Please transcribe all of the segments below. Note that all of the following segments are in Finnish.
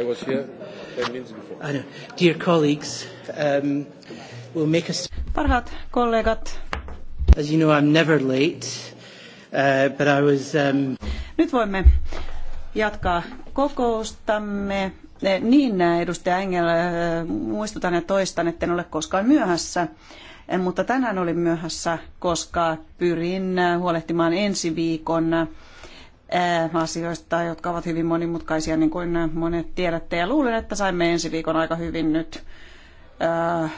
I was here 10 minutes before. I know. Dear colleagues, um, we'll make a... Parhat kollegat. As you know, I'm never late, uh, but I was... Um... Nyt voimme jatkaa kokoustamme. Eh, niin, edustaja Engel, eh, muistutan ja toistan, että en ole koskaan myöhässä eh, mutta tänään olin myöhässä, koska pyrin huolehtimaan ensi viikon Äh, asioista, jotka ovat hyvin monimutkaisia, niin kuin monet tiedätte. Ja luulen, että saimme ensi viikon aika hyvin nyt äh,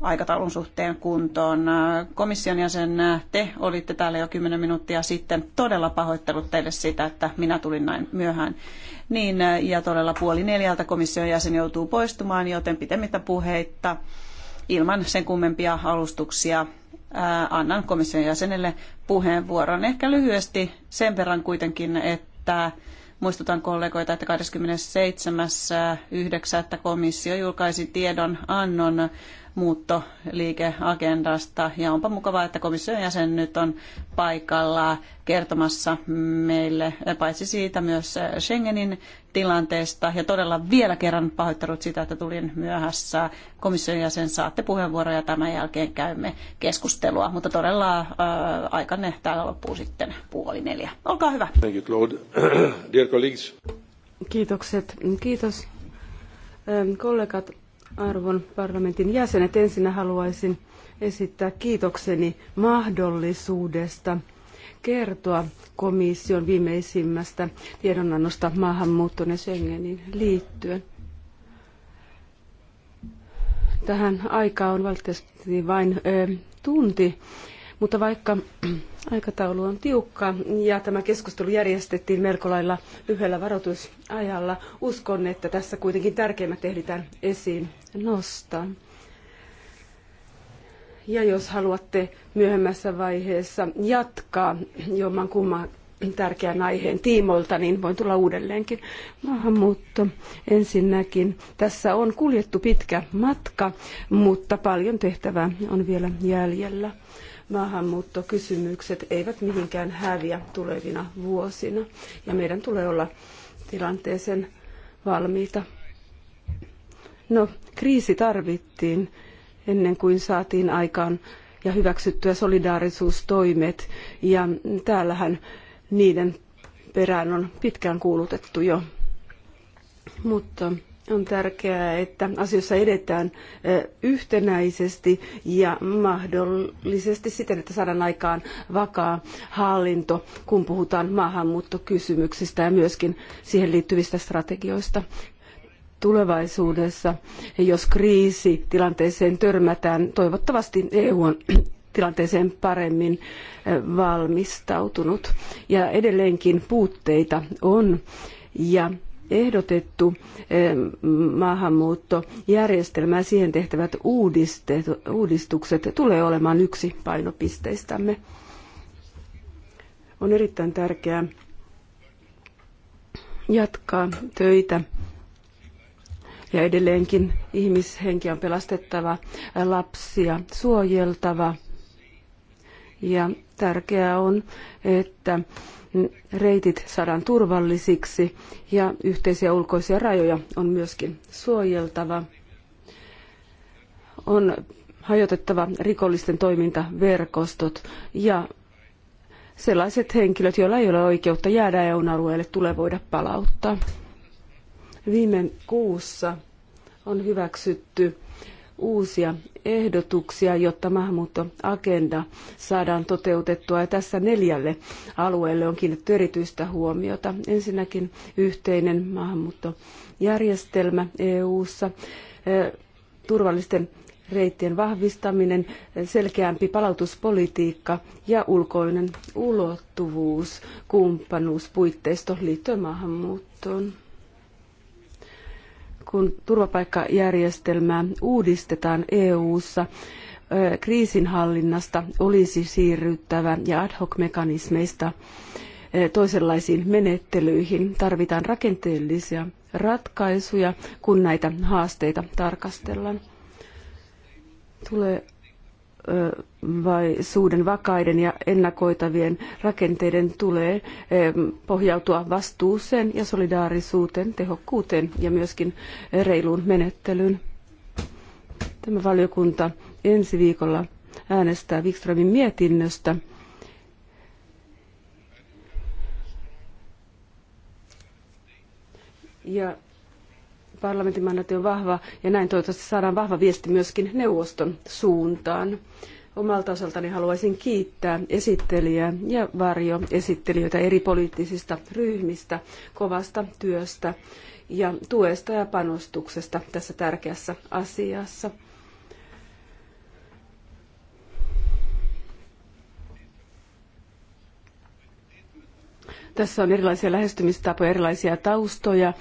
aikataulun suhteen kuntoon. Äh, komission jäsen, te olitte täällä jo 10 minuuttia sitten. Todella pahoittelut teille siitä, että minä tulin näin myöhään. Niin, ja todella puoli neljältä komission jäsen joutuu poistumaan, joten pitemmittä puheitta ilman sen kummempia alustuksia annan komission jäsenelle puheenvuoron. Ehkä lyhyesti sen verran kuitenkin, että muistutan kollegoita, että 27.9. komissio julkaisi tiedon annon muuttoliikeagendasta. Ja onpa mukavaa, että komission jäsen nyt on paikalla kertomassa meille eh, paitsi siitä myös eh, Schengenin tilanteesta. Ja todella vielä kerran pahoittelut sitä, että tulin myöhässä. Komission jäsen saatte puheenvuoroja tämän jälkeen käymme keskustelua. Mutta todella ää, eh, aikanne täällä loppuu sitten puoli neljä. Olkaa hyvä. Thank you, Claude. Dear colleagues. Kiitokset. Kiitos kollegat Arvon parlamentin jäsenet, ensinnä haluaisin esittää kiitokseni mahdollisuudesta kertoa komission viimeisimmästä tiedonannosta maahanmuuttoon ja Schengenin liittyen. Tähän aikaan on valitettavasti vain ö, tunti mutta vaikka aikataulu on tiukka ja tämä keskustelu järjestettiin melko lailla yhdellä varoitusajalla, uskon, että tässä kuitenkin tärkeimmät ehditään esiin nostaa. Ja jos haluatte myöhemmässä vaiheessa jatkaa jomman kumman tärkeän aiheen tiimoilta, niin voin tulla uudelleenkin. Maahanmuutto ensinnäkin. Tässä on kuljettu pitkä matka, mutta paljon tehtävää on vielä jäljellä maahanmuuttokysymykset eivät mihinkään häviä tulevina vuosina. Ja meidän tulee olla tilanteeseen valmiita. No, kriisi tarvittiin ennen kuin saatiin aikaan ja hyväksyttyä solidaarisuustoimet. Ja täällähän niiden perään on pitkään kuulutettu jo. Mutta on tärkeää, että asioissa edetään yhtenäisesti ja mahdollisesti siten, että saadaan aikaan vakaa hallinto, kun puhutaan maahanmuuttokysymyksistä ja myöskin siihen liittyvistä strategioista tulevaisuudessa. Jos kriisitilanteeseen törmätään, toivottavasti EU on tilanteeseen paremmin valmistautunut. Ja edelleenkin puutteita on ja ehdotettu eh, maahanmuuttojärjestelmä ja siihen tehtävät uudistukset tulee olemaan yksi painopisteistämme. On erittäin tärkeää jatkaa töitä ja edelleenkin ihmishenkiä on pelastettava, lapsia suojeltava ja tärkeää on, että reitit saadaan turvallisiksi ja yhteisiä ulkoisia rajoja on myöskin suojeltava. On hajotettava rikollisten toimintaverkostot ja sellaiset henkilöt, joilla ei ole oikeutta jäädä EUn alueelle, tulee voida palauttaa. Viime kuussa on hyväksytty uusia ehdotuksia, jotta maahanmuuttoagenda saadaan toteutettua. Ja tässä neljälle alueelle on kiinnitetty erityistä huomiota. Ensinnäkin yhteinen maahanmuuttojärjestelmä EU-ssa, e, turvallisten reittien vahvistaminen, selkeämpi palautuspolitiikka ja ulkoinen ulottuvuus, kumppanuuspuitteisto liittyen maahanmuuttoon kun turvapaikkajärjestelmää uudistetaan EU:ssa, kriisinhallinnasta olisi siirryttävä ja ad hoc mekanismeista toisenlaisiin menettelyihin. Tarvitaan rakenteellisia ratkaisuja, kun näitä haasteita tarkastellaan. Tulee vaisuuden vakaiden ja ennakoitavien rakenteiden tulee pohjautua vastuuseen ja solidaarisuuteen, tehokkuuteen ja myöskin reiluun menettelyyn. Tämä valiokunta ensi viikolla äänestää Wikströmin mietinnöstä. Ja parlamentin mandaatti on vahva ja näin toivottavasti saadaan vahva viesti myöskin neuvoston suuntaan. Omalta osaltani haluaisin kiittää esittelijää ja varjoesittelijöitä eri poliittisista ryhmistä kovasta työstä ja tuesta ja panostuksesta tässä tärkeässä asiassa. Tässä on erilaisia lähestymistapoja, erilaisia taustoja,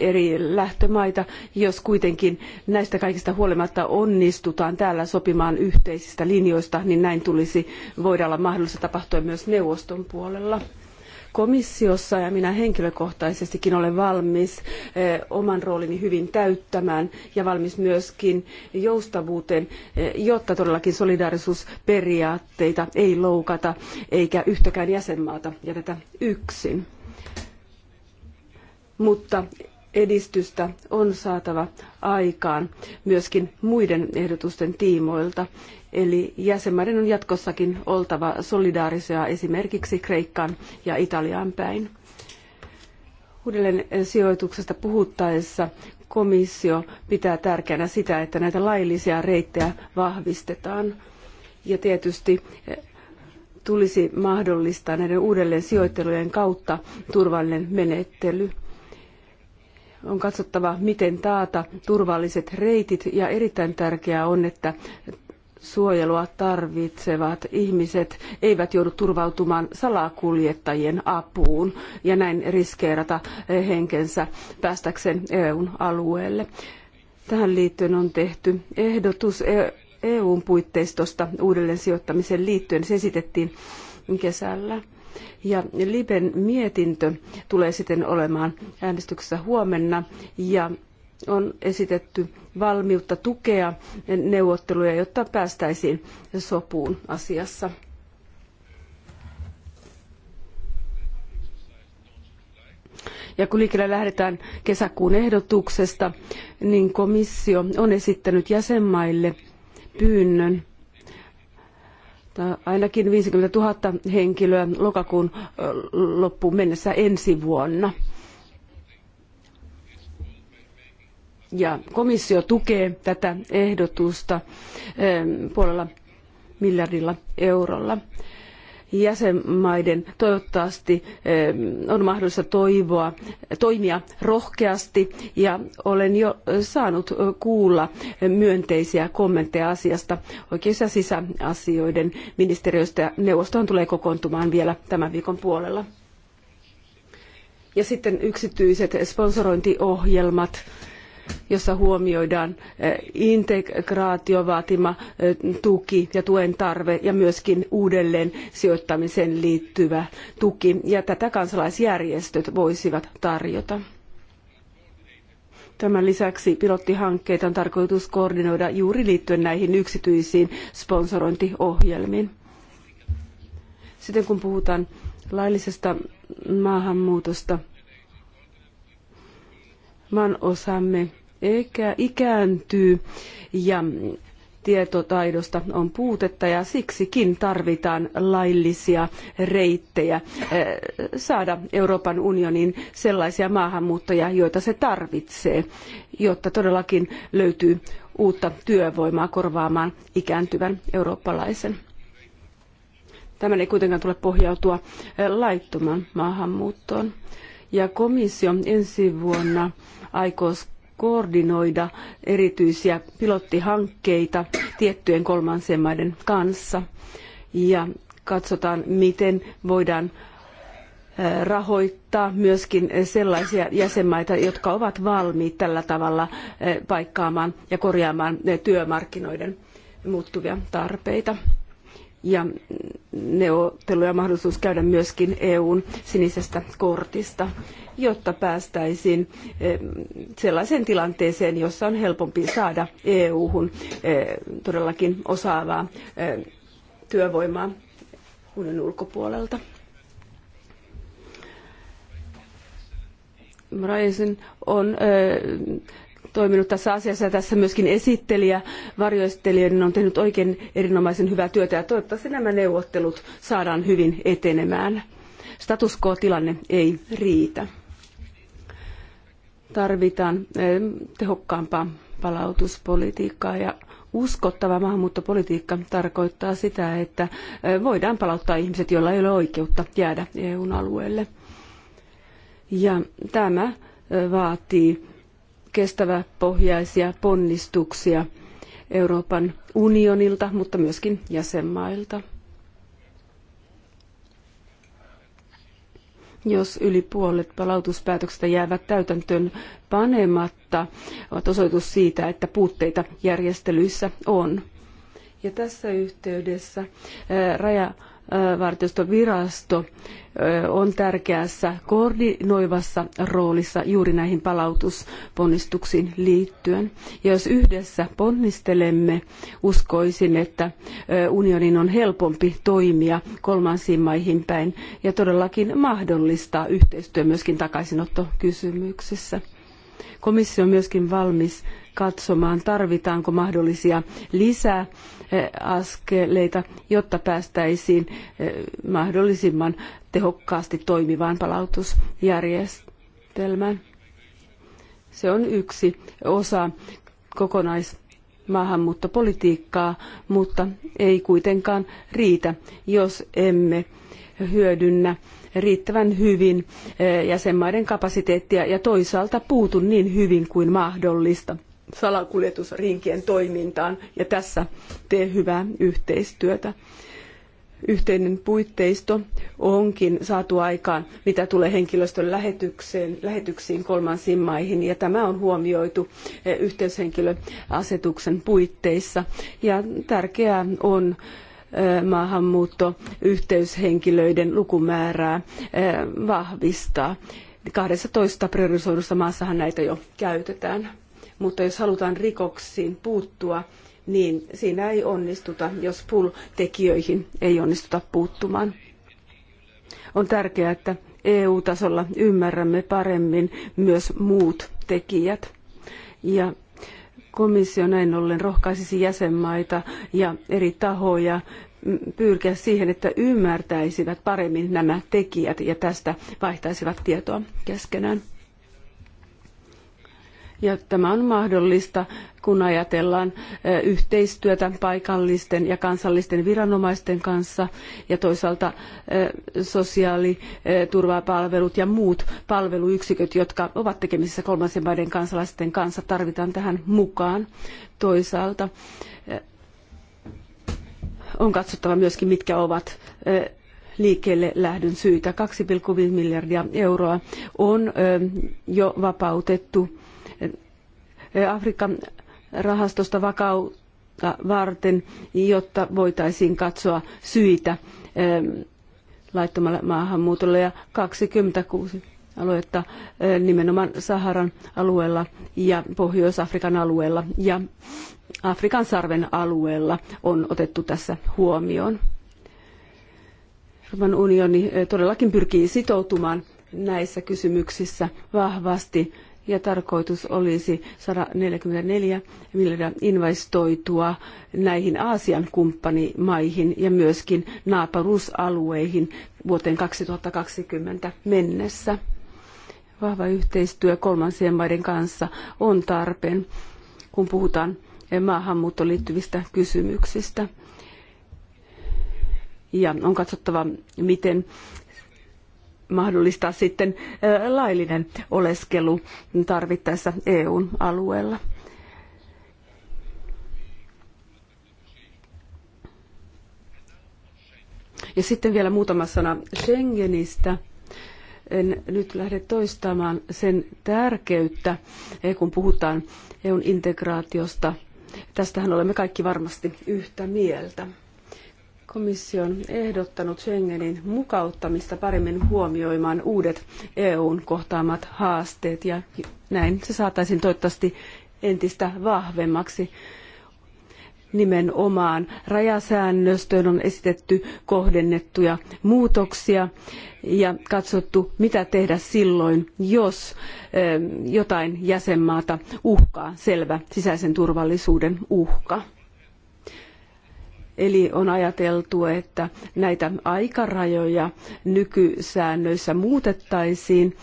eri lähtömaita. Jos kuitenkin näistä kaikista huolimatta onnistutaan täällä sopimaan yhteisistä linjoista, niin näin tulisi voida olla mahdollista tapahtua myös neuvoston puolella komissiossa ja minä henkilökohtaisestikin olen valmis eh, oman roolini hyvin täyttämään ja valmis myöskin joustavuuteen, eh, jotta todellakin solidaarisuusperiaatteita ei loukata eikä yhtäkään jäsenmaata jätetä yksin. Mutta edistystä on saatava aikaan myöskin muiden ehdotusten tiimoilta. Eli jäsenmaiden on jatkossakin oltava solidaarisia esimerkiksi Kreikkaan ja Italiaan päin. Uudelleen sijoituksesta puhuttaessa komissio pitää tärkeänä sitä, että näitä laillisia reittejä vahvistetaan. Ja tietysti eh, tulisi mahdollistaa näiden uudelleen sijoittelujen kautta turvallinen menettely – on katsottava, miten taata turvalliset reitit ja erittäin tärkeää on, että suojelua tarvitsevat ihmiset eivät joudu turvautumaan salakuljettajien apuun ja näin riskeerata henkensä päästäkseen EUn alueelle. Tähän liittyen on tehty ehdotus e- EUn puitteistosta uudelleen sijoittamiseen liittyen. Se esitettiin kesällä. Ja Liben mietintö tulee sitten olemaan äänestyksessä huomenna ja on esitetty valmiutta tukea neuvotteluja, jotta päästäisiin sopuun asiassa. Ja kun liikkeelle lähdetään kesäkuun ehdotuksesta, niin komissio on esittänyt jäsenmaille pyynnön ainakin 50 000 henkilöä lokakuun loppuun mennessä ensi vuonna. Ja komissio tukee tätä ehdotusta puolella miljardilla eurolla jäsenmaiden toivottavasti eh, on mahdollista toivoa, toimia rohkeasti ja olen jo saanut kuulla myönteisiä kommentteja asiasta oikeus- ja sisäasioiden ministeriöstä ja neuvostohan tulee kokoontumaan vielä tämän viikon puolella. Ja sitten yksityiset sponsorointiohjelmat jossa huomioidaan eh, vaatima eh, tuki ja tuen tarve ja myöskin uudelleen sijoittamiseen liittyvä tuki. Ja tätä kansalaisjärjestöt voisivat tarjota. Tämän lisäksi pilottihankkeita on tarkoitus koordinoida juuri liittyen näihin yksityisiin sponsorointiohjelmiin. Sitten kun puhutaan laillisesta maahanmuutosta, maan osamme ikä, ikääntyy ja tietotaidosta on puutetta ja siksikin tarvitaan laillisia reittejä eh, saada Euroopan unionin sellaisia maahanmuuttajia, joita se tarvitsee, jotta todellakin löytyy uutta työvoimaa korvaamaan ikääntyvän eurooppalaisen. Tämän ei kuitenkaan tule pohjautua eh, laittoman maahanmuuttoon. Ja komissio ensi vuonna aikoo koordinoida erityisiä pilottihankkeita tiettyjen kolmansien maiden kanssa ja katsotaan, miten voidaan rahoittaa myöskin sellaisia jäsenmaita, jotka ovat valmiit tällä tavalla paikkaamaan ja korjaamaan työmarkkinoiden muuttuvia tarpeita ja neuvotteluja mahdollisuus käydä myöskin EUn sinisestä kortista, jotta päästäisiin eh, sellaiseen tilanteeseen, jossa on helpompi saada EU-hun eh, todellakin osaavaa eh, työvoimaa unionin ulkopuolelta. Raisin on toiminut tässä asiassa ja tässä myöskin esittelijä, varjoesittelijä niin on tehnyt oikein erinomaisen hyvää työtä ja toivottavasti nämä neuvottelut saadaan hyvin etenemään. Status quo-tilanne ei riitä. Tarvitaan eh, tehokkaampaa palautuspolitiikkaa ja uskottava maahanmuuttopolitiikka tarkoittaa sitä, että eh, voidaan palauttaa ihmiset, joilla ei ole oikeutta jäädä EUn alueelle. Ja tämä eh, vaatii kestäväpohjaisia ponnistuksia Euroopan unionilta, mutta myöskin jäsenmailta. jos yli puolet palautuspäätöksistä jäävät täytäntöön panematta, ovat osoitus siitä, että puutteita järjestelyissä on. Ja tässä yhteydessä ää, raja rajavartiostovirasto on tärkeässä koordinoivassa roolissa juuri näihin palautusponnistuksiin liittyen. Ja jos yhdessä ponnistelemme, uskoisin, että unionin on helpompi toimia kolmansiin maihin päin ja todellakin mahdollistaa yhteistyö myöskin takaisinottokysymyksessä. Komissio on myöskin valmis katsomaan, tarvitaanko mahdollisia lisäaskeleita, jotta päästäisiin eh, mahdollisimman tehokkaasti toimivaan palautusjärjestelmään. Se on yksi osa kokonais maahanmuuttopolitiikkaa, mutta ei kuitenkaan riitä, jos emme hyödynnä riittävän hyvin eh, jäsenmaiden kapasiteettia ja toisaalta puutu niin hyvin kuin mahdollista salakuljetusrinkien toimintaan ja tässä tee hyvää yhteistyötä. Yhteinen puitteisto onkin saatu aikaan, mitä tulee henkilöstön lähetykseen, lähetyksiin kolmansiin maihin, ja tämä on huomioitu eh, yhteyshenkilöasetuksen puitteissa. Ja tärkeää on eh, maahanmuutto yhteyshenkilöiden lukumäärää eh, vahvistaa. 12 priorisoidussa maassahan näitä jo käytetään mutta jos halutaan rikoksiin puuttua, niin siinä ei onnistuta, jos pull-tekijöihin ei onnistuta puuttumaan. On tärkeää, että EU-tasolla ymmärrämme paremmin myös muut tekijät. Ja komissio näin ollen rohkaisisi jäsenmaita ja eri tahoja pyrkiä siihen, että ymmärtäisivät paremmin nämä tekijät ja tästä vaihtaisivat tietoa keskenään. Ja tämä on mahdollista, kun ajatellaan yhteistyötä paikallisten ja kansallisten viranomaisten kanssa ja toisaalta sosiaaliturvapalvelut ja muut palveluyksiköt, jotka ovat tekemisissä kolmansien maiden kansalaisten kanssa, tarvitaan tähän mukaan. Toisaalta on katsottava myöskin, mitkä ovat liikkeelle lähdön syitä. 2,5 miljardia euroa on jo vapautettu Afrikan rahastosta vakautta varten, jotta voitaisiin katsoa syitä ähm, laittomalle maahanmuutolle ja 26 aluetta äh, nimenomaan Saharan alueella ja Pohjois-Afrikan alueella ja Afrikan sarven alueella on otettu tässä huomioon. Euroopan unioni äh, todellakin pyrkii sitoutumaan näissä kysymyksissä vahvasti ja tarkoitus olisi 144 miljardia investoitua näihin Aasian kumppanimaihin ja myöskin naapuruusalueihin vuoteen 2020 mennessä. Vahva yhteistyö kolmansien maiden kanssa on tarpeen, kun puhutaan maahanmuuttoon liittyvistä kysymyksistä. Ja on katsottava, miten mahdollistaa sitten laillinen oleskelu tarvittaessa EUn alueella. Ja sitten vielä muutama sana Schengenistä. En nyt lähde toistamaan sen tärkeyttä, e, kun puhutaan EUn integraatiosta. Tästähän olemme kaikki varmasti yhtä mieltä. Komissio on ehdottanut Schengenin mukauttamista paremmin huomioimaan uudet EUn kohtaamat haasteet ja näin se saataisiin toivottavasti entistä vahvemmaksi. Nimenomaan rajasäännöstöön on esitetty kohdennettuja muutoksia ja katsottu, mitä tehdä silloin, jos eh, jotain jäsenmaata uhkaa selvä sisäisen turvallisuuden uhka. Eli on ajateltu, että näitä aikarajoja nykysäännöissä muutettaisiin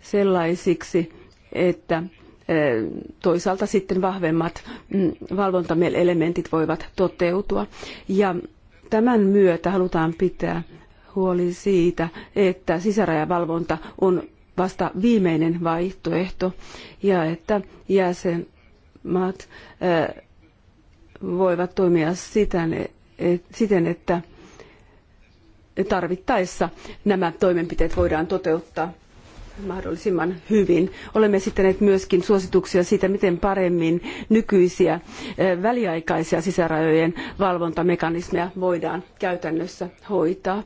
sellaisiksi, että eh, toisaalta sitten vahvemmat mm, valvontaelementit voivat toteutua. Ja tämän myötä halutaan pitää huoli siitä, että sisärajavalvonta on vasta viimeinen vaihtoehto ja että jäsenmaat eh, voivat toimia siten, et, siten että tarvittaessa nämä toimenpiteet voidaan toteuttaa mahdollisimman hyvin. Olemme esittäneet myöskin suosituksia siitä, miten paremmin nykyisiä eh, väliaikaisia sisärajojen valvontamekanismeja voidaan käytännössä hoitaa.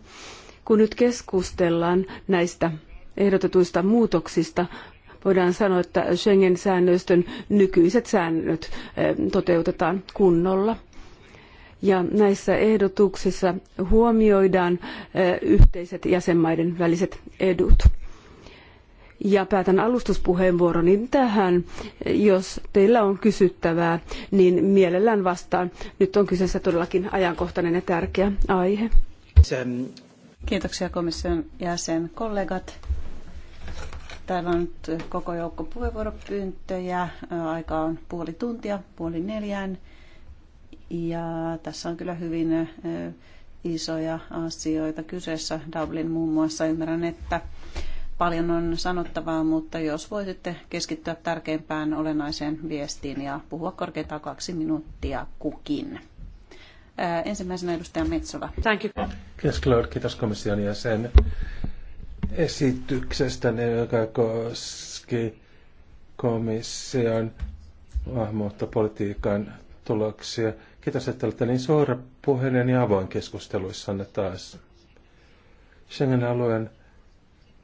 Kun nyt keskustellaan näistä ehdotetuista muutoksista, voidaan sanoa, että Schengen-säännöstön nykyiset säännöt eh, toteutetaan kunnolla. Ja näissä ehdotuksissa huomioidaan eh, yhteiset jäsenmaiden väliset edut. Ja päätän alustuspuheenvuoroni tähän. Jos teillä on kysyttävää, niin mielellään vastaan. Nyt on kyseessä todellakin ajankohtainen ja tärkeä aihe. Kiitoksia komission jäsen. Kollegat, Täällä on nyt koko joukko puheenvuoropyyntöjä. Aika on puoli tuntia, puoli neljään. Ja tässä on kyllä hyvin isoja asioita kyseessä. Dublin muun muassa ymmärrän, että paljon on sanottavaa, mutta jos voisitte keskittyä tärkeimpään olennaiseen viestiin ja puhua korkeintaan kaksi minuuttia kukin. Ensimmäisenä edustaja Metsola. Thank you. Kiitos, Claude. Kiitos komission jäsen esityksestä, joka koski komission maahanmuuttopolitiikan tuloksia. Kiitos, että olette niin suora puheinen ja avoin keskusteluissanne taas. Schengen-alueen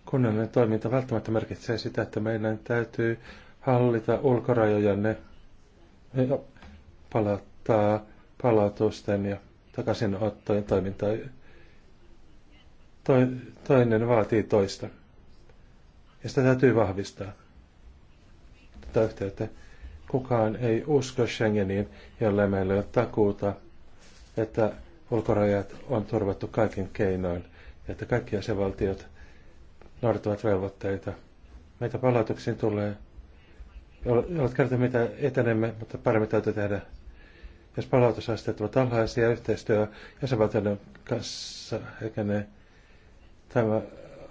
kunnallinen toiminta välttämättä merkitsee sitä, että meidän täytyy hallita ulkorajojanne ja palauttaa palautusten ja takaisinottojen toimintaa toinen vaatii toista. Ja sitä täytyy vahvistaa. Tätä yhteyttä. Kukaan ei usko Schengeniin, jolle meillä ei ole takuuta, että ulkorajat on turvattu kaikin keinoin ja että kaikki jäsenvaltiot noudattavat velvoitteita. Meitä palautuksiin tulee, Olet kertoa mitä etenemme, mutta paremmin täytyy tehdä. Jos palautusasteet ovat alhaisia, yhteistyö jäsenvaltioiden kanssa heikenee tämä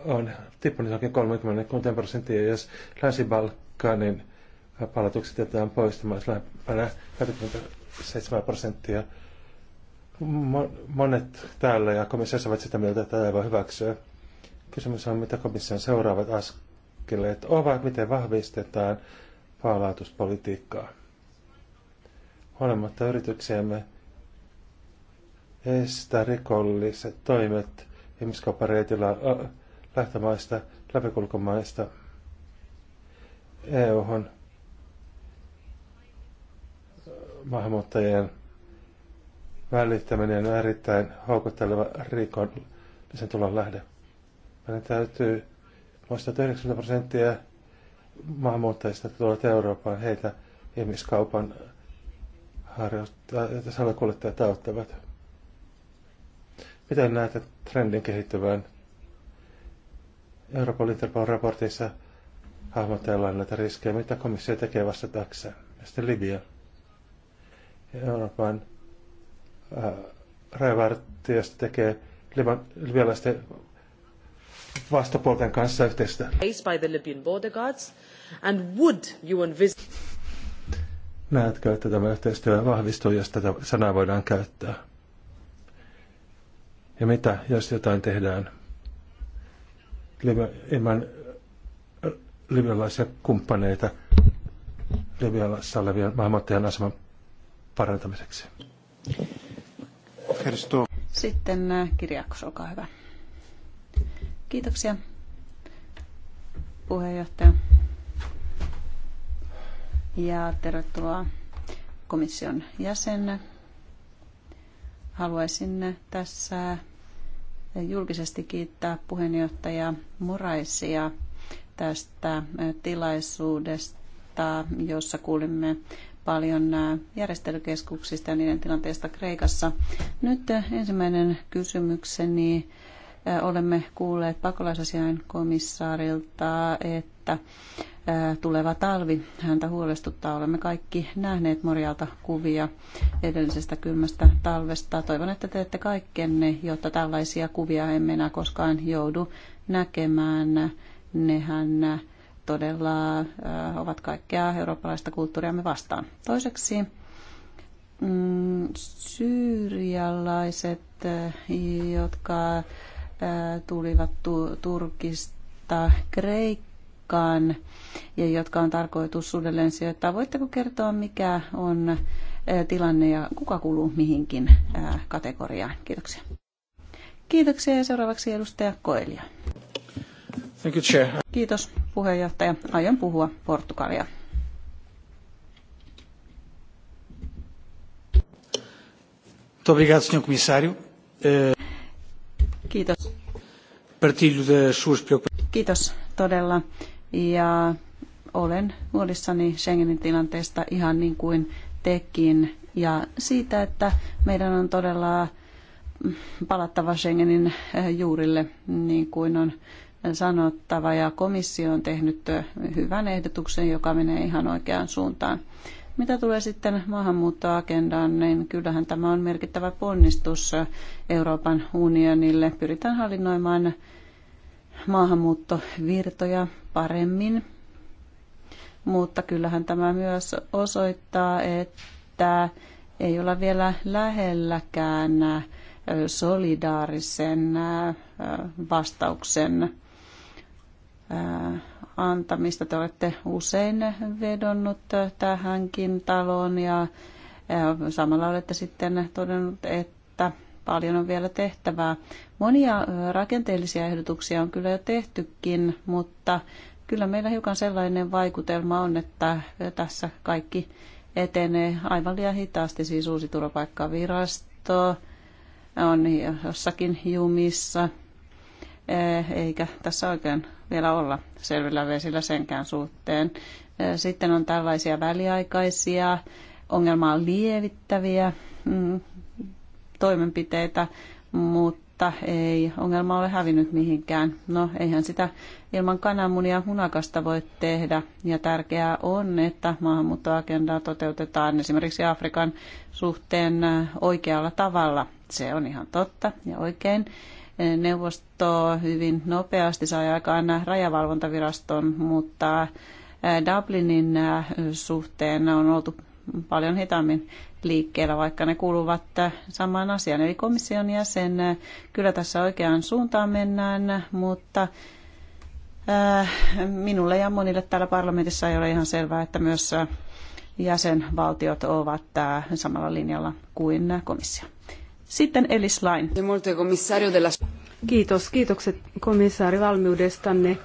on tippunut jokin 36 prosenttia, jos Länsi-Balkanin palautukset jätetään poistumaan, jos lähempänä 27 prosenttia. Monet täällä ja komissiossa ovat sitä mieltä, että tätä ei voi hyväksyä. Kysymys on, mitä komission seuraavat askeleet ovat, miten vahvistetaan palautuspolitiikkaa. Huolimatta yrityksiämme estää rikolliset toimet – ihmiskauppareitillä lähtömaista, läpikulkumaista EU-hon maahanmuuttajien välittäminen on erittäin houkutteleva rikollisen tulon lähde. Meidän täytyy muistaa, että 90 prosenttia maahanmuuttajista tulee Eurooppaan heitä ihmiskaupan harjoittajat ja salakuljettajat auttavat. Miten näet trendin kehittyvän? Euroopan Interpol raportissa hahmotellaan näitä riskejä, mitä komissio tekee vastatakseen. Ja sitten Libya. Euroopan äh, rajavartijasta tekee liban, libyalaisten vastapuolten kanssa yhteistä. By the Libyan border guards, and would you Näetkö, että tämä yhteistyö vahvistuu, jos tätä sanaa voidaan käyttää? Ja mitä, jos jotain tehdään ilman libyalaisia kumppaneita Libyalassa olevien maahanmuuttajien aseman parantamiseksi? Sitten kirjaakos, olkaa hyvä. Kiitoksia, puheenjohtaja. Ja tervetuloa komission jäsenä. Haluaisin tässä julkisesti kiittää puheenjohtaja Moraisia tästä tilaisuudesta, jossa kuulimme paljon järjestelykeskuksista ja niiden tilanteesta Kreikassa. Nyt ensimmäinen kysymykseni olemme kuulleet pakolaisasiain komissaarilta, että tuleva talvi häntä huolestuttaa. Olemme kaikki nähneet Morjalta kuvia edellisestä kylmästä talvesta. Toivon, että teette kaikkenne, jotta tällaisia kuvia emme enää koskaan joudu näkemään. Nehän todella ovat kaikkea eurooppalaista kulttuuriamme vastaan. Toiseksi mm, syyrialaiset, jotka tulivat Turkista Kreikkaan ja jotka on tarkoitus uudelleen sijoittaa. Voitteko kertoa, mikä on tilanne ja kuka kuuluu mihinkin kategoriaan? Kiitoksia. Kiitoksia ja seuraavaksi edustaja Koelia. Thank you, chair. Kiitos puheenjohtaja. Aion puhua Portugalia. Muito obrigado, Sr. Comissário. Eh, Kiitos. Kiitos todella. Ja olen huolissani Schengenin tilanteesta ihan niin kuin tekin ja siitä, että meidän on todella palattava Schengenin juurille niin kuin on sanottava ja komissio on tehnyt hyvän ehdotuksen, joka menee ihan oikeaan suuntaan. Mitä tulee sitten maahanmuuttoagendaan, niin kyllähän tämä on merkittävä ponnistus Euroopan unionille. Pyritään hallinnoimaan maahanmuuttovirtoja paremmin, mutta kyllähän tämä myös osoittaa, että ei olla vielä lähelläkään solidaarisen äh, vastauksen äh, antamista. Te olette usein vedonnut tähänkin taloon ja samalla olette sitten todennut, että paljon on vielä tehtävää. Monia rakenteellisia ehdotuksia on kyllä jo tehtykin, mutta kyllä meillä hiukan sellainen vaikutelma on, että tässä kaikki etenee aivan liian hitaasti, siis uusi turvapaikkavirasto on jossakin jumissa, eh, eikä tässä oikein vielä olla selvillä vesillä senkään suhteen. Sitten on tällaisia väliaikaisia, ongelmaa lievittäviä mm, toimenpiteitä, mutta ei ongelma ole hävinnyt mihinkään. No, eihän sitä ilman kananmunia hunakasta voi tehdä. Ja tärkeää on, että maahanmuuttoagendaa toteutetaan esimerkiksi Afrikan suhteen oikealla tavalla. Se on ihan totta ja oikein. Neuvosto hyvin nopeasti sai aikaan rajavalvontaviraston, mutta Dublinin suhteen on oltu paljon hitaammin liikkeellä, vaikka ne kuuluvat samaan asiaan. Eli komission jäsen, kyllä tässä oikeaan suuntaan mennään, mutta minulle ja monille täällä parlamentissa ei ole ihan selvää, että myös jäsenvaltiot ovat samalla linjalla kuin komissio. Sitten Elis Lain. Kiitos, kiitokset komissaari valmiudestanne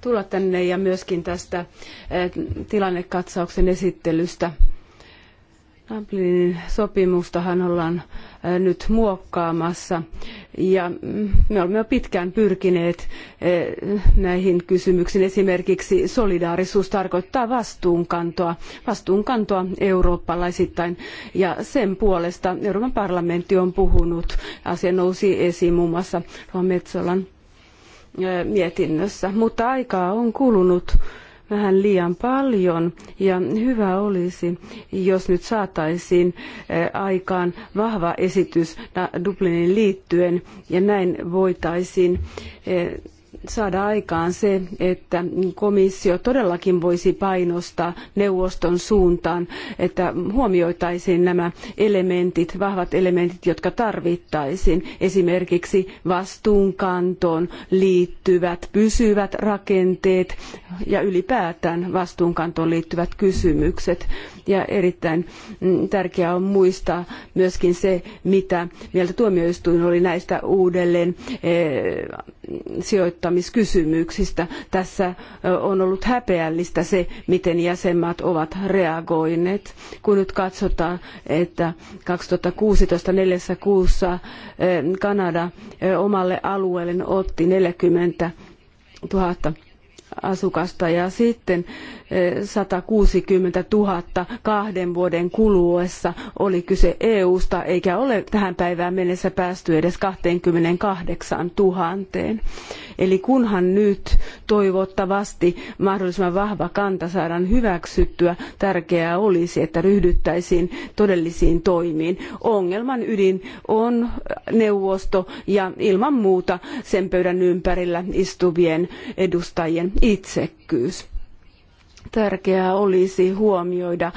tulla tänne ja myöskin tästä eh, tilannekatsauksen esittelystä. Dublinin sopimustahan ollaan eh, nyt muokkaamassa ja mm, me olemme jo pitkään pyrkineet eh, näihin kysymyksiin. Esimerkiksi solidaarisuus tarkoittaa vastuunkantoa, vastuunkantoa eurooppalaisittain. Ja sen puolesta Euroopan parlamentti on puhunut. Asia nousi esiin muun muassa Metsolan eh, mietinnössä. Mutta aikaa on kulunut vähän liian paljon ja hyvä olisi, jos nyt saataisiin eh, aikaan vahva esitys Dublinin liittyen ja näin voitaisiin eh, saada aikaan se, että komissio todellakin voisi painostaa neuvoston suuntaan, että huomioitaisiin nämä elementit, vahvat elementit, jotka tarvittaisiin, esimerkiksi vastuunkantoon liittyvät pysyvät rakenteet ja ylipäätään vastuunkantoon liittyvät kysymykset. Ja erittäin mm, tärkeää on muistaa myöskin se, mitä mieltä tuomioistuin oli näistä uudelleen eh, sijoittamiskysymyksistä. Tässä eh, on ollut häpeällistä se, miten jäsenmaat ovat reagoineet. Kun nyt katsotaan, että 2016 neljässä kuussa eh, Kanada omalle alueelleen otti 40 000 asukasta ja sitten 160 000 kahden vuoden kuluessa oli kyse EUsta, eikä ole tähän päivään mennessä päästy edes 28 000. Eli kunhan nyt toivottavasti mahdollisimman vahva kanta saadaan hyväksyttyä, tärkeää olisi, että ryhdyttäisiin todellisiin toimiin. Ongelman ydin on neuvosto ja ilman muuta sen pöydän ympärillä istuvien edustajien itsekkyys tärkeää olisi huomioida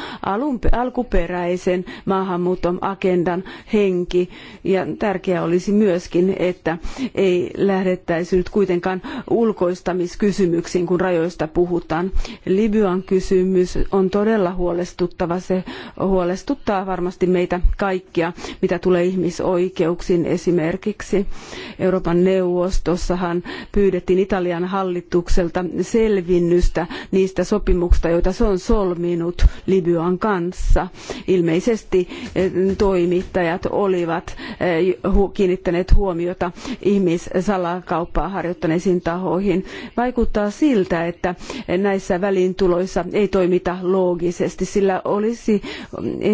alkuperäisen maahanmuuton agendan henki ja tärkeää olisi myöskin, että ei lähdettäisi nyt kuitenkaan ulkoistamiskysymyksiin, kun rajoista puhutaan. Libyan kysymys on todella huolestuttava. Se huolestuttaa varmasti meitä kaikkia, mitä tulee ihmisoikeuksiin esimerkiksi. Euroopan neuvostossahan pyydettiin Italian hallitukselta selvinnystä niistä sopimuksista, sopimuksista, joita se on solminut Libyan kanssa. Ilmeisesti eh, toimittajat olivat eh, kiinnittäneet huomiota ihmissalakauppaa harjoittaneisiin tahoihin. Vaikuttaa siltä, että näissä välintuloissa ei toimita loogisesti, sillä olisi eh,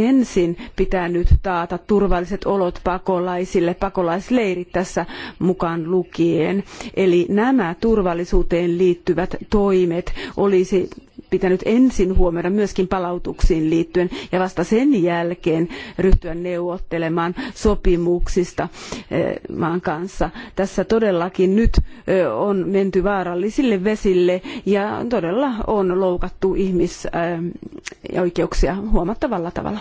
ensin pitänyt taata turvalliset olot pakolaisille, pakolaisleirit tässä mukaan lukien. Eli nämä turvallisuuteen liittyvät toimet olisi pitänyt ensin huomioida myöskin palautuksiin liittyen ja vasta sen jälkeen ryhtyä neuvottelemaan sopimuksista eh, maan kanssa. Tässä todellakin nyt eh, on menty vaarallisille vesille ja todella on loukattu ihmisoikeuksia eh, huomattavalla tavalla.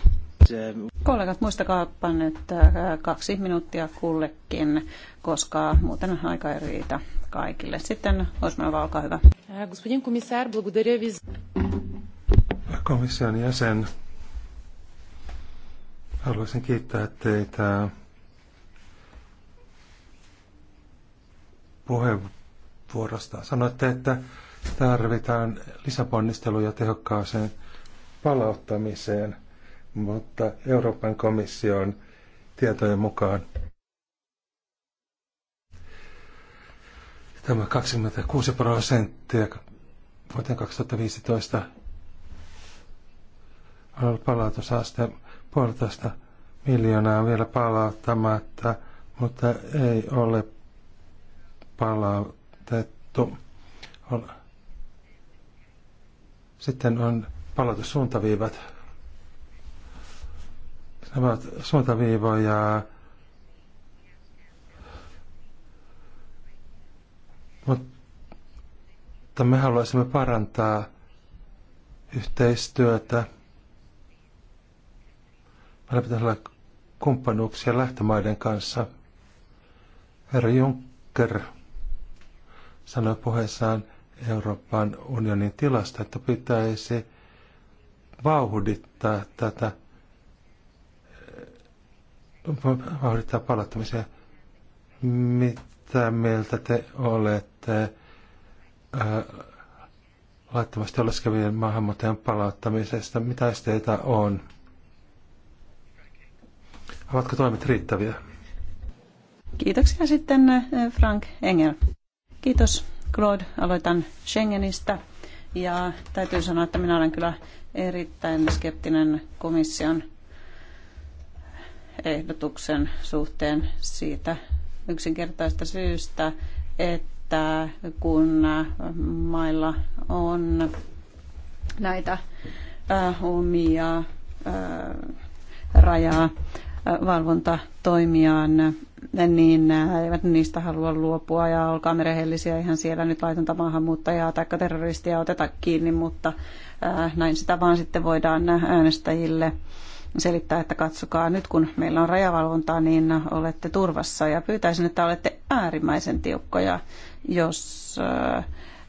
Kollegat, muistakaa että kaksi minuuttia kullekin, koska muuten aika ei riitä kaikille. Sitten Osmanova, olkaa hyvä. Äh, komission jäsen, haluaisin kiittää teitä puheenvuorosta. Sanoitte, että tarvitaan lisäponnisteluja tehokkaaseen palauttamiseen, mutta Euroopan komission tietojen mukaan tämä 26 prosenttia vuoteen 2015 palautusaste puolitoista miljoonaa vielä palauttamatta, mutta ei ole palautettu. On. Sitten on palautussuuntaviivat. Nämä ovat suuntaviivoja mutta me haluaisimme parantaa yhteistyötä. Meillä pitäisi olla kumppanuuksia lähtömaiden kanssa. Herra Juncker sanoi puheessaan Euroopan unionin tilasta, että pitäisi vauhdittaa tätä vauhdittaa palauttamisia. Mitä mieltä te olette ää, äh, laittomasti oleskevien maahanmuuttajien palauttamisesta. Mitä esteitä on? Ovatko toimet riittäviä? Kiitoksia sitten äh, Frank Engel. Kiitos Claude. Aloitan Schengenistä. Ja täytyy sanoa, että minä olen kyllä erittäin skeptinen komission ehdotuksen suhteen siitä yksinkertaista syystä, että että kun äh, mailla on näitä äh, omia äh, rajaa valvontatoimiaan, niin eivät niistä halua luopua ja olkaa rehellisiä, ihan siellä nyt laitonta maahanmuuttajaa tai terroristia oteta kiinni, mutta näin sitä vaan sitten voidaan äänestäjille selittää, että katsokaa nyt kun meillä on rajavalvontaa, niin olette turvassa ja pyytäisin, että olette äärimmäisen tiukkoja jos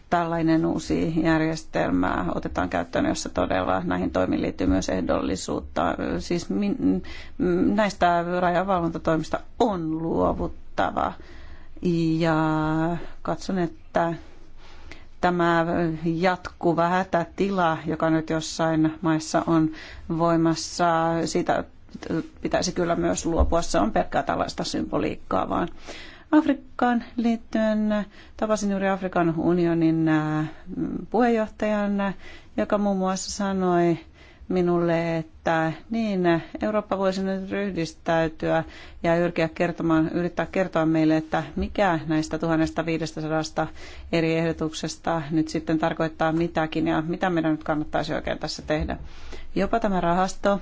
tällainen uusi järjestelmä otetaan käyttöön, jossa todella näihin toimiin liittyy myös ehdollisuutta. Siis min, näistä rajavalvontatoimista on luovuttava. Ja katson, että tämä jatkuva hätätila, joka nyt jossain maissa on voimassa, siitä pitäisi kyllä myös luopua. Se on pelkkää tällaista symboliikkaa, vaan Afrikkaan liittyen tapasin juuri Afrikan unionin äh, puheenjohtajan, joka muun muassa sanoi minulle, että niin, Eurooppa voisi nyt ryhdistäytyä ja yrkiä kertomaan, yrittää kertoa meille, että mikä näistä 1500 eri ehdotuksesta nyt sitten tarkoittaa mitäkin ja mitä meidän nyt kannattaisi oikein tässä tehdä. Jopa tämä rahasto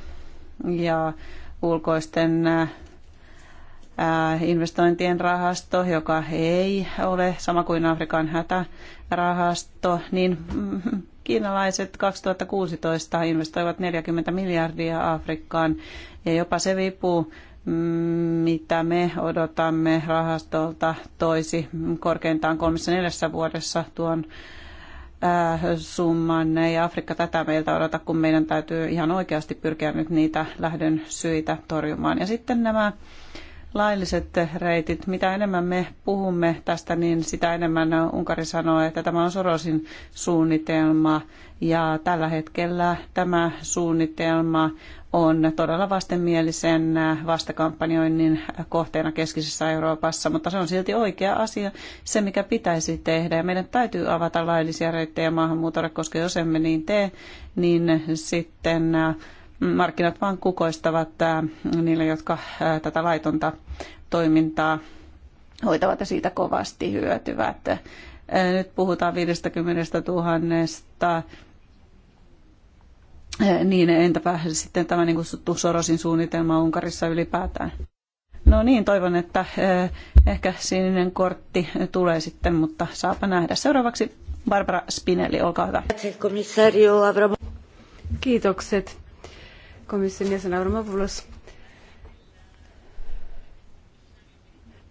ja ulkoisten äh, Äh, investointien rahasto, joka ei ole sama kuin Afrikan hätärahasto, niin mm, kiinalaiset 2016 investoivat 40 miljardia Afrikkaan ja jopa se vipuu, mm, mitä me odotamme rahastolta toisi korkeintaan kolmessa neljässä vuodessa tuon äh, summan. Ei Afrikka tätä meiltä odota, kun meidän täytyy ihan oikeasti pyrkiä nyt niitä lähdön syitä torjumaan. Ja sitten nämä lailliset reitit. Mitä enemmän me puhumme tästä, niin sitä enemmän Unkari sanoo, että tämä on Sorosin suunnitelma. Ja tällä hetkellä tämä suunnitelma on todella vastenmielisen vastakampanjoinnin kohteena keskisessä Euroopassa, mutta se on silti oikea asia, se mikä pitäisi tehdä. Ja meidän täytyy avata laillisia reittejä maahanmuutolle, koska jos emme niin tee, niin sitten markkinat vaan kukoistavat niille, jotka tätä laitonta toimintaa hoitavat ja siitä kovasti hyötyvät. Nyt puhutaan 50 000 niin, entäpä sitten tämä niin kutsuttu Sorosin suunnitelma Unkarissa ylipäätään? No niin, toivon, että ehkä sininen kortti tulee sitten, mutta saapa nähdä. Seuraavaksi Barbara Spinelli, olkaa hyvä. Kiitokset komission Avramopoulos.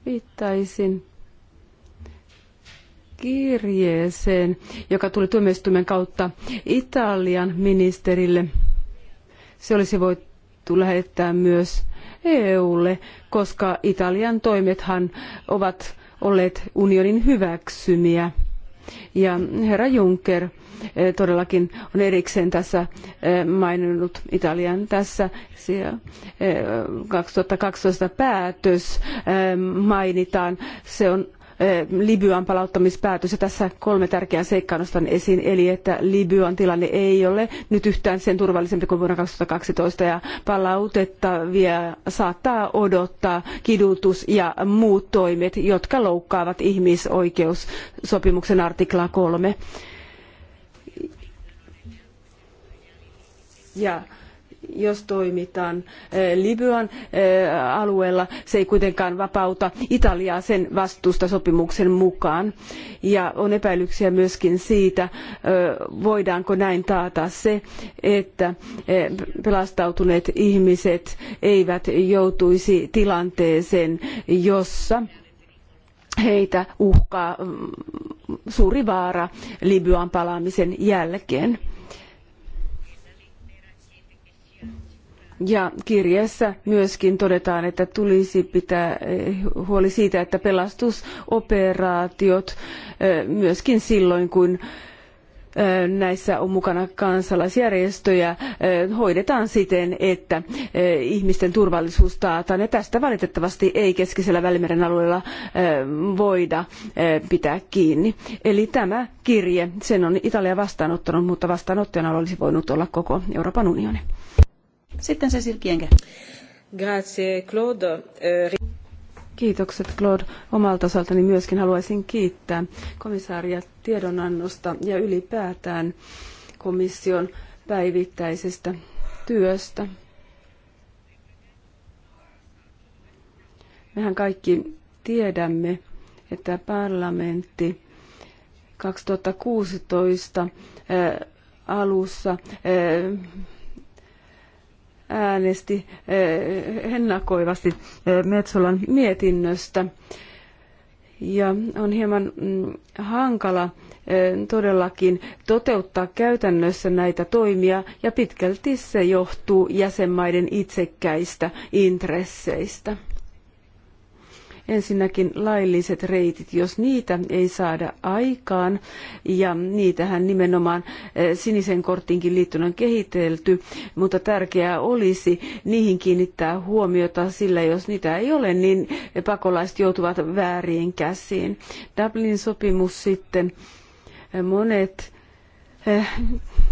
Viittaisin kirjeeseen, joka tuli tuomioistuimen kautta Italian ministerille. Se olisi voitu lähettää myös EUlle, koska Italian toimethan ovat olleet unionin hyväksymiä ja herra Juncker eh, todellakin on erikseen tässä eh, maininnut Italian tässä 2012 eh, päätös mainitaan. Se on Libyan palauttamispäätös. Ja tässä kolme tärkeää seikkaa nostan esiin, eli että Libyan tilanne ei ole nyt yhtään sen turvallisempi kuin vuonna kaksitoista ja palautettavia saattaa odottaa kidutus ja muut toimet, jotka loukkaavat ihmisoikeussopimuksen artiklaa kolme. Ja jos toimitaan eh, Libyan eh, alueella, se ei kuitenkaan vapauta Italiaa sen vastuusta sopimuksen mukaan. Ja on epäilyksiä myöskin siitä, eh, voidaanko näin taata se, että pelastautuneet ihmiset eivät joutuisi tilanteeseen, jossa heitä uhkaa mm, suuri vaara Libyan palaamisen jälkeen Ja kirjeessä myöskin todetaan, että tulisi pitää eh, huoli siitä, että pelastusoperaatiot eh, myöskin silloin, kun eh, näissä on mukana kansalaisjärjestöjä, hoidetaan siten, että ihmisten turvallisuus taataan. Ja tästä valitettavasti ei keskisellä Välimeren alueella voida pitää kiinni. Eli tämä kirje, sen on Italia vastaanottanut, mutta vastaanottajana olisi voinut olla koko Euroopan unioni. Sitten Cecil Kienge. Grazie, Claude. Eh, Kiitokset Claude. Omalta osaltani myöskin haluaisin kiittää komissaaria tiedonannosta ja ylipäätään komission päivittäisestä työstä. Mehän kaikki tiedämme, että parlamentti 2016 eh, alussa eh, äänesti eh, ennakoivasti eh, Metsolan mietinnöstä. Ja on hieman mm, hankala eh, todellakin toteuttaa käytännössä näitä toimia ja pitkälti se johtuu jäsenmaiden itsekkäistä intresseistä. Ensinnäkin lailliset reitit, jos niitä ei saada aikaan, ja niitähän nimenomaan eh, sinisen korttiinkin liittyen on kehitelty, mutta tärkeää olisi niihin kiinnittää huomiota, sillä jos niitä ei ole, niin pakolaiset joutuvat vääriin käsiin. Dublin sopimus sitten, eh, monet eh,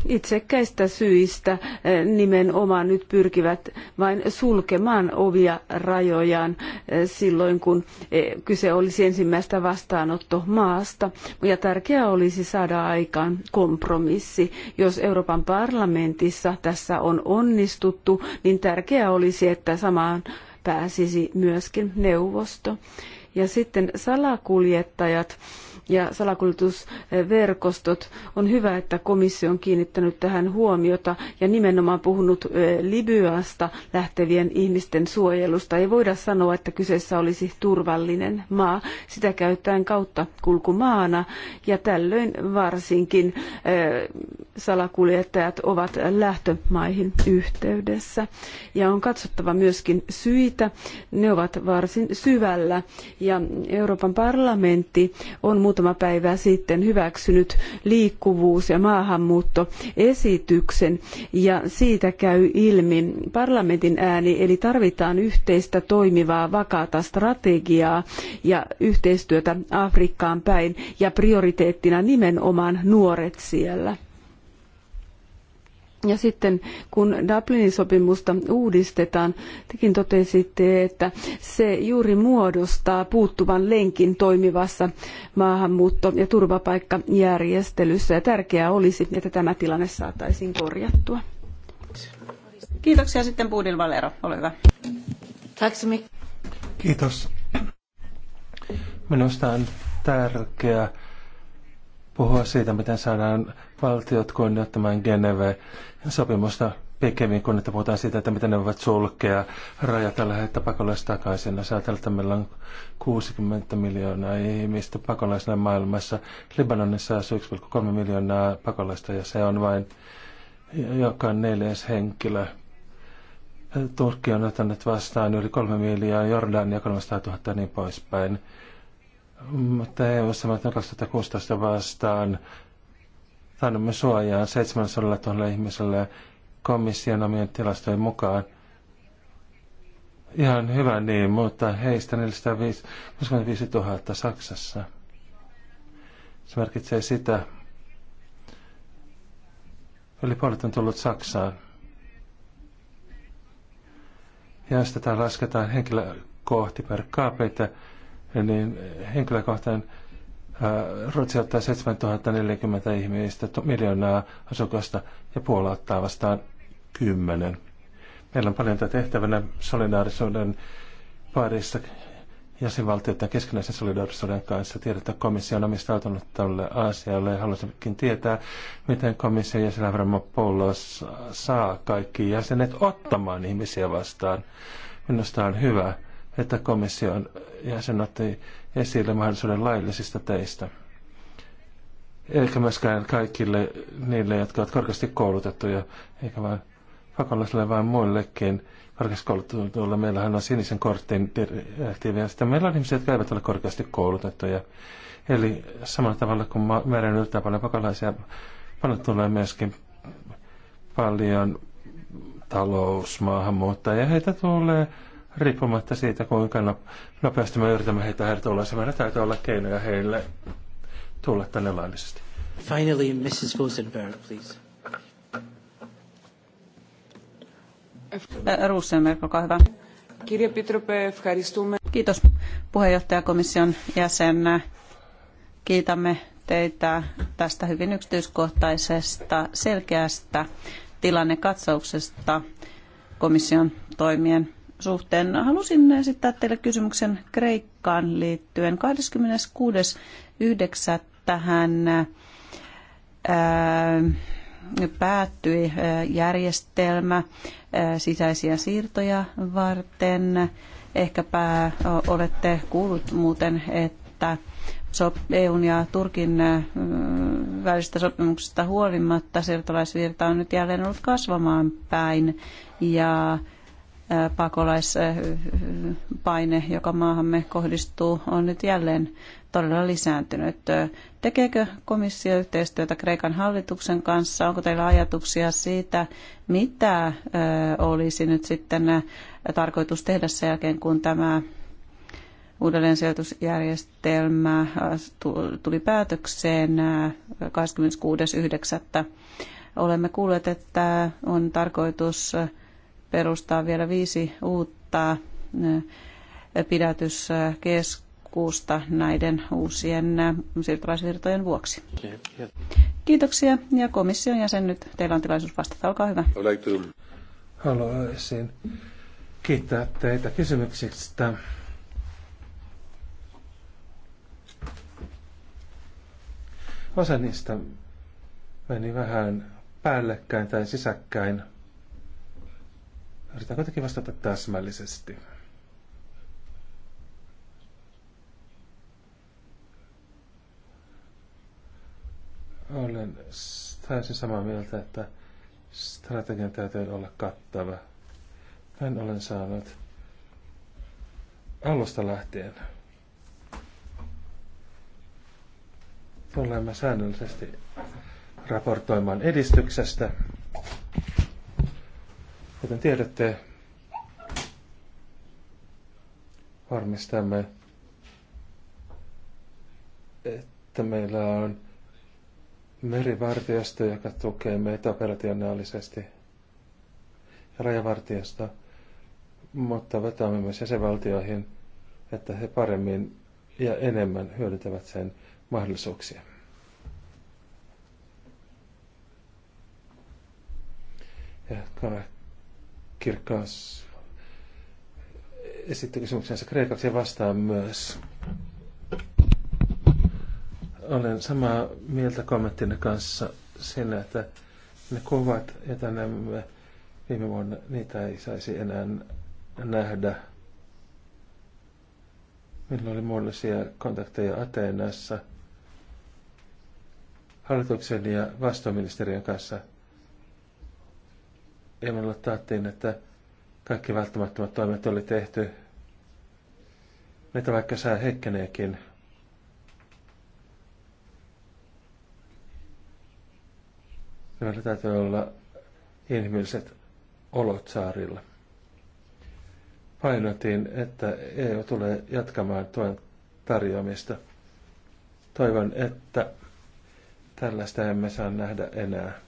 itsekkäistä syistä eh, nimenomaan nyt pyrkivät vain sulkemaan ovia rajojaan eh, silloin, kun eh, kyse olisi ensimmäistä vastaanottomaasta. Ja tärkeää olisi saada aikaan kompromissi. Jos Euroopan parlamentissa tässä on onnistuttu, niin tärkeää olisi, että samaan pääsisi myöskin neuvosto. Ja sitten salakuljettajat ja salakuljetusverkostot. On hyvä, että komissio on kiinnittänyt tähän huomiota ja nimenomaan puhunut Libyasta lähtevien ihmisten suojelusta. Ei voida sanoa, että kyseessä olisi turvallinen maa. Sitä käytetään kautta kulkumaana ja tällöin varsinkin salakuljettajat ovat lähtömaihin yhteydessä. Ja on katsottava myöskin syitä. Ne ovat varsin syvällä ja Euroopan parlamentti on muuten muutama päivä sitten hyväksynyt liikkuvuus- ja maahanmuuttoesityksen ja siitä käy ilmi parlamentin ääni, eli tarvitaan yhteistä toimivaa vakaata strategiaa ja yhteistyötä Afrikkaan päin ja prioriteettina nimenomaan nuoret siellä. Ja sitten kun Dublinin sopimusta uudistetaan, tekin totesitte, että se juuri muodostaa puuttuvan lenkin toimivassa maahanmuutto- ja turvapaikkajärjestelyssä. Ja tärkeää olisi, että tämä tilanne saataisiin korjattua. Kiitoksia sitten Puudil Valero, ole hyvä. Kiitos. Minusta on tärkeää puhua siitä, miten saadaan valtiot kunnioittamaan Geneve-sopimusta pikemmin kuin, että puhutaan siitä, että miten ne voivat sulkea rajat ja lähettää pakolaiset takaisin. Ja no, ajatellaan, että meillä on 60 miljoonaa ihmistä pakolaisena maailmassa. Libanonissa on 1,3 miljoonaa pakolaista ja se on vain joka neljäs henkilö. Turkki on ottanut vastaan yli 3 miljoonaa, Jordania 300 000 ja niin poispäin. Mutta EU-ssa 2016 vastaan että annamme suojaa 700 000 ihmiselle komission omien tilastojen mukaan. Ihan hyvä niin, mutta heistä 45 000 Saksassa. Se merkitsee sitä, yli puolet on tullut Saksaan. Ja jos tätä lasketaan henkilökohti per capita, niin henkilökohtainen Ruotsi ottaa 7040 ihmistä, miljoonaa asukasta, ja Puola ottaa vastaan 10. Meillä on paljon tätä tehtävänä solidaarisuuden parissa jäsenvaltioiden keskinäisen solidaarisuuden kanssa. Tiedät, että komissio on omistautunut tälle asialle ja haluaisinkin tietää, miten komission jäsen Avramopoulos saa kaikki jäsenet ottamaan ihmisiä vastaan. Minusta on hyvä, että komission jäsen otti esille mahdollisuuden laillisista teistä. Eikä myöskään kaikille niille, jotka ovat korkeasti koulutettuja, eikä vain pakolaisille, vaan muillekin korkeasti koulutetuilla. Meillähän on sinisen kortin direktiivi, ja sitten meillä on ihmisiä, jotka eivät ole korkeasti koulutettuja. Eli samalla tavalla kuin meren yltää paljon pakolaisia, paljon tulee myöskin paljon talousmaahanmuuttajia. Heitä tulee riippumatta siitä, kuinka no- nopeasti me yritämme heitä hertuullaisia. Meillä täytyy olla keinoja heille tulla tänne laillisesti. Finally, Mrs. Rosenberg, please. Rosenberg, olkaa hyvä. Kirja Pitrope, ευχαριστούμε. Kiitos puheenjohtajakomission jäsen. Kiitämme teitä tästä hyvin yksityiskohtaisesta, selkeästä tilannekatsauksesta komission toimien suhteen. Halusin esittää teille kysymyksen Kreikkaan liittyen. 26.9. tähän ää, päättyi äh, järjestelmä äh, sisäisiä siirtoja varten. Ehkäpä olette kuullut muuten, että EUn ja Turkin äh, välistä sopimuksesta huolimatta siirtolaisvirta on nyt jälleen ollut kasvamaan päin. Ja pakolaispaine, joka maahamme kohdistuu, on nyt jälleen todella lisääntynyt. Tekeekö komissio yhteistyötä Kreikan hallituksen kanssa? Onko teillä ajatuksia siitä, mitä olisi nyt sitten tarkoitus tehdä sen jälkeen, kun tämä uudelleensijoitusjärjestelmä tuli päätökseen 26.9. Olemme kuulleet, että on tarkoitus perustaa vielä viisi uutta pidätyskeskusta näiden uusien siirtolaisvirtojen vuoksi. Kiitoksia ja komission jäsen nyt teillä on tilaisuus vastata. Olkaa hyvä. Haluaisin kiittää teitä kysymyksistä. Osa niistä meni vähän päällekkäin tai sisäkkäin Yritän kuitenkin vastata täsmällisesti. Olen täysin samaa mieltä, että strategian täytyy olla kattava. Näin olen saanut alusta lähtien. Tulemme säännöllisesti raportoimaan edistyksestä. Kuten tiedätte, varmistamme, että meillä on merivartiosto, joka tukee meitä operationaalisesti, ja rajavartiosto, mutta vetämme myös jäsenvaltioihin, että he paremmin ja enemmän hyödyntävät sen mahdollisuuksia. Ja kirkkaus esitti kysymyksensä kreikaksi ja vastaa myös. Olen samaa mieltä kommenttinne kanssa siinä, että ne kovat, joita näemme viime vuonna, niitä ei saisi enää nähdä. Meillä oli muodollisia kontakteja Ateenassa hallituksen ja vastuuministeriön kanssa – Ilmalla taattiin, että kaikki välttämättömät toimet oli tehty. Mitä vaikka sää heikkeneekin, meillä täytyy olla inhimilliset olot saarilla. Painotin, että EU tulee jatkamaan tuen tarjoamista. Toivon, että tällaista emme saa nähdä enää.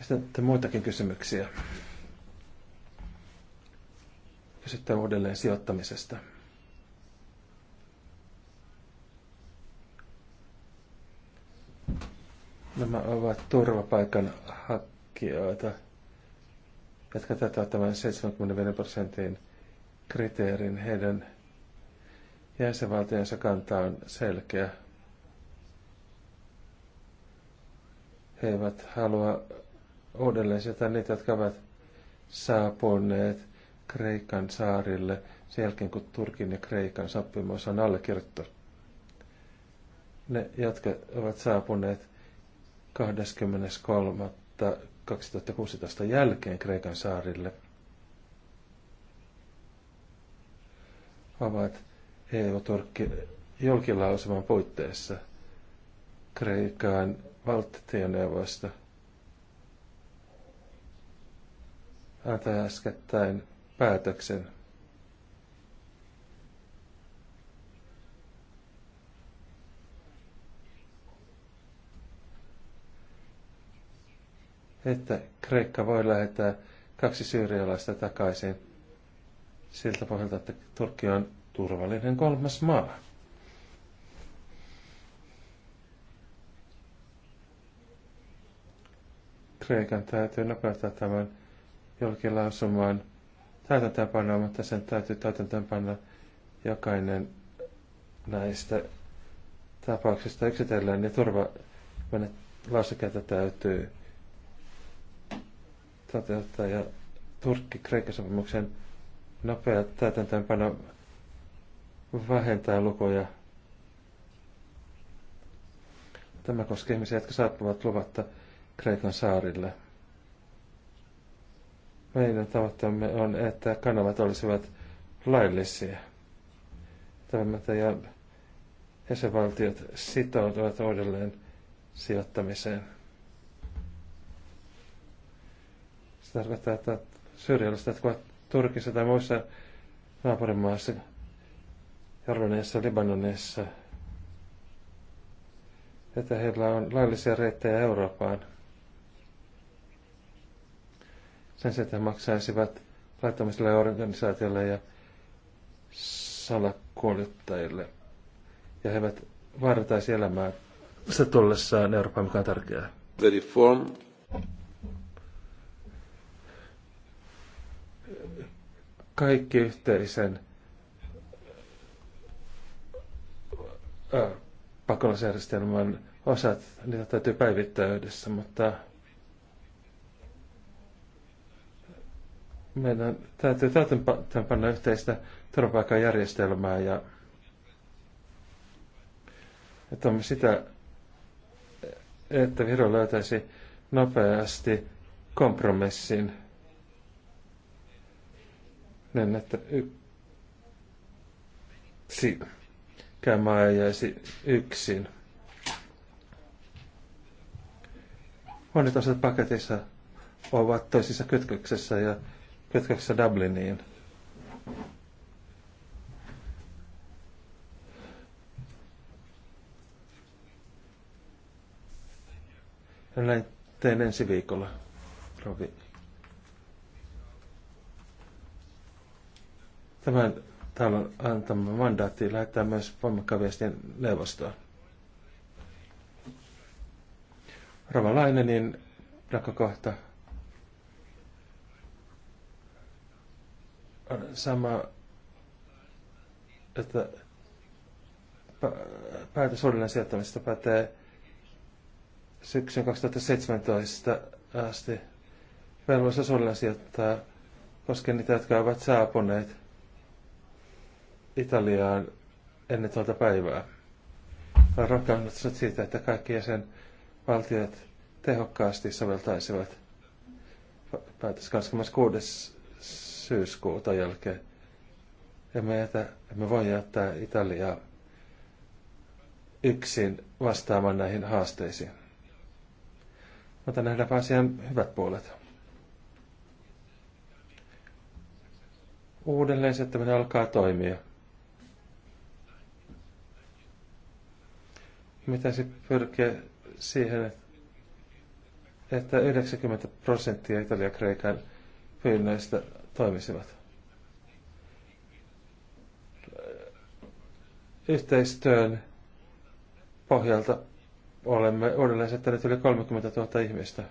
Sitten muitakin kysymyksiä. Ja sitten uudelleen sijoittamisesta. Nämä ovat turvapaikan hakijoita, jotka tätä tämän 75 prosentin kriteerin heidän jäsenvaltionsa kanta on selkeä. He eivät halua uudelleen sieltä niitä, jotka ovat saapuneet Kreikan saarille sen jälkeen, kun Turkin ja Kreikan sopimus on allekirjoitettu. Ne, jotka ovat saapuneet 23.2016 jälkeen Kreikan saarille, ovat EU-Turkki julkilausuman puitteissa Kreikan valtioneuvosto – antoi äskettäin päätöksen. että Kreikka voi lähettää kaksi syyrialaista takaisin siltä pohjalta, että Turkki on turvallinen kolmas maa. Kreikan täytyy nopeuttaa tämän lausumaan täytäntöönpanoa, mutta sen täytyy täytäntöönpanna jokainen näistä tapauksista yksitellen ja turva lausekkeita täytyy toteuttaa ja turkki kreikan sopimuksen nopea täytäntöönpano vähentää lukuja. Tämä koskee ihmisiä, jotka saapuvat luvatta Kreikan saarille. Meidän tavoitteemme on, että kanavat olisivat laillisia. Toiminta ja jäsenvaltiot sitoutuvat uudelleen sijoittamiseen. Se tarkoittaa, että syrjäläiset, jotka ovat Turkissa tai muissa naapurimaissa, Jordaniassa, Libanonissa, että heillä on laillisia reittejä Eurooppaan – sen sijaan, että maksaisivat laittamiselle organisaatiolle ja salakuljettajille. Ja he eivät vaarantaisi elämää se tullessaan Euroopan, mikä on tärkeää. The reform. Kaikki yhteisen äh, pakolaisjärjestelmän osat, niitä täytyy päivittää yhdessä, mutta meidän täytyy täytäntöönpanna yhteistä turvapaikkajärjestelmää ja että on sitä, että Viro löytäisi nopeasti kompromissin niin, että yksi käymä jäisi yksin. Monet osat paketissa ovat toisissa kytköksessä ja kytköksessä Dubliniin. Näin teen ensi viikolla, Rovi. Tämän talon antama mandaatti lähettää myös voimakkaan viestin neuvostoon. lainenin niin näkökohta Äh, sama, että päätös uudelleen sijoittamisesta pätee syksyn 2017 asti. Velvollisuus uudelleen sijoittaa koskee niitä, jotka ovat saapuneet Italiaan ennen tuolta päivää. Olen rohkannut siitä, että kaikki jäsenvaltiot tehokkaasti soveltaisivat päätös 26 syyskuuta jälkeen. Emme, jätä, me voi jättää Italiaa yksin vastaamaan näihin haasteisiin. Mutta nähdäänpä asian hyvät puolet. Uudelleen me alkaa toimia. Mitä se pyrkiä siihen, että 90 prosenttia Italia-Kreikan pyynnöistä toimisivat. Yhteistyön pohjalta olemme uudelleen sitten yli 30 000 ihmistä.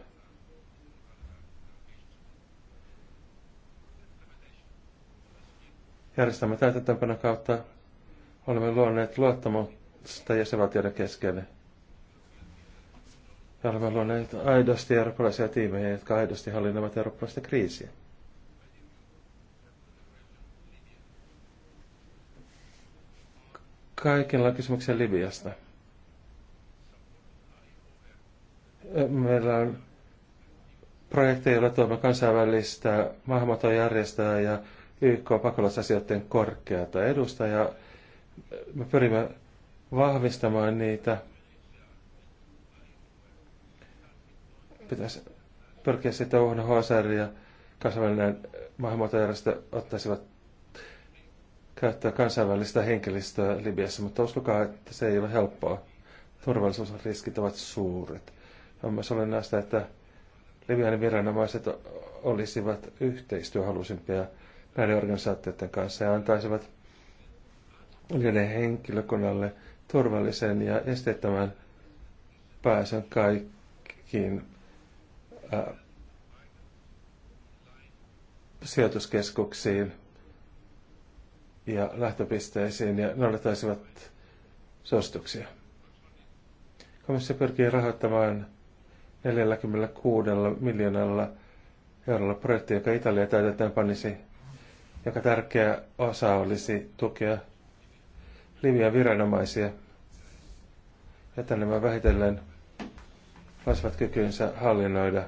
Järjestämme täytäntöönpanon kautta olemme luoneet luottamusta jäsenvaltioiden keskelle. Ja olemme luoneet aidosti eurooppalaisia tiimejä, jotka aidosti hallinnoivat eurooppalaista kriisiä. Kaikilla kysymyksiä Libiasta. Meillä on projekteja, joilla tuomme kansainvälistä maahanmuuttojärjestöä ja YK pakolaisasioiden korkeata ja Me pyrimme vahvistamaan niitä. Pitäisi pyrkiä sitä UNHCR ja kansainvälinen maahanmuuttojärjestö ottaisivat käyttää kansainvälistä henkilöstöä Libiassa, mutta uskokaa, että se ei ole helppoa. Turvallisuusriskit ovat suuret. On myös olennaista, että Libian viranomaiset olisivat yhteistyöhaluisimpia näiden organisaatioiden kanssa ja antaisivat niiden henkilökunnalle turvallisen ja esteettömän pääsyn kaikkiin ää, sijoituskeskuksiin – ja lähtöpisteisiin ja noudattaisivat suosituksia. Komissio pyrkii rahoittamaan 46 miljoonalla eurolla projekti, joka Italia täytetään panisi, joka tärkeä osa olisi tukea Livian viranomaisia, että nämä vähitellen kasvat kykynsä hallinnoida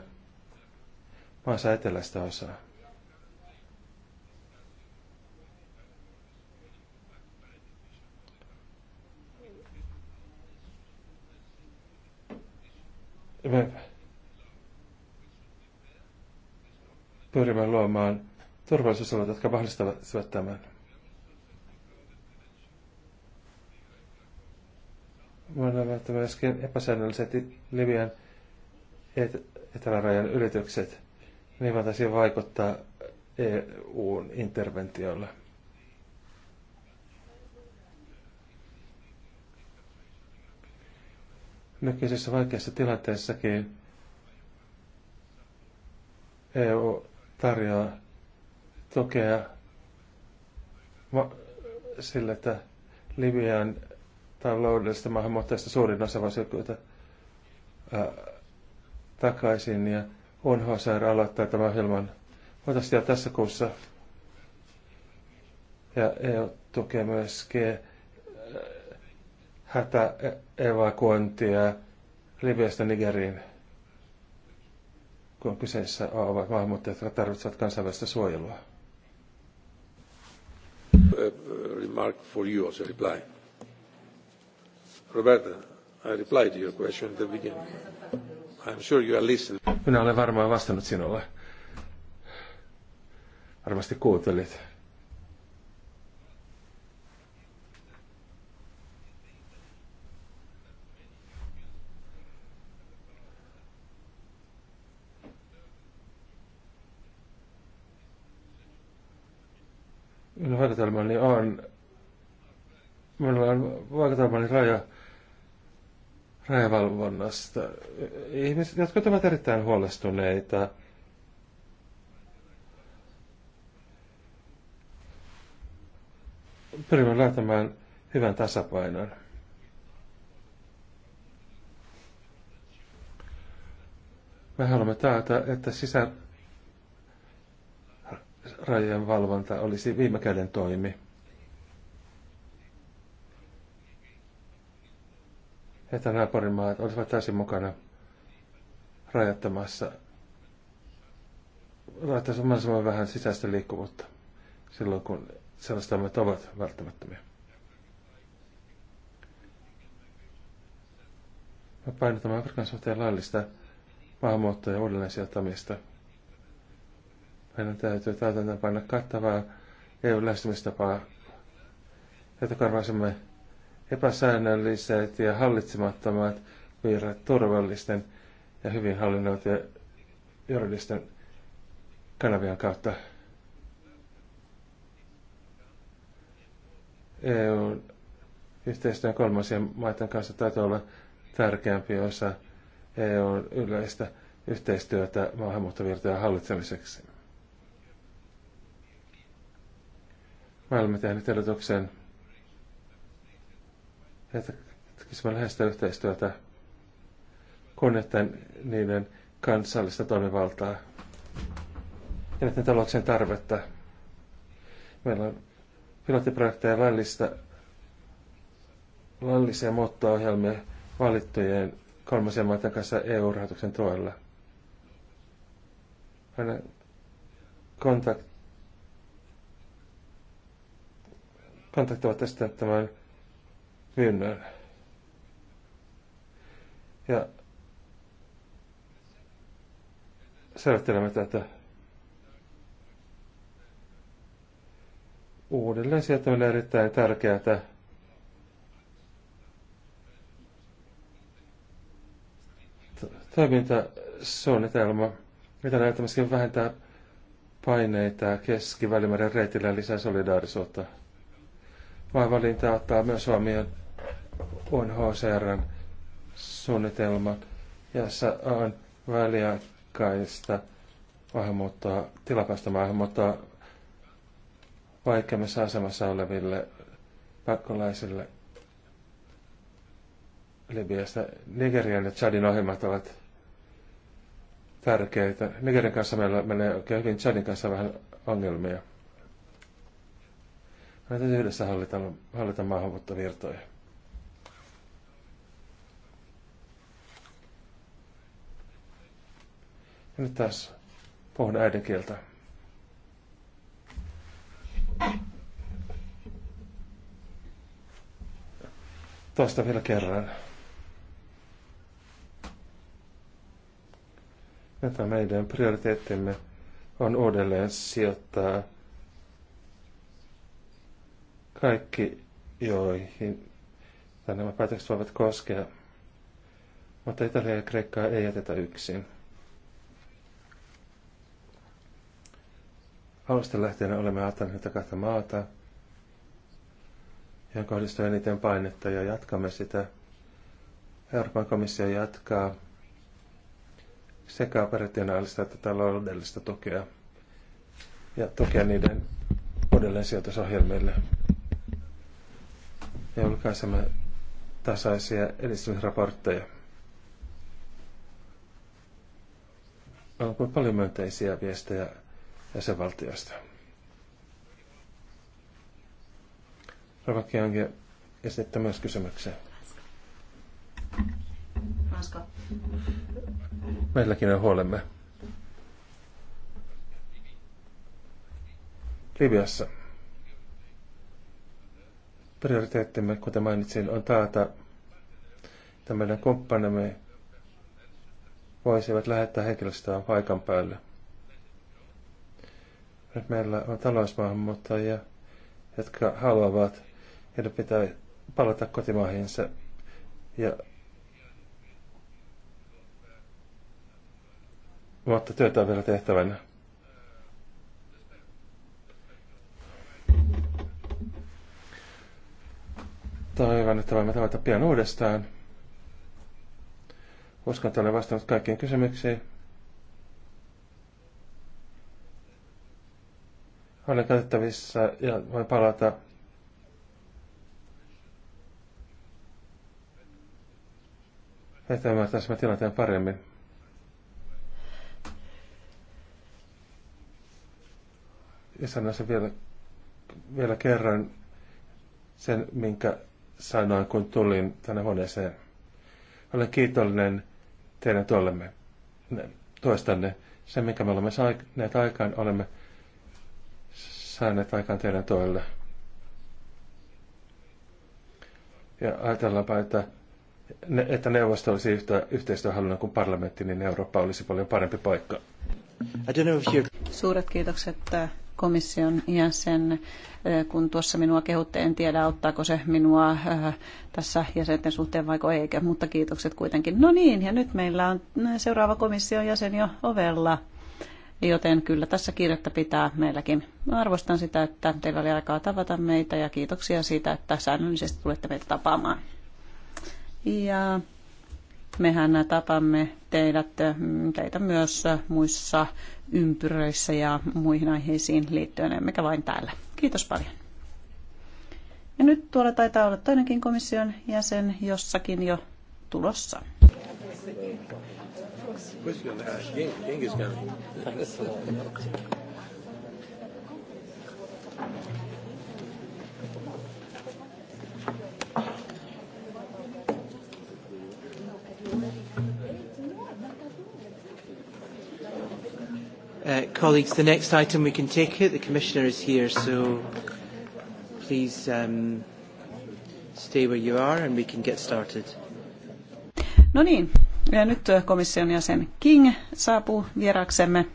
maansa eteläistä osaa. me pyrimme luomaan turvallisuusolot, jotka mahdollistavat tämän. Mä näemme, että myöskin epäsäännölliset Libyan etelärajan ylitykset, niin voitaisiin vaikuttaa EUn interventiolle. nykyisessä vaikeassa tilanteessakin EU tarjoaa tukea sillä, että Libyan taloudellisesta maahanmuuttajista suurin osa vasioita takaisin ja UNHCR aloittaa tämän ohjelman. Voitaisiin tässä kuussa. Ja EU tukee myös hätäevakuointia Libiasta Nigeriin, kun kyseessä ovat maahanmuuttajat, jotka tarvitsevat kansainvälistä suojelua. remark for you as a reply. Roberta, I replied to your question at the beginning. I'm sure you are listening. Minä olen varmaan vastannut sinulle. Varmasti kuuntelit. vaikutelmani niin on, minulla on vaikutelmani raja, rajavalvonnasta. Ihmiset, jotka ovat erittäin huolestuneita, pyrimme laittamaan hyvän tasapainon. Me haluamme taata, että sisä, rajojen valvonta olisi viime käden toimi. Että naapurimaat olisivat täysin mukana rajoittamassa, mahdollisimman vähän sisäistä liikkuvuutta silloin, kun sellaiset toimet ovat välttämättömiä. Mä painotan Afrikan suhteen laillista maahanmuuttoa ja uudelleen sijoittamista – meidän täytyy täytäntöön panna kattavaa EU-lähestymistapaa, että karvaisemme epäsäännölliset ja hallitsemattomat virrat turvallisten ja hyvin hallinnoitujen juridisten kanavien kautta. eu yhteistyön kolmansien maiden kanssa täytyy olla tärkeämpi osa eu yleistä yhteistyötä maahanmuuttovirtojen hallitsemiseksi. maailma tehnyt erotuksen, että tekisimme läheistä yhteistyötä kunnettaen niiden kansallista toimivaltaa ja näiden talouksien tarvetta. Meillä on pilottiprojekteja välistä laillisia muutto valittujen kolmasien maiden kanssa EU-rahoituksen tuella. Aina kontakt, kontaktoivat tästä tämän myynnön. Ja selvittelemme tätä uudelleen sieltä on erittäin tärkeää. Toimintasuunnitelma, mitä myöskin vähentää paineita keskivälimäärän reitillä lisää solidaarisuutta maavalinta ottaa myös huomioon UNHCRn suunnitelmat, jossa on väliaikaista maahanmuuttoa, tilapäistä maahanmuuttoa vaikeimmassa asemassa oleville pakolaisille Libiasta. Nigerian ja Chadin ohjelmat ovat tärkeitä. Nigerian kanssa meillä menee oikein hyvin, Chadin kanssa vähän ongelmia. Meidän täytyy yhdessä hallita, hallita maahanmuuttovirtoja. Ja nyt taas puhun äidinkieltä. Toista vielä kerran. Tätä meidän prioriteettimme on uudelleen sijoittaa kaikki, joihin nämä päätökset voivat koskea, mutta Italia ja Kreikkaa ei jätetä yksin. Alusta lähtien olemme auttaneet näitä kahta maata, johon kohdistuu eniten painetta ja jatkamme sitä. Euroopan komissio jatkaa sekä operationaalista että taloudellista tukea ja tukea niiden uudelleen sijoitusohjelmille ja julkaisemme tasaisia edistymisraportteja. On paljon myönteisiä viestejä jäsenvaltioista. Ravakki Ange esittää myös kysymyksen. Ranska. Meilläkin on huolemme. Libyassa. Prioriteettimme, kuten mainitsin, on taata, että meidän kumppanimme voisivat lähettää henkilöstöä paikan päälle. Nyt meillä on talousmaahanmuuttajia, jotka haluavat, heidän pitää palata kotimaihinsa ja mutta työtä on vielä tehtävänä. Toivon, että voimme tavata pian uudestaan. Uskon, että olen vastannut kaikkiin kysymyksiin. Olen käytettävissä ja voin palata että ymmärtäisimme tilanteen paremmin. Ja sanoisin vielä, vielä kerran sen, minkä sanoin, kun tulin tänne huoneeseen. Olen kiitollinen teidän tuollemme, toistanne. Se, mikä me olemme saaneet aikaan, olemme saaneet aikaan teidän toille. Ja ajatellaanpa, että, ne, että neuvosto olisi yhtä yhteistyöhallinnon kuin parlamentti, niin Eurooppa olisi paljon parempi paikka. Suuret kiitokset äh, komission jäsen, eh, kun tuossa minua kehutte, en tiedä auttaako se minua eh, tässä jäsenten suhteen vaiko eikä, mutta kiitokset kuitenkin. No niin, ja nyt meillä on eh, seuraava komission jäsen jo ovella, joten kyllä tässä kirjettä pitää meilläkin. Arvostan sitä, että teillä oli aikaa tavata meitä ja kiitoksia siitä, että säännöllisesti tulette meitä tapaamaan. Ja Mehän tapamme teidät, mm, teitä myös muissa ympyröissä ja muihin aiheisiin liittyen, emmekä vain täällä. Kiitos paljon. Ja nyt tuolla taitaa olla toinenkin komission jäsen jossakin jo tulossa. Uh, colleagues, the next item we can take it. The Commissioner is here, so please um, stay where you are and we can get started. No niin, ja nyt uh, komission jäsen King saapuu vieraksemme.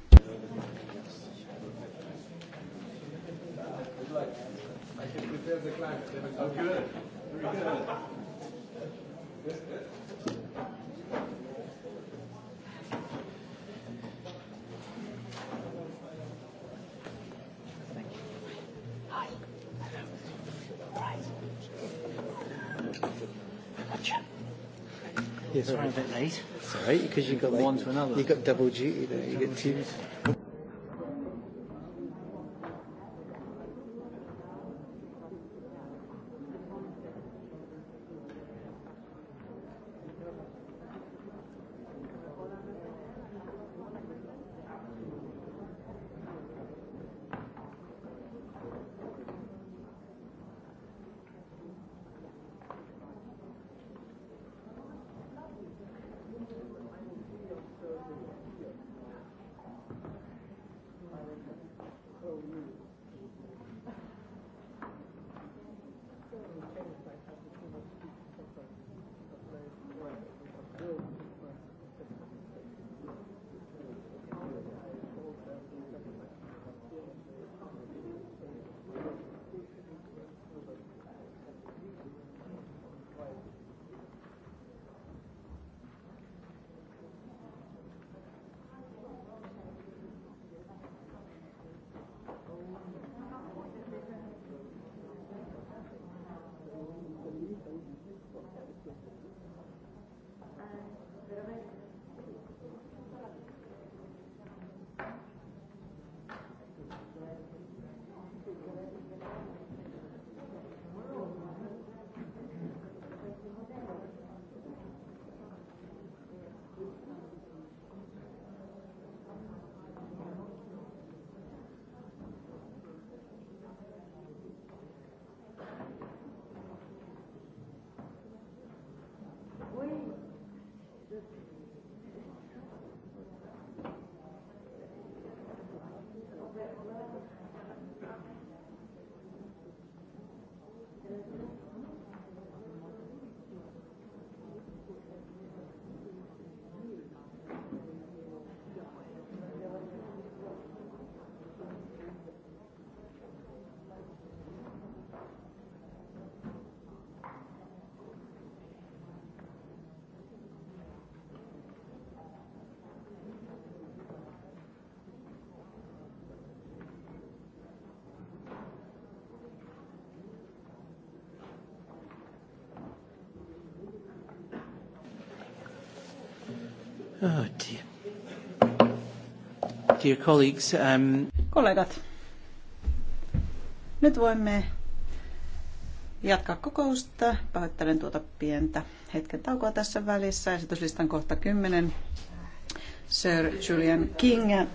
Sorry, a bit late. Sorry, because you've got like, one to another. You've got double duty there. You get two. colleagues. Um... Kollegat, nyt voimme jatkaa kokousta. Pahoittelen tuota pientä hetken taukoa tässä välissä. Esityslistan kohta 10. Sir Julian King, äh,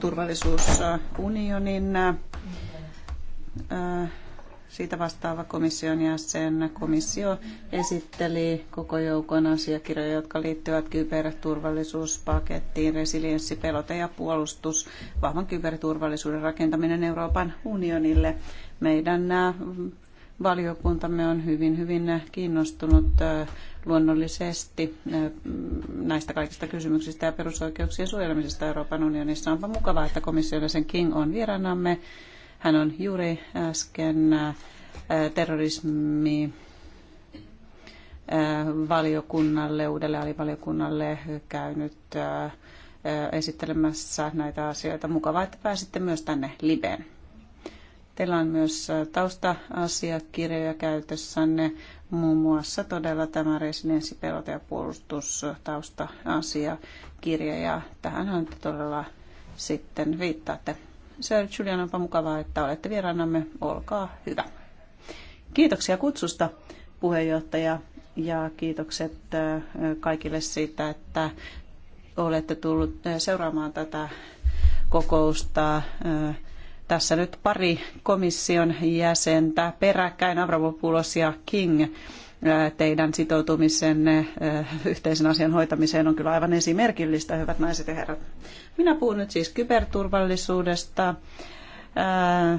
turvallisuusunionin äh, siitä vastaava komission jäsen. Komissio esitteli koko joukon asiakirjoja, jotka liittyvät kyberturvallisuuspakettiin, resilienssi, pelote ja puolustus, vahvan kyberturvallisuuden rakentaminen Euroopan unionille. Meidän äh, valiokuntamme on hyvin, hyvin kiinnostunut äh, luonnollisesti äh, näistä kaikista kysymyksistä ja perusoikeuksien suojelemisesta Euroopan unionissa. Onpa mukavaa, että sen King on vieraanamme. Hän on juuri äsken terrorismi valiokunnalle, uudelle alivaliokunnalle käynyt esittelemässä näitä asioita. Mukavaa, että pääsitte myös tänne liveen. Teillä on myös tausta-asiakirjoja käytössänne, muun muassa todella tämä pelote ja tausta asiakirja ja tähän on todella sitten viittaatte. Sir Julian, onpa mukavaa, että olette vieraanamme. Olkaa hyvä. Kiitoksia kutsusta, puheenjohtaja, ja kiitokset kaikille siitä, että olette tullut seuraamaan tätä kokousta. Tässä nyt pari komission jäsentä peräkkäin, Avramopoulos ja King teidän sitoutumisenne yhteisen asian hoitamiseen on kyllä aivan esimerkillistä, hyvät naiset ja herrat. Minä puhun nyt siis kyberturvallisuudesta.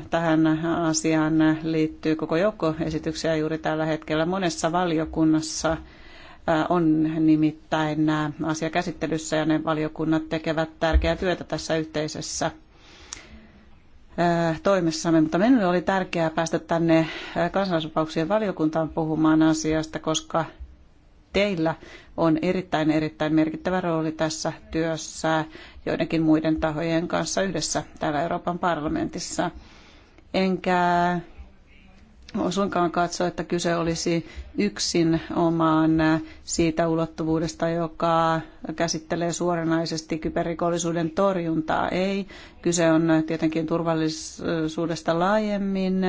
Tähän asiaan liittyy koko joukko esityksiä juuri tällä hetkellä monessa valiokunnassa on nimittäin nämä asiakäsittelyssä ja ne valiokunnat tekevät tärkeää työtä tässä yhteisessä toimessamme, mutta minulle oli tärkeää päästä tänne kansalaisvapauksien valiokuntaan puhumaan asiasta, koska teillä on erittäin erittäin merkittävä rooli tässä työssä joidenkin muiden tahojen kanssa yhdessä täällä Euroopan parlamentissa. Enkä suinkaan katso, että kyse olisi yksin omaan siitä ulottuvuudesta, joka käsittelee suoranaisesti kyberrikollisuuden torjuntaa. Ei, kyse on tietenkin turvallisuudesta laajemmin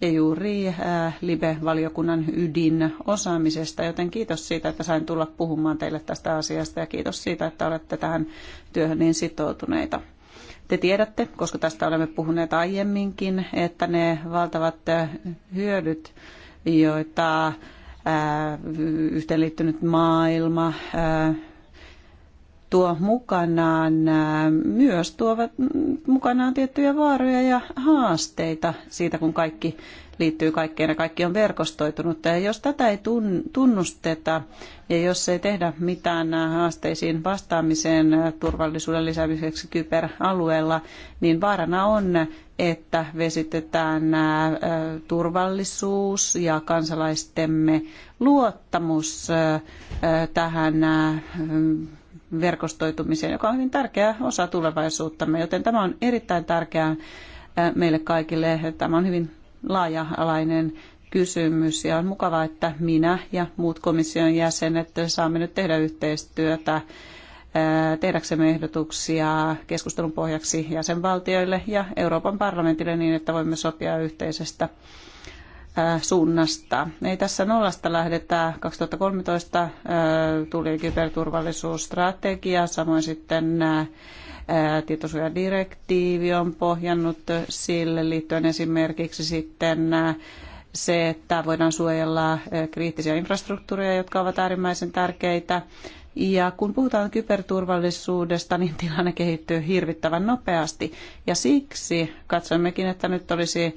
ja juuri LIBE-valiokunnan ydinosaamisesta, joten kiitos siitä, että sain tulla puhumaan teille tästä asiasta ja kiitos siitä, että olette tähän työhön niin sitoutuneita. Te tiedätte, koska tästä olemme puhuneet aiemminkin, että ne valtavat äh, hyödyt, joita äh, yhteenliittynyt maailma äh, tuo mukanaan, myös tuovat mukanaan tiettyjä vaaroja ja haasteita siitä, kun kaikki liittyy kaikkeen ja kaikki on verkostoitunutta. Ja jos tätä ei tunnusteta ja jos ei tehdä mitään haasteisiin vastaamiseen turvallisuuden lisäämiseksi kyberalueella, niin vaarana on, että vesitetään turvallisuus ja kansalaistemme luottamus tähän verkostoitumiseen, joka on hyvin tärkeä osa tulevaisuuttamme, joten tämä on erittäin tärkeää meille kaikille. Tämä on hyvin laaja-alainen kysymys ja on mukavaa, että minä ja muut komission jäsenet saamme nyt tehdä yhteistyötä tehdäksemme ehdotuksia keskustelun pohjaksi jäsenvaltioille ja Euroopan parlamentille niin, että voimme sopia yhteisestä suunnasta. Ei tässä nollasta lähdetä. 2013 tuli kyberturvallisuusstrategia, samoin sitten tietosuojadirektiivi on pohjannut sille liittyen esimerkiksi sitten se, että voidaan suojella kriittisiä infrastruktuureja, jotka ovat äärimmäisen tärkeitä. Ja kun puhutaan kyberturvallisuudesta, niin tilanne kehittyy hirvittävän nopeasti. Ja siksi katsommekin, että nyt olisi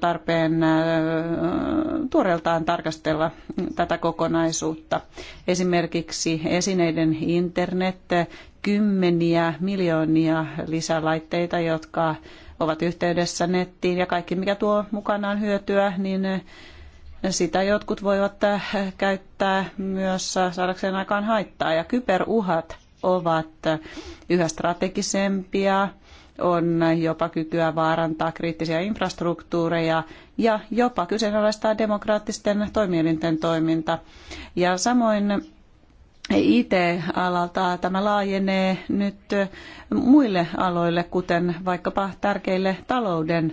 tarpeen tuoreeltaan tarkastella tätä kokonaisuutta. Esimerkiksi esineiden internet, kymmeniä miljoonia lisälaitteita, jotka ovat yhteydessä nettiin ja kaikki mikä tuo mukanaan hyötyä, niin sitä jotkut voivat äh, käyttää myös saadakseen aikaan haittaa. Ja kyberuhat ovat yhä strategisempia on jopa kykyä vaarantaa kriittisiä infrastruktuureja ja jopa kyseenalaistaa demokraattisten toimielinten toiminta. Ja samoin IT-alalta tämä laajenee nyt muille aloille, kuten vaikkapa tärkeille talouden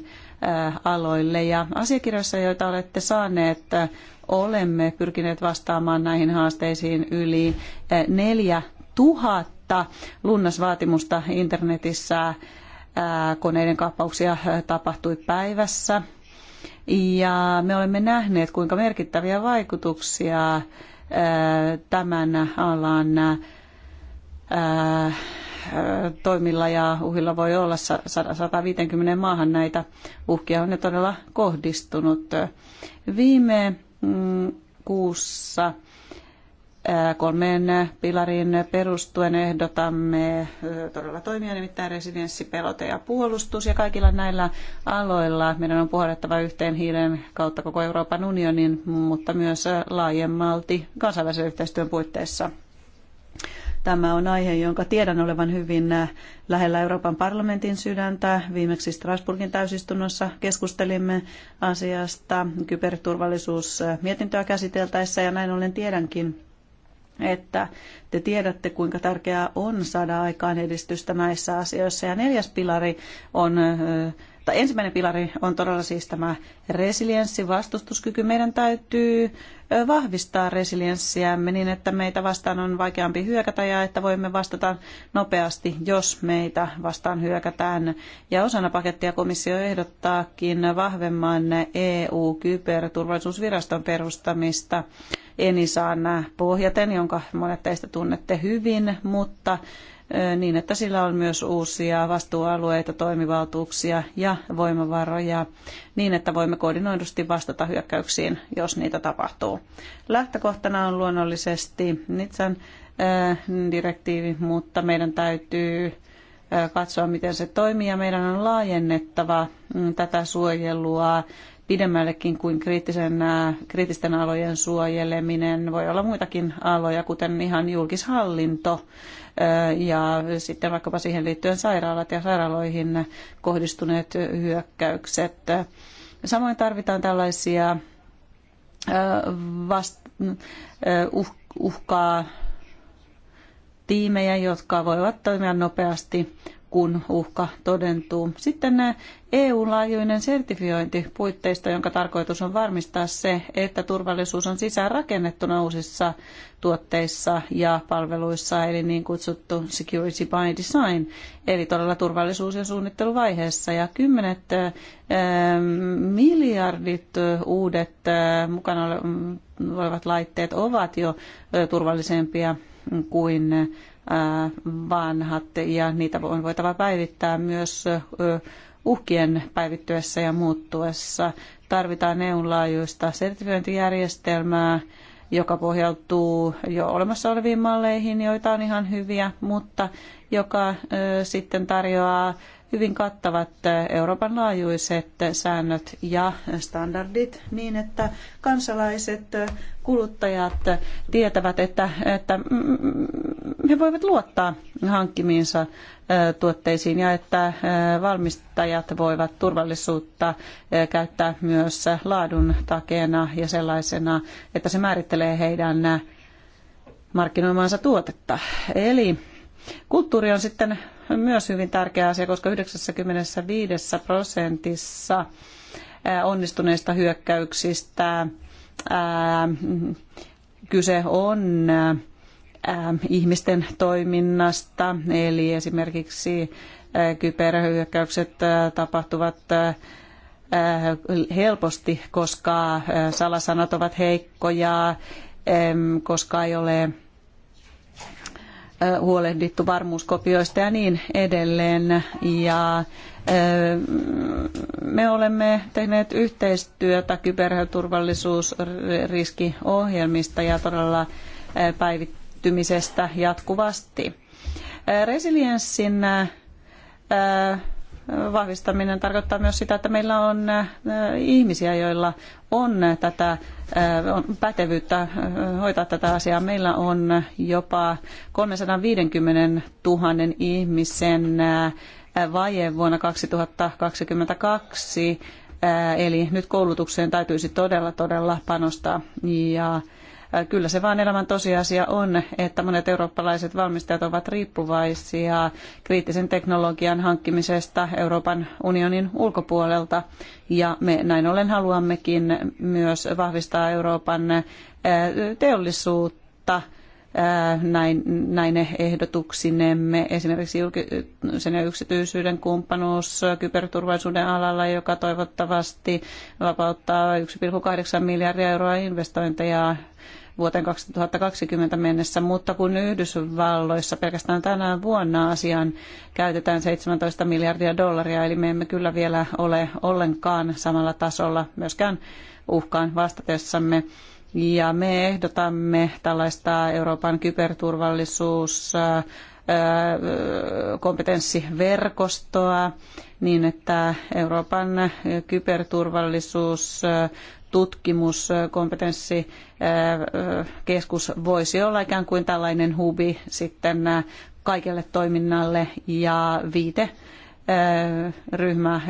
aloille. Ja asiakirjoissa, joita olette saaneet, olemme pyrkineet vastaamaan näihin haasteisiin yli neljä tuhatta lunnasvaatimusta internetissä koneiden kaappauksia tapahtui päivässä. Ja me olemme nähneet, kuinka merkittäviä vaikutuksia tämän alan toimilla ja uhilla voi olla 150 maahan näitä uhkia on ne todella kohdistunut. Viime mm, kuussa kolmeen pilarin perustuen ehdotamme todella toimia, nimittäin resilienssi, pelote ja puolustus. Ja kaikilla näillä aloilla meidän on puhallettava yhteen hiilen kautta koko Euroopan unionin, mutta myös laajemmalti kansainvälisen yhteistyön puitteissa. Tämä on aihe, jonka tiedän olevan hyvin lähellä Euroopan parlamentin sydäntä. Viimeksi Strasbourgin täysistunnossa keskustelimme asiasta kyberturvallisuusmietintöä käsiteltäessä ja näin ollen tiedänkin, että te tiedätte, kuinka tärkeää on saada aikaan edistystä näissä asioissa. Ja neljäs pilari on mutta ensimmäinen pilari on todella siis tämä resilienssi, vastustuskyky. Meidän täytyy vahvistaa resilienssiämme niin, että meitä vastaan on vaikeampi hyökätä ja että voimme vastata nopeasti, jos meitä vastaan hyökätään. Ja osana pakettia komissio ehdottaakin vahvemman EU-kyberturvallisuusviraston perustamista Enisaan pohjaten, jonka monet teistä tunnette hyvin, mutta niin, että sillä on myös uusia vastuualueita, toimivaltuuksia ja voimavaroja niin, että voimme koordinoidusti vastata hyökkäyksiin, jos niitä tapahtuu. Lähtökohtana on luonnollisesti Nitsan direktiivi, mutta meidän täytyy katsoa, miten se toimii ja meidän on laajennettava mm, tätä suojelua pidemmällekin kuin kriittisen, kriittisten alojen suojeleminen. Voi olla muitakin aloja, kuten ihan julkishallinto ja sitten vaikkapa siihen liittyen sairaalat ja sairaaloihin kohdistuneet hyökkäykset. Samoin tarvitaan tällaisia vast, uh, uhkaa tiimejä, jotka voivat toimia nopeasti kun uhka todentuu. Sitten EU-laajuinen puitteista, jonka tarkoitus on varmistaa se, että turvallisuus on sisään rakennettuna uusissa tuotteissa ja palveluissa, eli niin kutsuttu security by design, eli todella turvallisuus- ja suunnitteluvaiheessa. Ja kymmenet eh, miljardit uudet eh, mukana olevat laitteet ovat jo eh, turvallisempia kuin vanhat ja niitä on voitava päivittää myös uhkien päivittyessä ja muuttuessa. Tarvitaan EUn laajuista sertifiointijärjestelmää, joka pohjautuu jo olemassa oleviin malleihin, joita on ihan hyviä, mutta joka sitten tarjoaa hyvin kattavat Euroopan laajuiset säännöt ja standardit niin, että kansalaiset, kuluttajat tietävät, että, että mm, he voivat luottaa hankkimiinsa tuotteisiin ja että valmistajat voivat turvallisuutta käyttää myös laadun takeena ja sellaisena, että se määrittelee heidän markkinoimaansa tuotetta. Eli Kulttuuri on sitten myös hyvin tärkeä asia, koska 95 prosentissa onnistuneista hyökkäyksistä kyse on ihmisten toiminnasta, eli esimerkiksi kyberhyökkäykset tapahtuvat helposti, koska salasanat ovat heikkoja, koska ei ole huolehdittu varmuuskopioista ja niin edelleen. Ja me olemme tehneet yhteistyötä kyberturvallisuusriskiohjelmista ja todella päivittymisestä jatkuvasti. Resilienssin vahvistaminen tarkoittaa myös sitä, että meillä on ihmisiä, joilla on tätä pätevyyttä hoitaa tätä asiaa. Meillä on jopa 350 000 ihmisen vaje vuonna 2022, eli nyt koulutukseen täytyisi todella, todella panostaa. Ja Kyllä se vaan elämän tosiasia on, että monet eurooppalaiset valmistajat ovat riippuvaisia kriittisen teknologian hankkimisesta Euroopan unionin ulkopuolelta. Ja me näin ollen haluammekin myös vahvistaa Euroopan teollisuutta – näin, näin ehdotuksinemme. Esimerkiksi julkisen ja yksityisyyden kumppanuus kyberturvallisuuden alalla, joka toivottavasti vapauttaa 1,8 miljardia euroa investointeja vuoteen 2020 mennessä, mutta kun Yhdysvalloissa pelkästään tänä vuonna asiaan käytetään 17 miljardia dollaria, eli me emme kyllä vielä ole ollenkaan samalla tasolla myöskään uhkaan vastatessamme. Ja me ehdotamme tällaista Euroopan kyberturvallisuuskompetenssiverkostoa niin, että Euroopan kyberturvallisuustutkimuskompetenssikeskus voisi olla ikään kuin tällainen hubi sitten kaikelle toiminnalle ja viite ryhmä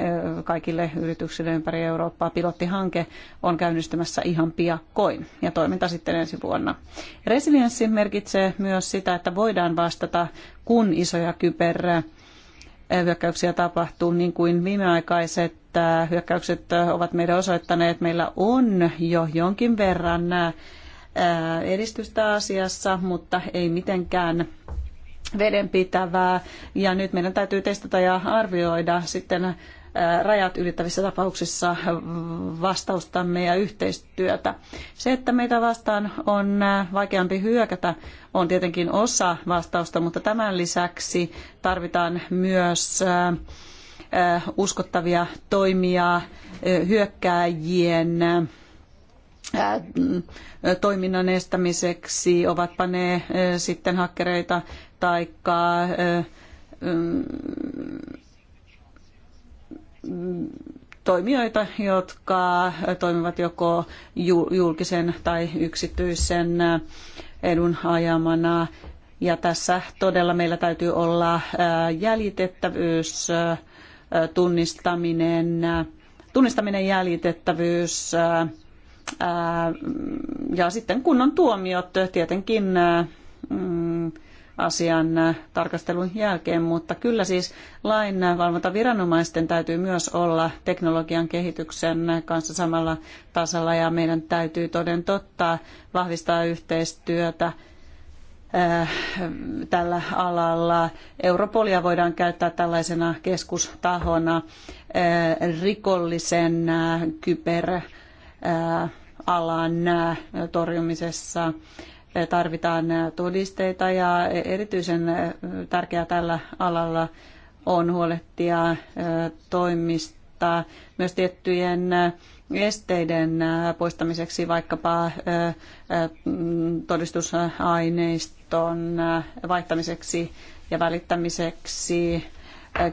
kaikille yrityksille ympäri Eurooppaa. Pilottihanke on käynnistymässä ihan piakkoin ja toiminta sitten ensi vuonna. Resilienssi merkitsee myös sitä, että voidaan vastata, kun isoja kyber hyökkäyksiä tapahtuu, niin kuin viimeaikaiset hyökkäykset ovat meidän osoittaneet. Meillä on jo jonkin verran edistystä asiassa, mutta ei mitenkään vedenpitävää. Ja nyt meidän täytyy testata ja arvioida sitten äh, rajat ylittävissä tapauksissa vastaustamme ja yhteistyötä. Se, että meitä vastaan on äh, vaikeampi hyökätä, on tietenkin osa vastausta, mutta tämän lisäksi tarvitaan myös äh, uskottavia toimia hyökkääjien toiminnan estämiseksi, ovatpa ne sitten hakkereita tai mm, toimijoita, jotka toimivat joko julkisen tai yksityisen edun ajamana. Ja tässä todella meillä täytyy olla jäljitettävyys, tunnistaminen, tunnistaminen jäljitettävyys ja sitten kunnon tuomiot tietenkin mm, asian äh, tarkastelun jälkeen, mutta kyllä siis lainvalvontaviranomaisten täytyy myös olla teknologian kehityksen kanssa samalla tasalla ja meidän täytyy toden totta vahvistaa yhteistyötä äh, tällä alalla. Europolia voidaan käyttää tällaisena keskustahona äh, rikollisen kyberalan torjumisessa tarvitaan todisteita ja erityisen tärkeää tällä alalla on huolehtia toimista myös tiettyjen esteiden poistamiseksi vaikkapa todistusaineiston vaihtamiseksi ja välittämiseksi.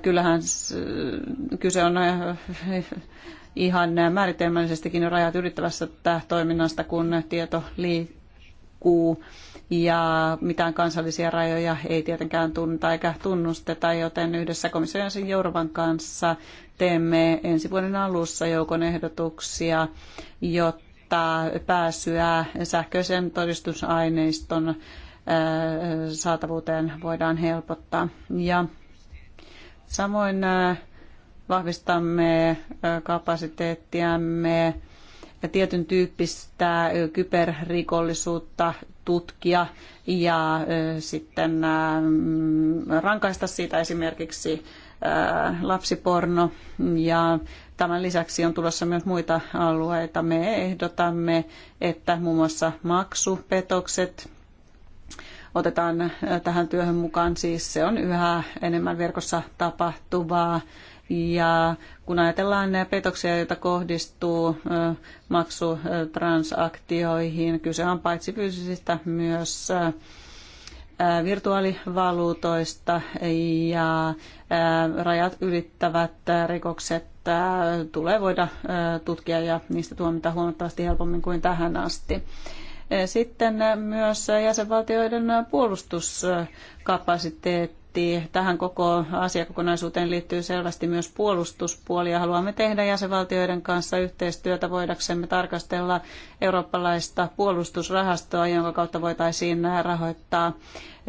Kyllähän kyse on ihan määritelmällisestikin rajat ylittävästä toiminnasta, kun tieto liikkuu liikkuu ja mitään kansallisia rajoja ei tietenkään tunneta eikä tunnusteta, joten yhdessä komission jäsen Jourovan kanssa teemme ensi vuoden alussa joukon ehdotuksia, jotta pääsyä sähköisen todistusaineiston äh, saatavuuteen voidaan helpottaa. Ja samoin äh, vahvistamme äh, kapasiteettiamme tietyn tyyppistä kyberrikollisuutta tutkia ja sitten mm, rankaista siitä esimerkiksi lapsiporno ja tämän lisäksi on tulossa myös muita alueita. Me ehdotamme, että muun muassa maksupetokset otetaan tähän työhön mukaan, siis se on yhä enemmän verkossa tapahtuvaa ja kun ajatellaan petoksia, joita kohdistuu maksutransaktioihin, kyse on paitsi fyysisistä myös virtuaalivaluutoista ja rajat ylittävät rikokset tulee voida tutkia ja niistä tuomita huomattavasti helpommin kuin tähän asti. Sitten myös jäsenvaltioiden puolustuskapasiteetti paketti. Tähän koko asiakokonaisuuteen liittyy selvästi myös puolustuspuoli ja haluamme tehdä jäsenvaltioiden kanssa yhteistyötä voidaksemme tarkastella eurooppalaista puolustusrahastoa, jonka kautta voitaisiin rahoittaa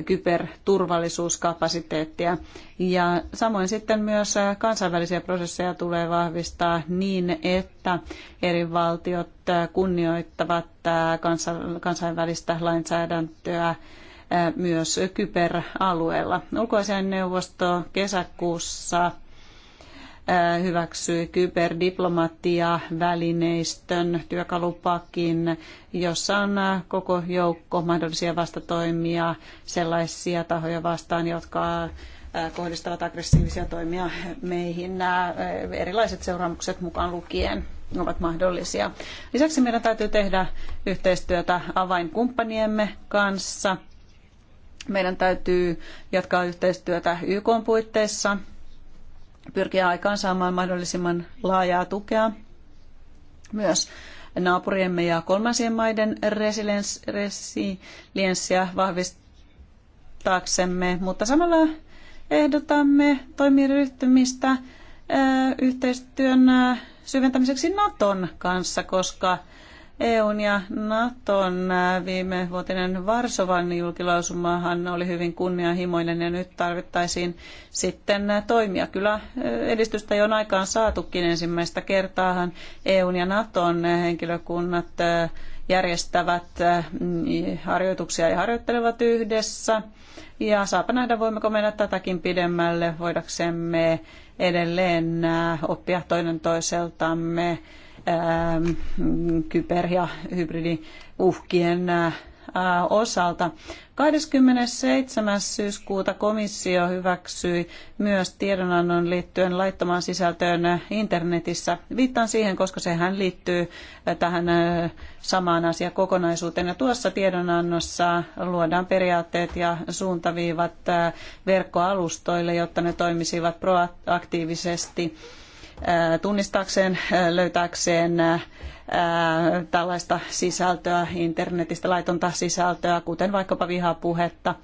kyberturvallisuuskapasiteettia. Ja samoin sitten myös kansainvälisiä prosesseja tulee vahvistaa niin, että eri valtiot kunnioittavat kansainvälistä lainsäädäntöä myös kyberalueella. Ulkoisen neuvosto kesäkuussa hyväksyi kyberdiplomatia-välineistön työkalupakin, jossa on koko joukko mahdollisia vastatoimia sellaisia tahoja vastaan, jotka kohdistavat aggressiivisia toimia meihin. Nämä erilaiset seuraamukset mukaan lukien ovat mahdollisia. Lisäksi meidän täytyy tehdä yhteistyötä avainkumppaniemme kanssa – meidän täytyy jatkaa yhteistyötä YK puitteissa, pyrkiä aikaansaamaan mahdollisimman laajaa tukea myös naapuriemme ja kolmansien maiden resilienssiä vahvistaaksemme, mutta samalla ehdotamme toimien ryhtymistä yhteistyön syventämiseksi Naton kanssa, koska EUn ja Naton äh, viime vuotinen Varsovan julkilausumahan oli hyvin kunnianhimoinen ja nyt tarvittaisiin sitten äh, toimia. Kyllä äh, edistystä jo on aikaan saatukin ensimmäistä kertaahan EUn ja Naton henkilökunnat järjestävät mm, harjoituksia ja harjoittelevat yhdessä. Ja saapa nähdä, voimmeko mennä tätäkin pidemmälle, voidaksemme edelleen oppia toinen toiseltamme Ähm, kyber- ja hybridiuhkien äh, osalta. 27. syyskuuta komissio hyväksyi myös tiedonannon liittyen laittomaan sisältöön internetissä. Viittaan siihen, koska sehän liittyy äh, tähän äh, samaan asiakokonaisuuteen. Ja tuossa tiedonannossa luodaan periaatteet ja suuntaviivat verkkoalustoille, jotta ne toimisivat proaktiivisesti tunnistaakseen, löytääkseen tällaista sisältöä, internetistä laitonta sisältöä, kuten vaikkapa vihapuhetta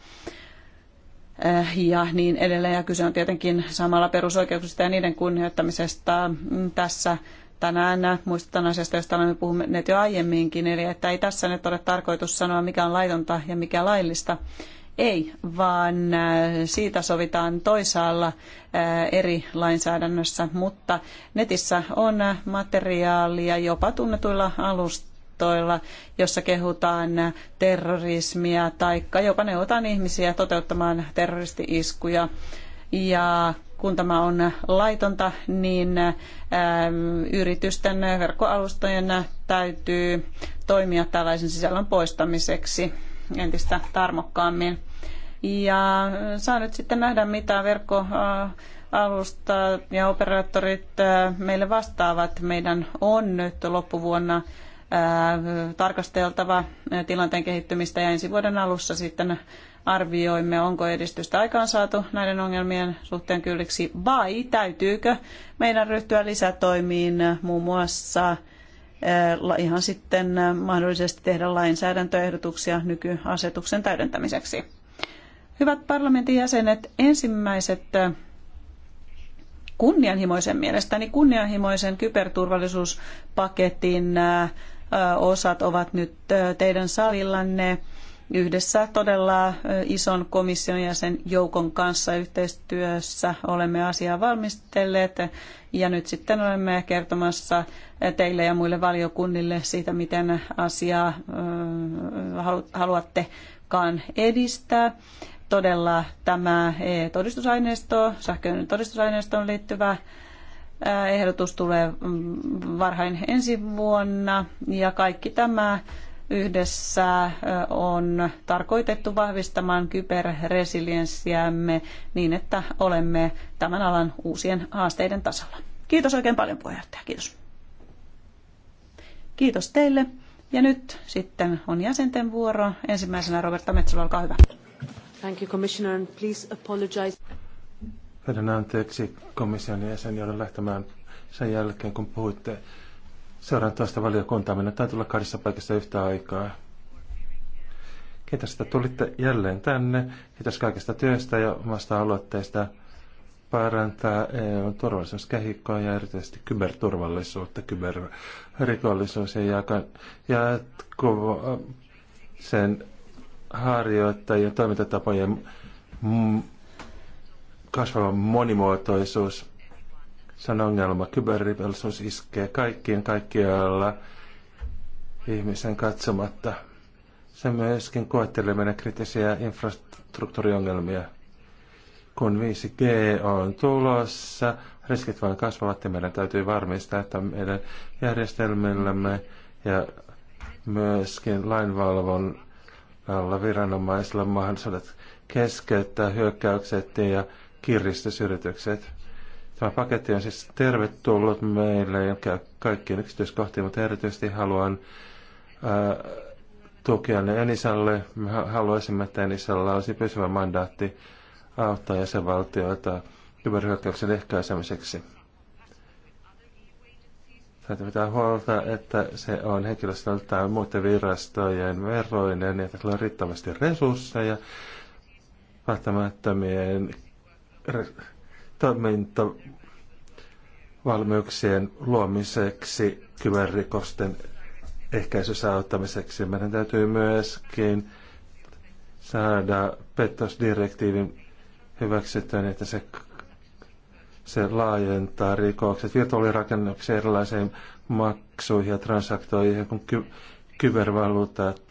ja niin edelleen. Ja kyse on tietenkin samalla perusoikeuksista ja niiden kunnioittamisesta mm, tässä tänään muistutan asiasta, josta olemme puhuneet jo aiemminkin, eli että ei tässä nyt ole tarkoitus sanoa, mikä on laitonta ja mikä laillista. Ei, vaan äh, siitä sovitaan toisaalla äh, eri lainsäädännössä, mutta netissä on äh, materiaalia jopa tunnetuilla alustoilla, jossa kehutaan terrorismia tai jopa neuvotaan ihmisiä toteuttamaan terroristi-iskuja. Ja kun tämä on laitonta, niin ähm, yritysten verkkoalustojen täytyy toimia tällaisen sisällön poistamiseksi entistä tarmokkaammin. Ja saa nyt sitten nähdä, mitä verkko alusta ja operaattorit meille vastaavat. Meidän on nyt loppuvuonna tarkasteltava tilanteen kehittymistä ja ensi vuoden alussa sitten arvioimme, onko edistystä aikaansaatu näiden ongelmien suhteen kylliksi vai täytyykö meidän ryhtyä lisätoimiin muun muassa ihan sitten mahdollisesti tehdä lainsäädäntöehdotuksia nykyasetuksen täydentämiseksi. Hyvät parlamentin jäsenet, ensimmäiset äh, kunnianhimoisen mielestäni kunnianhimoisen kyberturvallisuuspaketin äh, äh, osat ovat nyt teidän salillanne yhdessä todella ison komission ja sen joukon kanssa yhteistyössä olemme asiaa valmistelleet ja nyt sitten olemme kertomassa teille ja muille valiokunnille siitä, miten asiaa haluattekaan edistää todella tämä todistusaineisto, sähköinen todistusaineistoon liittyvä ehdotus tulee mm, varhain ensi vuonna ja kaikki tämä yhdessä on tarkoitettu vahvistamaan kyberresilienssiämme niin, että olemme tämän alan uusien haasteiden tasalla. Kiitos oikein paljon puheenjohtaja. Kiitos. Kiitos teille. Ja nyt sitten on jäsenten vuoro. Ensimmäisenä Roberta Metsola, olkaa hyvä. Thank you, Commissioner, and please apologize. Pyydän anteeksi komission jäsen, joudun lähtemään sen jälkeen, kun puhuitte seuraan toista valiokuntaa. Minä täytyy tulla kahdessa paikassa yhtä aikaa. Kiitos, että tulitte jälleen tänne. Kiitos kaikesta työstä ja omasta aloitteesta parantaa EUn turvallisuuskehikkoa ja erityisesti kyberturvallisuutta, kyberrikollisuus ja jatkuva sen harjoittajien toimintatapojen kasvava monimuotoisuus. Se on ongelma. Kyberrikollisuus iskee kaikkien kaikkialla ihmisen katsomatta. Se myöskin koettelee meidän kriittisiä infrastruktuuriongelmia. Kun 5G on tulossa, riskit vain kasvavat ja meidän täytyy varmistaa, että meidän järjestelmillämme ja myöskin lainvalvon alla viranomaisilla mahdollisuudet keskeyttää hyökkäykset ja kiristysyritykset. Tämä paketti on siis tervetullut meille ja käy kaikkiin yksityiskohtiin, mutta erityisesti haluan ää, tukea ne Enisalle. Me haluaisimme, että Enisalla olisi pysyvä mandaatti auttaa jäsenvaltioita kyberhyökkäyksen ehkäisemiseksi. Täytyy pitää huolta, että se on henkilöstöltään muiden virastojen veroinen, että sillä on riittävästi resursseja välttämättömien re- toimintavalmiuksien luomiseksi, kyberrikosten ehkäisyssä auttamiseksi. Meidän täytyy myöskin saada petosdirektiivin hyväksyttöön, niin, että se se laajentaa rikokset virtuaalirakennuksia erilaisiin maksuihin ja transaktioihin, kun ky- kybervaluutat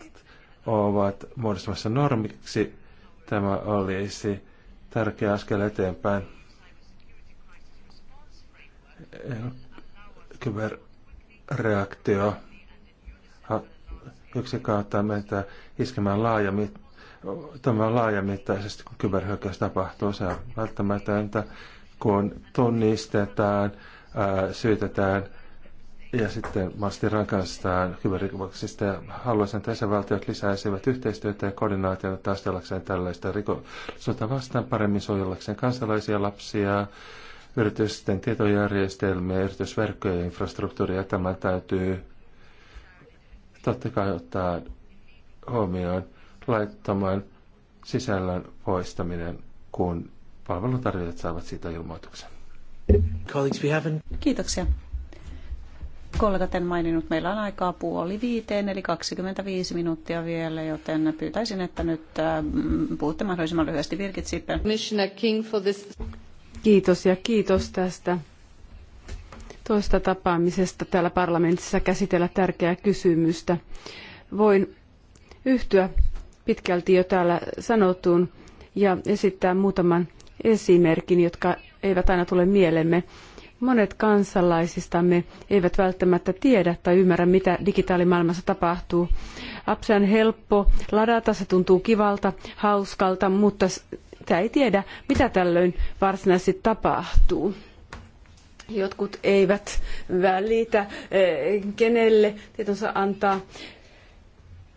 ovat muodostumassa normiksi. Tämä olisi tärkeä askel eteenpäin. Kyberreaktio yksi kautta meitä iskemään laajamittaisesti, kun kyberhyökkäys tapahtuu. Se on välttämätöntä kun tunnistetaan, ää, syytetään ja sitten maasti rankaistaan kyberrikoksista. haluaisin, että jäsenvaltiot lisäisivät yhteistyötä ja koordinaatiota taistellakseen tällaista rikollisuutta vastaan paremmin suojellakseen kansalaisia lapsia, yritysten tietojärjestelmiä, yritysverkkoja ja infrastruktuuria. Tämä täytyy totta kai ottaa huomioon laittoman sisällön poistaminen, kun palveluntarjoajat saavat siitä ilmoituksen. Kiitoksia. Kollegat en maininnut, meillä on aikaa puoli viiteen, eli 25 minuuttia vielä, joten pyytäisin, että nyt mm, puhutte mahdollisimman lyhyesti Virkit Sippen. Kiitos ja kiitos tästä toista tapaamisesta täällä parlamentissa käsitellä tärkeää kysymystä. Voin yhtyä pitkälti jo täällä sanottuun ja esittää muutaman esimerkin, jotka eivät aina tule mielemme. Monet kansalaisistamme eivät välttämättä tiedä tai ymmärrä, mitä digitaalimaailmassa tapahtuu. Apps on helppo ladata, se tuntuu kivalta, hauskalta, mutta sitä ei tiedä, mitä tällöin varsinaisesti tapahtuu. Jotkut eivät välitä, eh, kenelle tietonsa antaa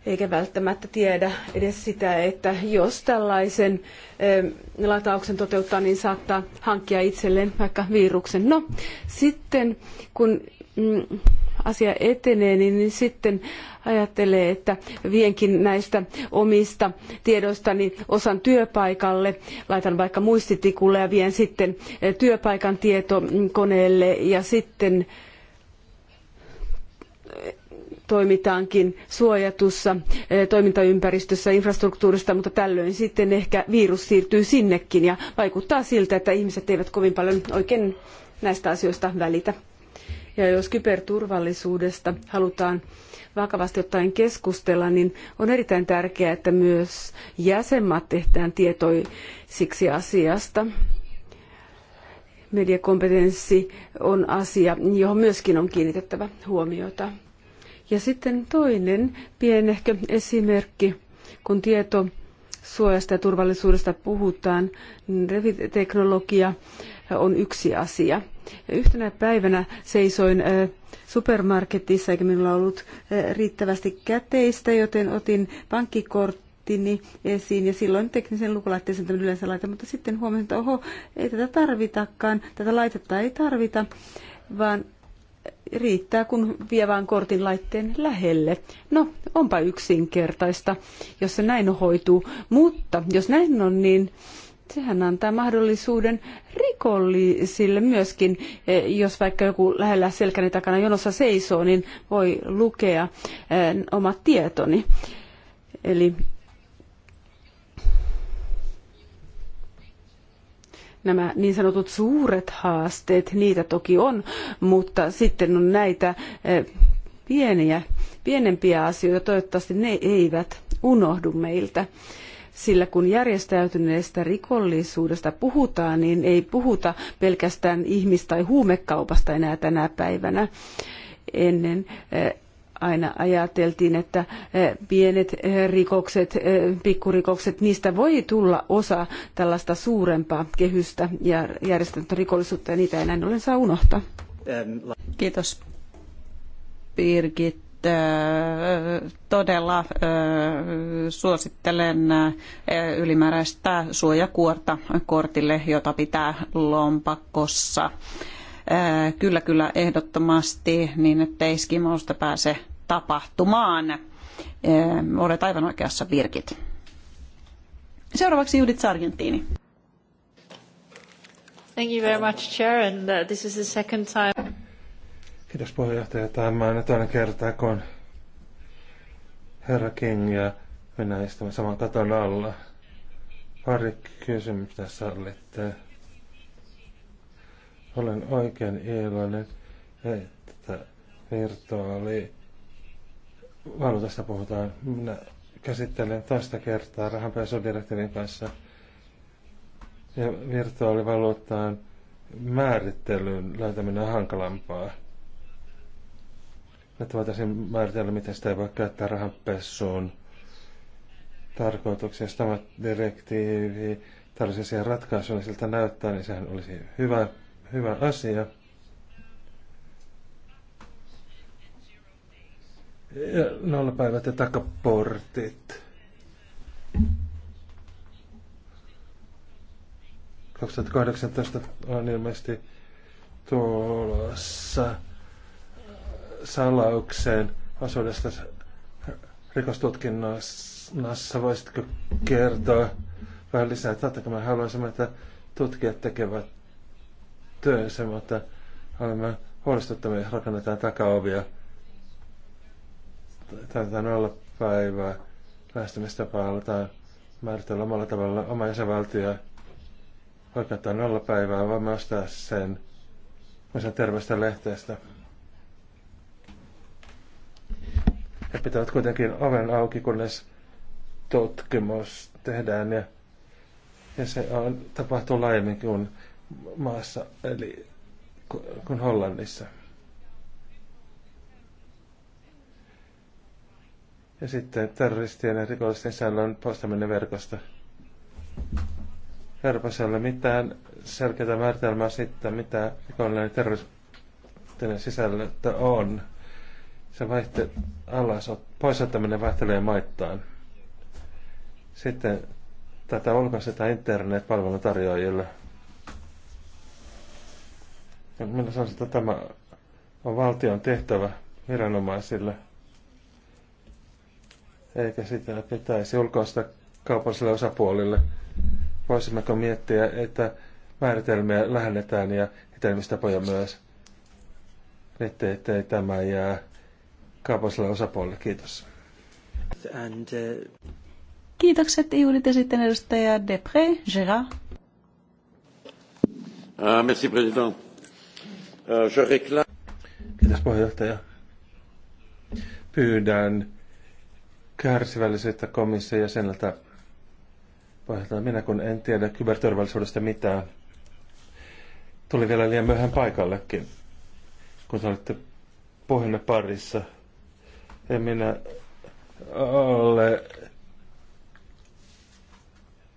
eikä välttämättä tiedä edes sitä, että jos tällaisen eh, latauksen toteuttaa, niin saattaa hankkia itselleen vaikka viruksen. No sitten kun mm, asia etenee, niin, niin, sitten ajattelee, että vienkin näistä omista tiedoistani osan työpaikalle, laitan vaikka muistitikulle ja vien sitten eh, työpaikan tietokoneelle ja sitten toimitaankin suojatussa eh, toimintaympäristössä infrastruktuurista, mutta tällöin sitten ehkä virus siirtyy sinnekin ja vaikuttaa siltä, että ihmiset eivät kovin paljon oikein näistä asioista välitä. Ja jos kyberturvallisuudesta halutaan vakavasti ottaen keskustella, niin on erittäin tärkeää, että myös jäsenmaat tehdään tietoisiksi asiasta. Mediakompetenssi on asia, johon myöskin on kiinnitettävä huomiota. Ja sitten toinen pienehkö esimerkki, kun tieto suojasta ja turvallisuudesta puhutaan, niin reviteknologia on yksi asia. Yhtenä päivänä seisoin supermarketissa eikä minulla ollut riittävästi käteistä, joten otin pankkikortti esiin ja silloin teknisen lukulaitteeseen tämän yleensä laitan, mutta sitten huomasin, että oho, ei tätä tarvitakaan, tätä laitetta ei tarvita, vaan riittää, kun vie vain kortin laitteen lähelle. No, onpa yksinkertaista, jos se näin hoituu. Mutta jos näin on, niin sehän antaa mahdollisuuden rikollisille myöskin, e, jos vaikka joku lähellä selkäni takana jonossa seisoo, niin voi lukea e, omat tietoni. Eli nämä niin sanotut suuret haasteet, niitä toki on, mutta sitten on näitä eh, pieniä, pienempiä asioita, toivottavasti ne eivät unohdu meiltä sillä kun järjestäytyneestä rikollisuudesta puhutaan, niin ei puhuta pelkästään ihmis- tai huumekaupasta enää tänä päivänä. Ennen eh, aina ajateltiin, että eh, pienet eh, rikokset, eh, pikkurikokset, niistä voi tulla osa tällaista suurempaa kehystä ja järjestettyä rikollisuutta, ja niitä ei näin ollen saa unohtaa. Kiitos Birgit todella suosittelen ylimääräistä suojakuorta kortille, jota pitää lompakossa. Kyllä, kyllä, ehdottomasti, niin ettei skimousta pääse tapahtumaan. Eh, olet aivan oikeassa, Virkit. Seuraavaksi Judith Sargentini. Thank you very much, Chair, and uh, this is the second time. Kiitos puheenjohtaja. Tämä on toinen kerta, kun herra King ja minä istumme saman katon alla. Pari kysymystä sallitte. Olen oikein iloinen, että virtuaali valuutasta puhutaan. Minä käsittelen toista kertaa rahanpääsodirektiivin kanssa ja virtuaalivaluuttaan määrittelyn löytäminen on hankalampaa. Että voitaisiin määritellä, miten sitä ei voi käyttää rahanpessuun Jos Tämä direktiivi tällaisia ratkaisuja siltä näyttää, niin sehän olisi hyvä, hyvä asia. nollapäivät ja takaportit. 2018 on ilmeisesti tuolossa salaukseen asuudesta rikostutkinnassa. Voisitko kertoa vähän lisää? Totta kai me haluaisimme, että tutkijat tekevät työnsä, mutta olemme huolestuttavia, rakennetaan takaovia taitaa olla päivää lähestymistapaa tai määritellä omalla tavalla oma jäsenvaltio oikeuttaa nolla päivää, voimme ostaa sen sen terveestä lehteestä. He pitävät kuitenkin oven auki, kunnes tutkimus tehdään ja, ja se on, tapahtuu laajemmin kuin maassa, eli kun Hollannissa. Ja sitten terroristien ja rikollisten säännön poistaminen verkosta. Euroopassa ei ole mitään selkeää määritelmää siitä, mitä rikollinen terroristinen sisällötä on. Se vaihte, alas, poisottaminen vaihtelee maittain. Sitten tätä ulkoistetaan internet-palvelutarjoajille. Minä sanoisin, että tämä on valtion tehtävä viranomaisille – eikä sitä pitäisi ulkoista kaupallisille osapuolille. Voisimmeko miettiä, että määritelmiä lähennetään ja hitelmistapoja myös, ettei, ettei tämä jää kaupalliselle osapuolelle. Kiitos. And, uh... Kiitokset Iulit ja sitten edustaja Depré, Gérard. Uh, merci, président. Uh, je réclame... Kiitos puheenjohtaja. Pyydän kärsivällisyyttä komission jäseneltä pohjalta. Minä kun en tiedä kyberturvallisuudesta mitään, tuli vielä liian myöhään paikallekin, kun te olitte puheenne parissa. En minä ole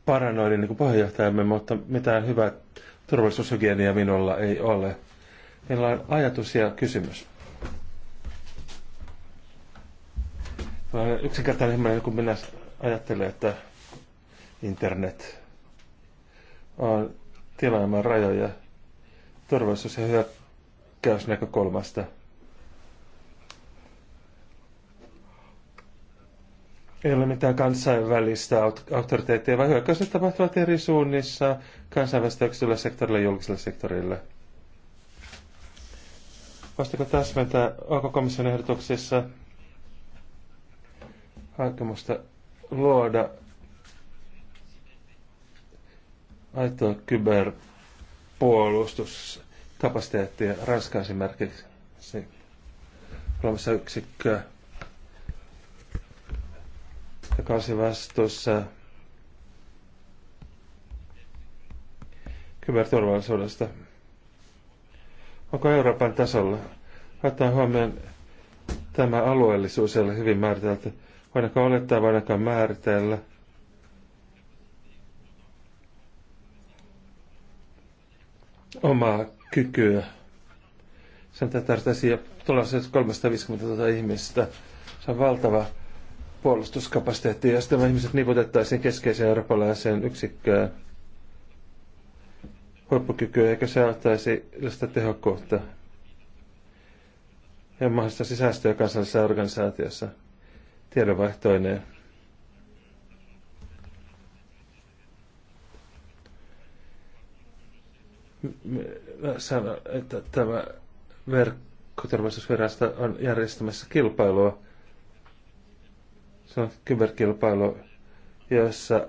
paranoidin niin kuin puheenjohtajamme, mutta mitään hyvää turvallisuushygieniaa minulla ei ole. Meillä on ajatus ja kysymys. Yksinkertaisemmin, yksinkertainen ihminen, kun minä ajattelen, että internet on tilaamaan rajoja turvallisuus- ja hyökkäysnäkökulmasta. Ei ole mitään kansainvälistä auktoriteettia, vaan hyökkäykset tapahtuvat eri suunnissa kansainvälistä yksityisellä sektorilla ja julkisella sektorilla. Voisitko täsmentää, onko komission ehdotuksessa aikomusta luoda aitoa kyberpuolustuskapasiteettia Ranskan esimerkiksi olemassa yksikkö, joka olisi vastuussa kyberturvallisuudesta. Onko Euroopan tasolla, ottaen huomioon tämä alueellisuus, ei ole hyvin määritelty, Voidaanko olettaa, voidaanko määritellä? omaa kykyä. Sen tarvitsisi jo tuollaiset 350 000 ihmistä. Se on valtava puolustuskapasiteetti, ja sitten ihmiset niputettaisiin keskeiseen eurooppalaiseen yksikköön huippukykyä, eikä se auttaisi sitä tehokkuutta ja mahdollista sisäistöä kansallisessa organisaatiossa tiedonvaihtoinen. Mä sanon, että tämä verkkoturvallisuusvirasto on järjestämässä kilpailua. Se on kyberkilpailu, jossa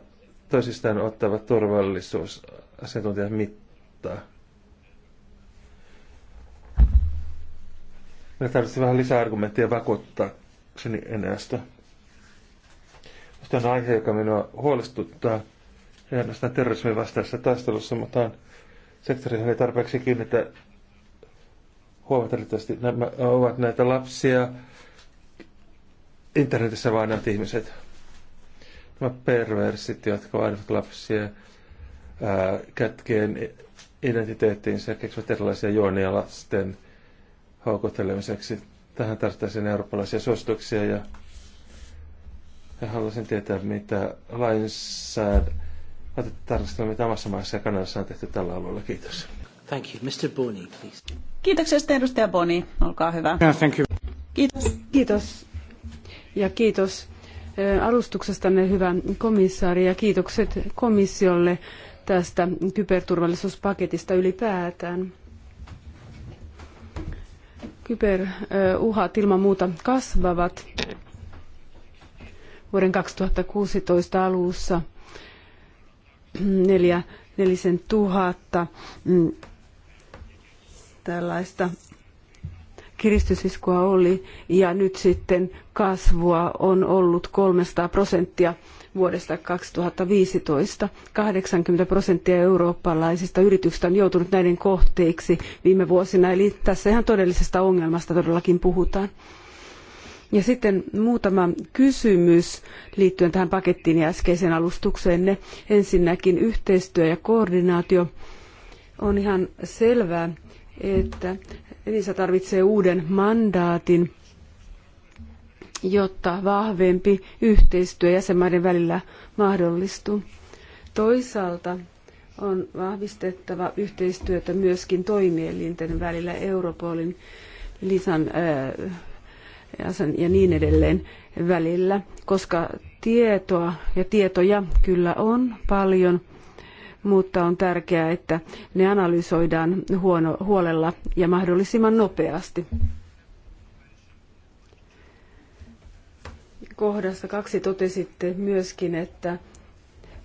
toisistaan ottavat turvallisuusasiantuntijat mittaa. Mä tarvitsen vähän lisää argumentteja vakuuttaakseni enää sitä. Tämä on aihe, joka minua huolestuttaa, ja ainoastaan terrorismin vastaisessa taistelussa, mutta on sektori ei tarpeeksi kiinnitä huomattavasti. Nämä ovat näitä lapsia, internetissä näitä ihmiset, nämä perversit, jotka vainoavat lapsia, kätkeen identiteettiinsä ja keksivät erilaisia juonia lasten houkuttelemiseksi. Tähän tarvittaisiin eurooppalaisia suosituksia ja ja haluaisin tietää, mitä lainsäädäntö... Tarkastelemme, mitä omassa maassa ja Kanadassa on tehty tällä alueella. Kiitos. Thank you. Mr. Boni, please. Kiitoksia sitten edustaja Boni. Olkaa hyvä. Yeah, thank you. Kiitos. Kiitos. Ja kiitos alustuksestanne, hyvä komissaari, ja kiitokset komissiolle tästä kyberturvallisuuspaketista ylipäätään. Kyberuhat ilman muuta kasvavat vuoden 2016 alussa neljä, nelisen tuhatta mm, tällaista kiristysiskua oli ja nyt sitten kasvua on ollut 300 prosenttia vuodesta 2015. 80 prosenttia eurooppalaisista yrityksistä on joutunut näiden kohteiksi viime vuosina, eli tässä ihan todellisesta ongelmasta todellakin puhutaan. Ja sitten muutama kysymys liittyen tähän pakettiin ja äskeiseen alustukseenne. Ensinnäkin yhteistyö ja koordinaatio. On ihan selvää, että Elisa tarvitsee uuden mandaatin, jotta vahvempi yhteistyö jäsenmaiden välillä mahdollistuu. Toisaalta on vahvistettava yhteistyötä myöskin toimielinten välillä Europolin Lisan äh, ja niin edelleen välillä, koska tietoa ja tietoja kyllä on paljon, mutta on tärkeää, että ne analysoidaan huono, huolella ja mahdollisimman nopeasti. Kohdassa kaksi totesitte myöskin, että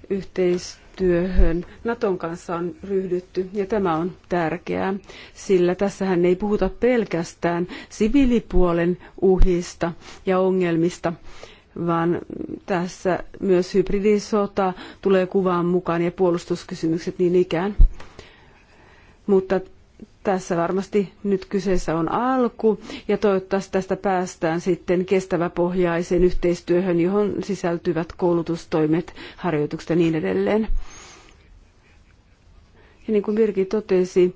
yhteistyö työhön Naton kanssa on ryhdytty ja tämä on tärkeää, sillä tässähän ei puhuta pelkästään siviilipuolen uhista ja ongelmista, vaan tässä myös hybridisota tulee kuvaan mukaan ja puolustuskysymykset niin ikään. Mutta tässä varmasti nyt kyseessä on alku ja toivottavasti tästä päästään sitten kestäväpohjaiseen yhteistyöhön, johon sisältyvät koulutustoimet, harjoitukset ja niin edelleen. Ja niin kuin Virki totesi,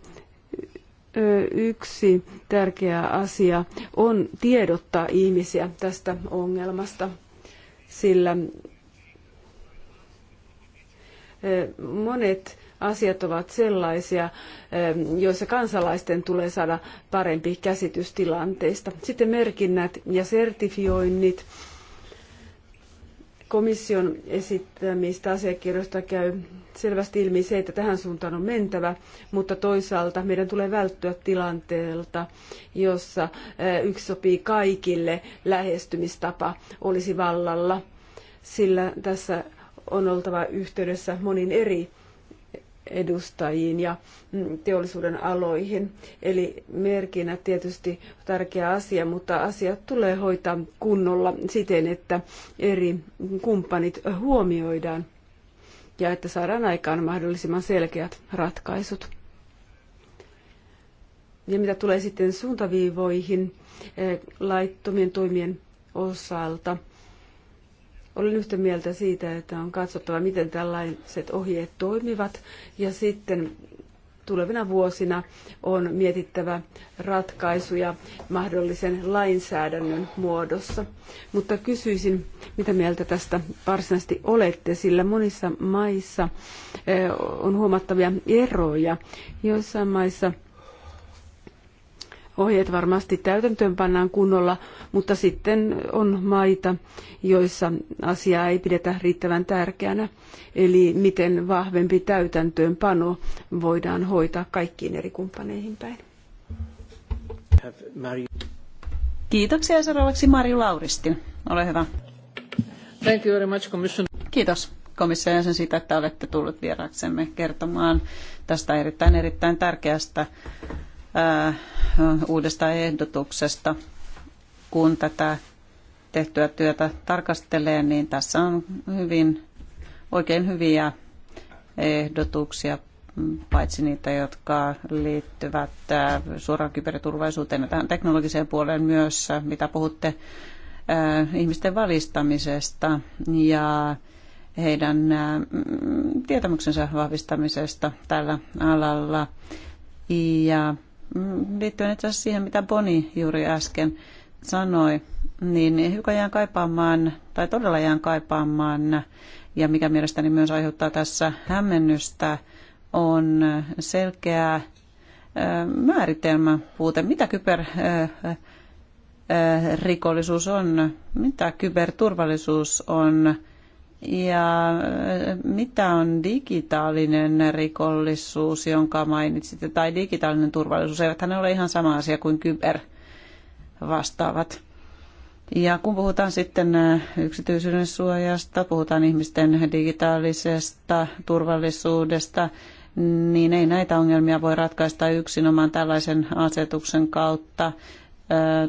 yksi tärkeä asia on tiedottaa ihmisiä tästä ongelmasta, sillä monet asiat ovat sellaisia, joissa kansalaisten tulee saada parempi käsitys tilanteista. Sitten merkinnät ja sertifioinnit. Komission esittämistä asiakirjoista käy selvästi ilmi se, että tähän suuntaan on mentävä, mutta toisaalta meidän tulee välttyä tilanteelta, jossa e, yksi sopii kaikille lähestymistapa olisi vallalla, sillä tässä on oltava yhteydessä monin eri edustajiin ja mm, teollisuuden aloihin. Eli merkinnät tietysti tärkeä asia, mutta asiat tulee hoitaa kunnolla siten, että eri kumppanit huomioidaan ja että saadaan aikaan mahdollisimman selkeät ratkaisut. Ja mitä tulee sitten suuntaviivoihin eh, laittomien toimien osalta, olen yhtä mieltä siitä, että on katsottava, miten tällaiset ohjeet toimivat ja sitten tulevina vuosina on mietittävä ratkaisuja mahdollisen lainsäädännön muodossa. Mutta kysyisin, mitä mieltä tästä varsinaisesti olette, sillä monissa maissa eh, on huomattavia eroja. Joissain maissa – ohjeet varmasti täytäntöön pannaan kunnolla, mutta sitten on maita, joissa asiaa ei pidetä riittävän tärkeänä. Eli miten vahvempi täytäntöönpano voidaan hoitaa kaikkiin eri kumppaneihin päin. Kiitoksia. Seuraavaksi Marju Lauristin. Ole hyvä. Thank you very much, commission. Kiitos komission jäsen siitä, että olette tullut vieraaksemme kertomaan tästä erittäin erittäin tärkeästä uudesta ehdotuksesta. Kun tätä tehtyä työtä tarkastelee, niin tässä on hyvin, oikein hyviä ehdotuksia, paitsi niitä, jotka liittyvät suoraan kyberturvallisuuteen ja tähän teknologiseen puoleen myös, mitä puhutte ihmisten valistamisesta ja heidän tietämyksensä vahvistamisesta tällä alalla. Ja Mm, liittyen itse asiassa siihen, mitä Boni juuri äsken sanoi, niin hiukan jään kaipaamaan, tai todella jään kaipaamaan, ja mikä mielestäni myös aiheuttaa tässä hämmennystä, on selkeä määritelmä puute. Mitä kyberrikollisuus on? Mitä kyberturvallisuus on? Ja mitä on digitaalinen rikollisuus, jonka mainitsit, tai digitaalinen turvallisuus? Eiväthän ne ole ihan sama asia kuin kyber vastaavat. Ja kun puhutaan sitten yksityisyyden suojasta, puhutaan ihmisten digitaalisesta turvallisuudesta, niin ei näitä ongelmia voi ratkaista yksinomaan tällaisen asetuksen kautta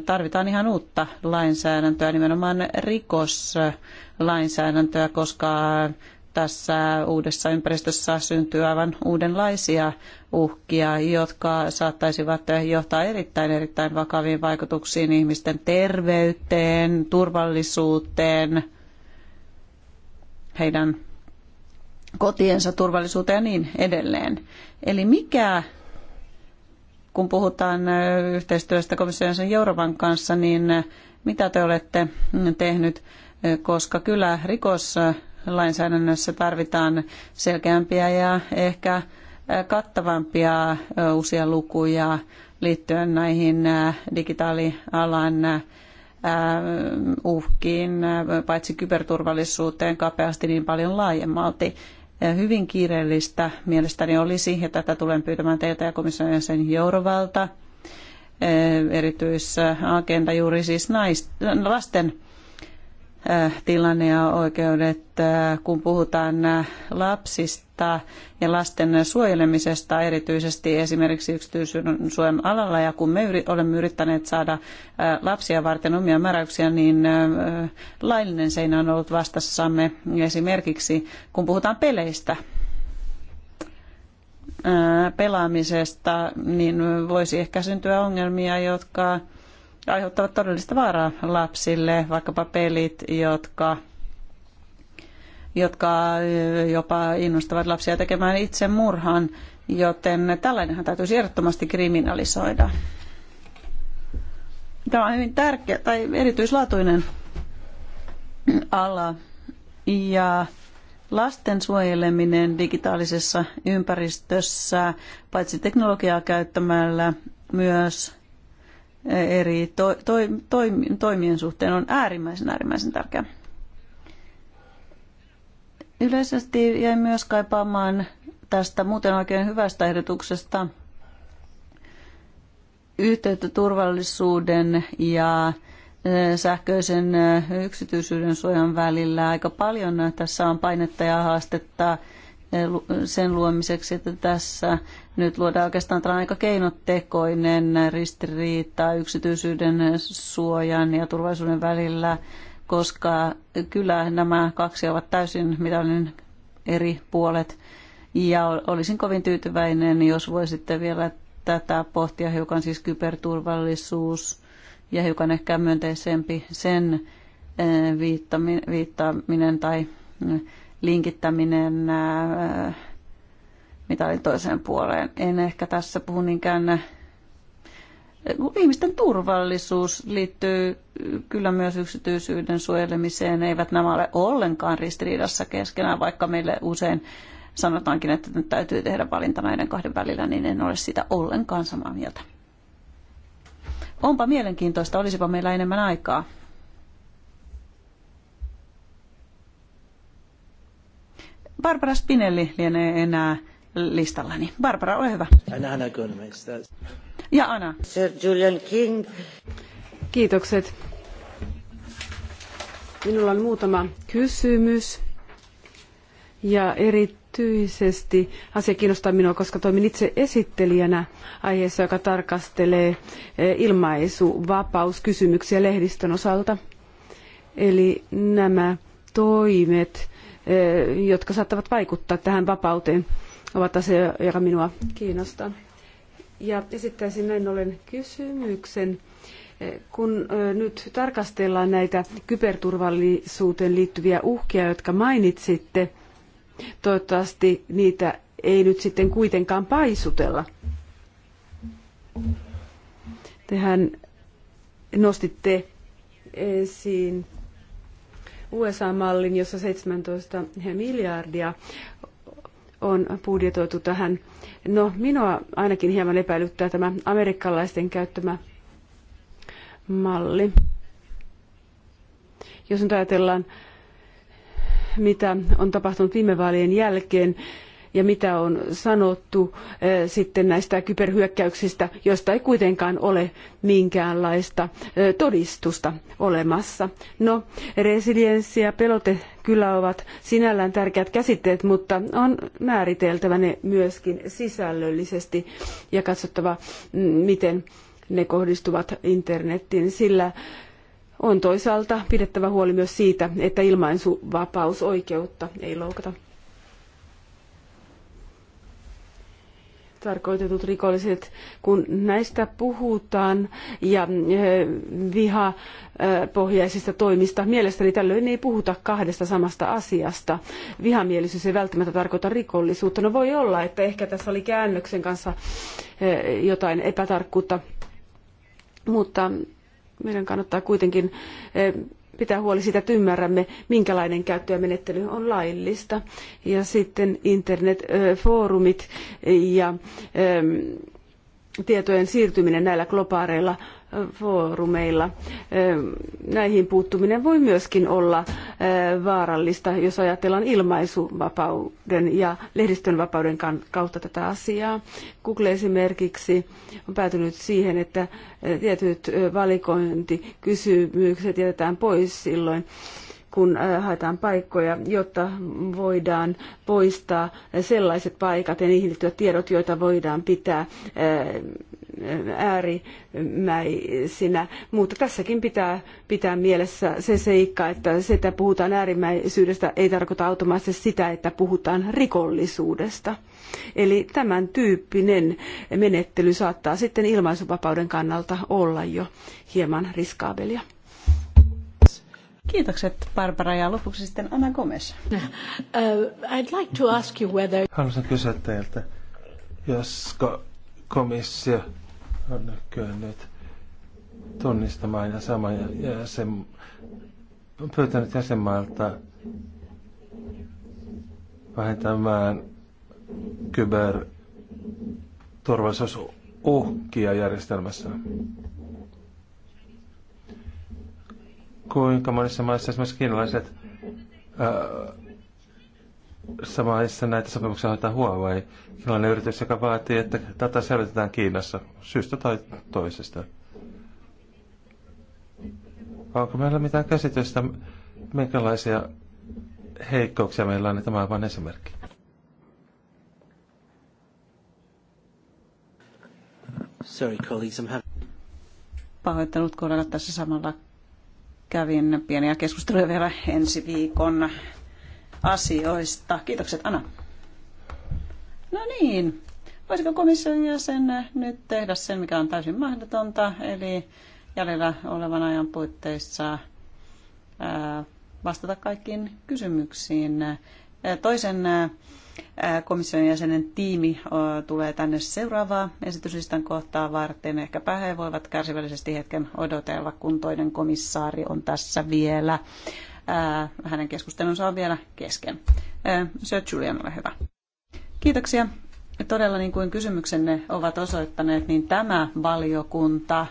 tarvitaan ihan uutta lainsäädäntöä, nimenomaan rikoslainsäädäntöä, koska tässä uudessa ympäristössä syntyy aivan uudenlaisia uhkia, jotka saattaisivat johtaa erittäin erittäin vakaviin vaikutuksiin ihmisten terveyteen, turvallisuuteen, heidän kotiensa turvallisuuteen ja niin edelleen. Eli mikä kun puhutaan yhteistyöstä komission ja Euroopan kanssa, niin mitä te olette mm, tehnyt, koska kyllä rikoslainsäädännössä tarvitaan selkeämpiä ja ehkä kattavampia uusia lukuja liittyen näihin digitaalialan uhkiin, paitsi kyberturvallisuuteen kapeasti, niin paljon laajemmalti hyvin kiireellistä mielestäni olisi, ja tätä tulen pyytämään teiltä ja komission jäsen Jourovalta, eh, erityisagenda juuri siis naisten, lasten Äh, tilanne ja oikeudet, äh, kun puhutaan äh, lapsista ja lasten suojelemisesta, erityisesti esimerkiksi yksityisyyden suojan alalla. Ja kun me olemme yrittäneet saada lapsia varten omia määräyksiä, niin laillinen seinä on ollut vastassamme esimerkiksi, kun puhutaan peleistä pelaamisesta, niin voisi ehkä syntyä ongelmia, jotka aiheuttavat todellista vaaraa lapsille, vaikkapa pelit, jotka jotka jopa innostavat lapsia tekemään itse murhan, joten tällainenhan täytyisi ehdottomasti kriminalisoida. Tämä on hyvin tärkeä tai erityislaatuinen ala ja lasten suojeleminen digitaalisessa ympäristössä paitsi teknologiaa käyttämällä myös eri to, to, to, toimien suhteen on äärimmäisen äärimmäisen tärkeä. Yleisesti jäi myös kaipaamaan tästä muuten oikein hyvästä ehdotuksesta yhteyttä turvallisuuden ja e, sähköisen e, yksityisyyden suojan välillä. Aika paljon tässä on painetta ja haastetta Eh, sen luomiseksi, että tässä nyt luodaan oikeastaan tällainen aika keinotekoinen ristiriita yksityisyyden suojan ja turvallisuuden välillä, koska kyllä nämä kaksi ovat täysin mitallinen eri puolet. Ja olisin kovin tyytyväinen, jos voisitte vielä tätä pohtia hiukan siis kyberturvallisuus ja hiukan ehkä myönteisempi sen eh, viittaaminen tai eh, linkittäminen äh, mitä oli toiseen puoleen. En ehkä tässä puhu niinkään äh, Ihmisten turvallisuus liittyy äh, kyllä myös yksityisyyden suojelemiseen. Eivät nämä ole ollenkaan ristiriidassa keskenään, vaikka meille usein sanotaankin, että nyt täytyy tehdä valinta näiden kahden välillä, niin en ole sitä ollenkaan samaa mieltä. Onpa mielenkiintoista, olisipa meillä enemmän aikaa Barbara Spinelli lienee enää listallani. Barbara, ole hyvä. Anna Ja Anna. Sir Julian King. Kiitokset. Minulla on muutama kysymys. Ja erityisesti asia kiinnostaa minua, koska toimin itse esittelijänä aiheessa, joka tarkastelee eh, ilmaisuvapauskysymyksiä lehdistön osalta. Eli nämä toimet Eh, jotka saattavat vaikuttaa tähän vapauteen, ovat asia, joka minua kiinnostaa. Ja esittäisin näin ollen kysymyksen. Eh, kun eh, nyt tarkastellaan näitä kyberturvallisuuteen liittyviä uhkia, jotka mainitsitte, toivottavasti niitä ei nyt sitten kuitenkaan paisutella. Tehän nostitte esiin USA-mallin, jossa 17 miljardia on budjetoitu tähän. No, minua ainakin hieman epäilyttää tämä amerikkalaisten käyttämä malli. Jos nyt ajatellaan, mitä on tapahtunut viime vaalien jälkeen, ja mitä on sanottu eh, sitten näistä kyberhyökkäyksistä, joista ei kuitenkaan ole minkäänlaista eh, todistusta olemassa. No, resilienssi ja pelote kyllä ovat sinällään tärkeät käsitteet, mutta on määriteltävä ne myöskin sisällöllisesti ja katsottava, mm, miten ne kohdistuvat internetin. sillä on toisaalta pidettävä huoli myös siitä, että ilmaisuvapausoikeutta ei loukata. tarkoitetut rikolliset, kun näistä puhutaan ja eh, vihapohjaisista toimista, mielestäni tällöin ei puhuta kahdesta samasta asiasta. Vihamielisyys ei välttämättä tarkoita rikollisuutta. No voi olla, että ehkä tässä oli käännöksen kanssa eh, jotain epätarkkuutta, mutta meidän kannattaa kuitenkin eh, pitää huoli siitä, että ymmärrämme, minkälainen käyttö ja menettely on laillista. Ja sitten internetfoorumit ja tietojen siirtyminen näillä globaareilla foorumeilla. Näihin puuttuminen voi myöskin olla vaarallista, jos ajatellaan ilmaisuvapauden ja lehdistönvapauden kautta tätä asiaa. Google esimerkiksi on päätynyt siihen, että tietyt valikointikysymykset jätetään pois silloin kun äh, haetaan paikkoja, jotta voidaan poistaa sellaiset paikat ja niihin liittyvät tiedot, joita voidaan pitää äh, äärimmäisinä. Mutta tässäkin pitää pitää mielessä se seikka, että se, että puhutaan äärimmäisyydestä, ei tarkoita automaattisesti sitä, että puhutaan rikollisuudesta. Eli tämän tyyppinen menettely saattaa sitten ilmaisuvapauden kannalta olla jo hieman riskaabelia. Kiitokset Barbara ja lopuksi sitten Anna Gomes. Uh, I'd like to ask you whether... Haluaisin kysyä teiltä, josko komissio on nyt tunnistamaan ja saman ja jäsen, on pyytänyt jäsenmailta vähentämään kyberturvallisuusuhkia järjestelmässä. kuinka monissa maissa esimerkiksi kiinalaiset äh, samaissa näitä sopimuksia hoitaa Huawei, kiinalainen yritys, joka vaatii, että tätä selvitetään Kiinassa syystä tai toisesta. Onko meillä mitään käsitystä, minkälaisia heikkouksia meillä on, tämä on vain esimerkki. Sorry, colleagues, I'm having... Pahoittanut, kollegat tässä samalla kävin pieniä keskusteluja vielä ensi viikon asioista. Kiitokset Anna. No niin, voisiko komission jäsen nyt tehdä sen, mikä on täysin mahdotonta, eli jäljellä olevan ajan puitteissa vastata kaikkiin kysymyksiin. Toisen komission jäsenen tiimi tulee tänne seuraavaa esityslistan kohtaa varten. Ehkäpä he voivat kärsivällisesti hetken odotella, kun toinen komissaari on tässä vielä. Hänen keskustelunsa on vielä kesken. Sir Julian, ole hyvä. Kiitoksia. Todella niin kuin kysymyksenne ovat osoittaneet, niin tämä valiokunta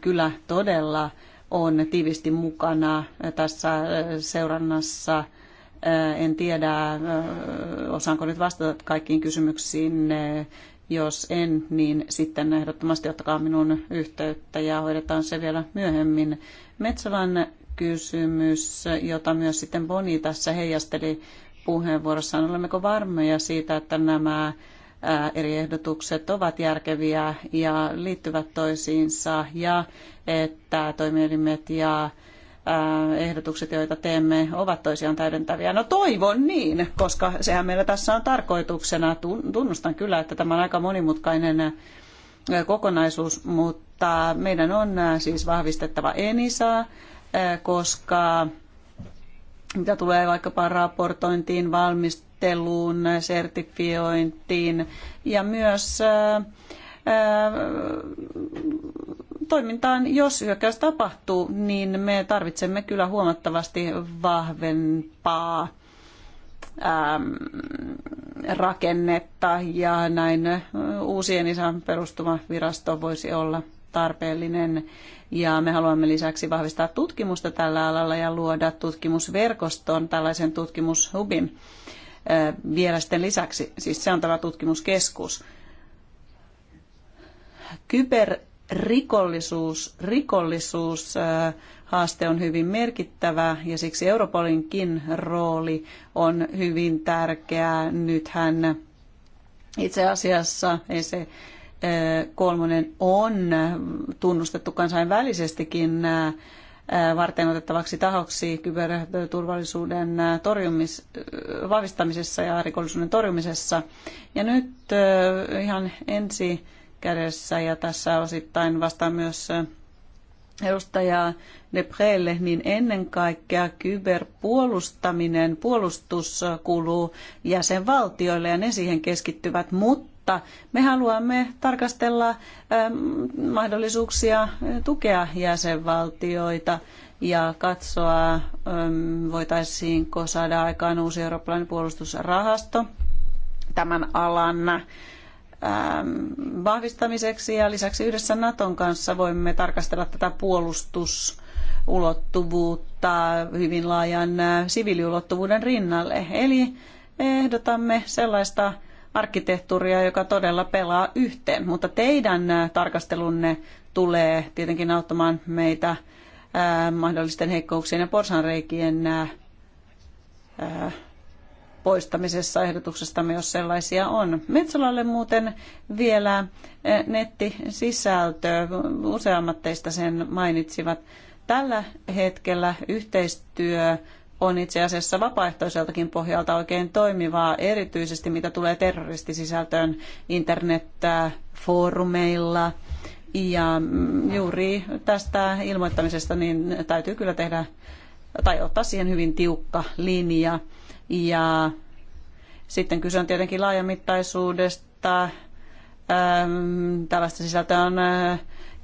kyllä todella on tiivisti mukana tässä seurannassa – Äh, en tiedä, äh, osaanko nyt vastata kaikkiin kysymyksiin. Äh, jos en, niin sitten ehdottomasti ottakaa minun yhteyttä ja hoidetaan se vielä myöhemmin. Metsolan kysymys, jota myös sitten Boni tässä heijasteli puheenvuorossaan. Olemmeko varmoja siitä, että nämä eri ehdotukset ovat järkeviä ja liittyvät toisiinsa ja että toimielimet ja ehdotukset, joita teemme, ovat toisiaan täydentäviä. No toivon niin, koska sehän meillä tässä on tarkoituksena. Tunnustan kyllä, että tämä on aika monimutkainen kokonaisuus, mutta meidän on siis vahvistettava Enisaa, koska mitä tulee vaikkapa raportointiin, valmisteluun, sertifiointiin ja myös toimintaan, jos hyökkäys tapahtuu, niin me tarvitsemme kyllä huomattavasti vahvempaa äm, rakennetta ja näin uusien isän perustuma virasto voisi olla tarpeellinen. Ja me haluamme lisäksi vahvistaa tutkimusta tällä alalla ja luoda tutkimusverkoston, tällaisen tutkimushubin äh, vielä sitten lisäksi. Siis se on tämä tutkimuskeskus. Kyber rikollisuus, rikollisuus haaste on hyvin merkittävä ja siksi Europolinkin rooli on hyvin tärkeää. Nythän itse asiassa ei se kolmonen on tunnustettu kansainvälisestikin varten otettavaksi tahoksi kyberturvallisuuden torjumis, vahvistamisessa ja rikollisuuden torjumisessa. Ja nyt ihan ensi kädessä ja tässä osittain vasta myös edustaja Debrelle, niin ennen kaikkea kyberpuolustaminen, puolustus kuuluu jäsenvaltioille ja ne siihen keskittyvät, mutta me haluamme tarkastella mahdollisuuksia tukea jäsenvaltioita ja katsoa, voitaisiinko saada aikaan uusi eurooppalainen puolustusrahasto tämän alan Ähm, vahvistamiseksi ja lisäksi yhdessä Naton kanssa voimme tarkastella tätä puolustusulottuvuutta hyvin laajan äh, siviiliulottuvuuden rinnalle. Eli ehdotamme sellaista arkkitehtuuria, joka todella pelaa yhteen, mutta teidän äh, tarkastelunne tulee tietenkin auttamaan meitä äh, mahdollisten heikkouksien ja porsanreikien poistamisessa ehdotuksestamme, jos sellaisia on. Metsolalle muuten vielä eh, nettisisältö, useammat teistä sen mainitsivat. Tällä hetkellä yhteistyö on itse asiassa vapaaehtoiseltakin pohjalta oikein toimivaa, erityisesti mitä tulee terroristisisältöön internettä, foorumeilla. Ja mm, juuri tästä ilmoittamisesta niin täytyy kyllä tehdä tai ottaa siihen hyvin tiukka linja. Ja sitten kyse on tietenkin laajamittaisuudesta. Tällaista sisältöä on,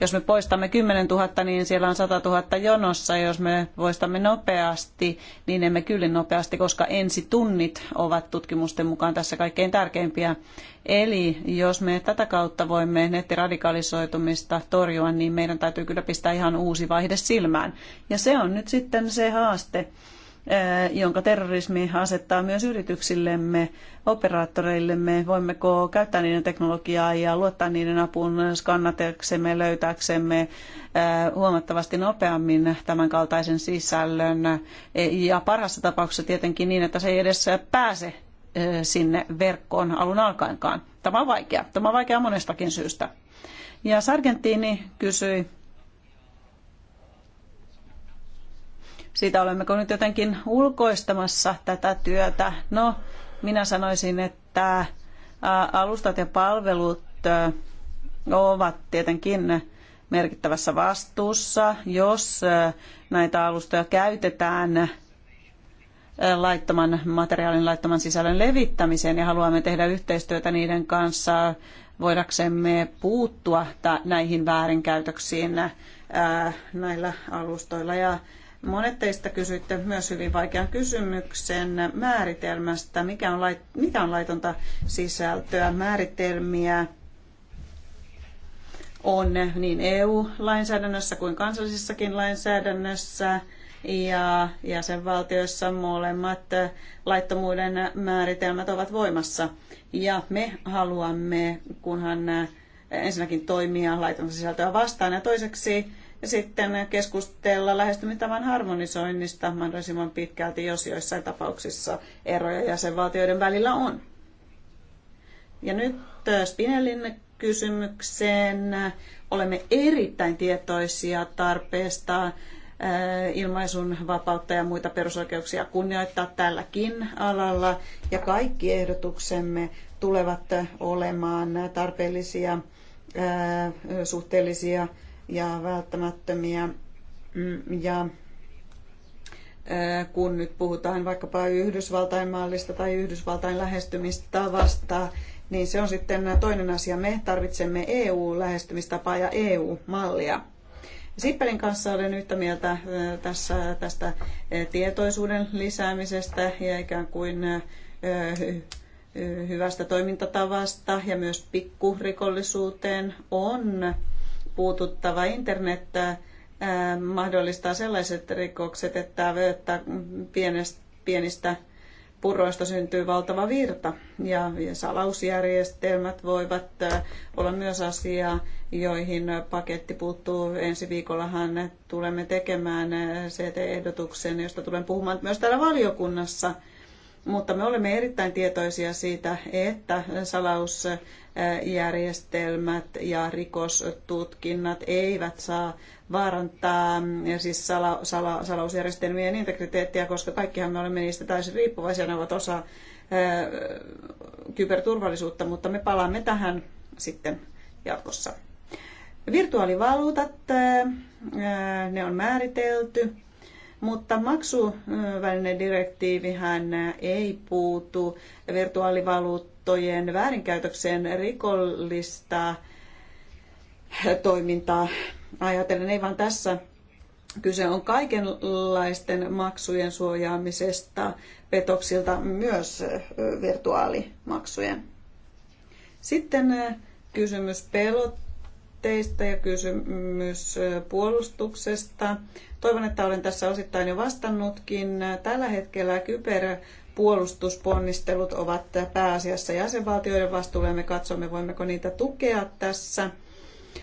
jos me poistamme 10 000, niin siellä on 100 000 jonossa. Jos me poistamme nopeasti, niin emme kyllin nopeasti, koska ensi tunnit ovat tutkimusten mukaan tässä kaikkein tärkeimpiä. Eli jos me tätä kautta voimme nettiradikalisoitumista torjua, niin meidän täytyy kyllä pistää ihan uusi vaihde silmään. Ja se on nyt sitten se haaste Eh, jonka terrorismi asettaa myös yrityksillemme, operaattoreillemme. Voimmeko käyttää niiden teknologiaa ja luottaa niiden apuun skannataksemme, löytääksemme eh, huomattavasti nopeammin tämän kaltaisen sisällön. Eh, ja parhassa tapauksessa tietenkin niin, että se ei edes pääse sinne verkkoon alun alkaenkaan. Tämä on vaikea. Tämä on vaikea monestakin syystä. Ja Sargentini kysyi siitä, olemmeko nyt jotenkin ulkoistamassa tätä työtä. No, minä sanoisin, että alustat ja palvelut ovat tietenkin merkittävässä vastuussa, jos näitä alustoja käytetään laittoman materiaalin, laittoman sisällön levittämiseen ja haluamme tehdä yhteistyötä niiden kanssa voidaksemme puuttua näihin väärinkäytöksiin näillä alustoilla. Ja Monet teistä kysyitte myös hyvin vaikean kysymyksen määritelmästä, mikä on, lait, mikä on laitonta sisältöä, määritelmiä on niin EU-lainsäädännössä kuin kansallisissakin lainsäädännössä ja jäsenvaltioissa molemmat laittomuuden määritelmät ovat voimassa. Ja me haluamme, kunhan ensinnäkin toimia laitonta sisältöä vastaan ja toiseksi sitten keskustella lähestymistavan harmonisoinnista mahdollisimman pitkälti, jos joissain tapauksissa eroja jäsenvaltioiden välillä on. Ja nyt Spinellin kysymykseen. Olemme erittäin tietoisia tarpeesta ilmaisun vapautta ja muita perusoikeuksia kunnioittaa tälläkin alalla. Ja kaikki ehdotuksemme tulevat olemaan tarpeellisia suhteellisia ja välttämättömiä. Mm, ja kun nyt puhutaan vaikkapa Yhdysvaltain mallista tai Yhdysvaltain lähestymistavasta, niin se on sitten toinen asia. Me tarvitsemme EU-lähestymistapaa ja EU-mallia. Sippelin kanssa olen yhtä mieltä tässä, tästä tietoisuuden lisäämisestä ja ikään kuin hyvästä toimintatavasta ja myös pikkurikollisuuteen on puututtava. Internet mahdollistaa sellaiset rikokset, että, että pienistä puroista syntyy valtava virta ja salausjärjestelmät voivat olla myös asia, joihin paketti puuttuu. Ensi viikollahan tulemme tekemään CT-ehdotuksen, josta tulen puhumaan myös täällä valiokunnassa – mutta me olemme erittäin tietoisia siitä, että salausjärjestelmät ja rikostutkinnat eivät saa vaarantaa siis sala, sala, salausjärjestelmien integriteettiä, koska kaikkihan me olemme niistä täysin riippuvaisia, ne ovat osa kyberturvallisuutta, mutta me palaamme tähän sitten jatkossa. Virtuaalivaluutat, ne on määritelty mutta maksuvälinedirektiivihän ei puutu virtuaalivaluuttojen väärinkäytökseen rikollista toimintaa ajatellen, ei vaan tässä Kyse on kaikenlaisten maksujen suojaamisesta petoksilta, myös virtuaalimaksujen. Sitten kysymys pelot teistä ja kysymys puolustuksesta. Toivon, että olen tässä osittain jo vastannutkin. Tällä hetkellä kyberpuolustusponnistelut ovat pääasiassa jäsenvaltioiden vastuulla ja me katsomme, voimmeko niitä tukea tässä.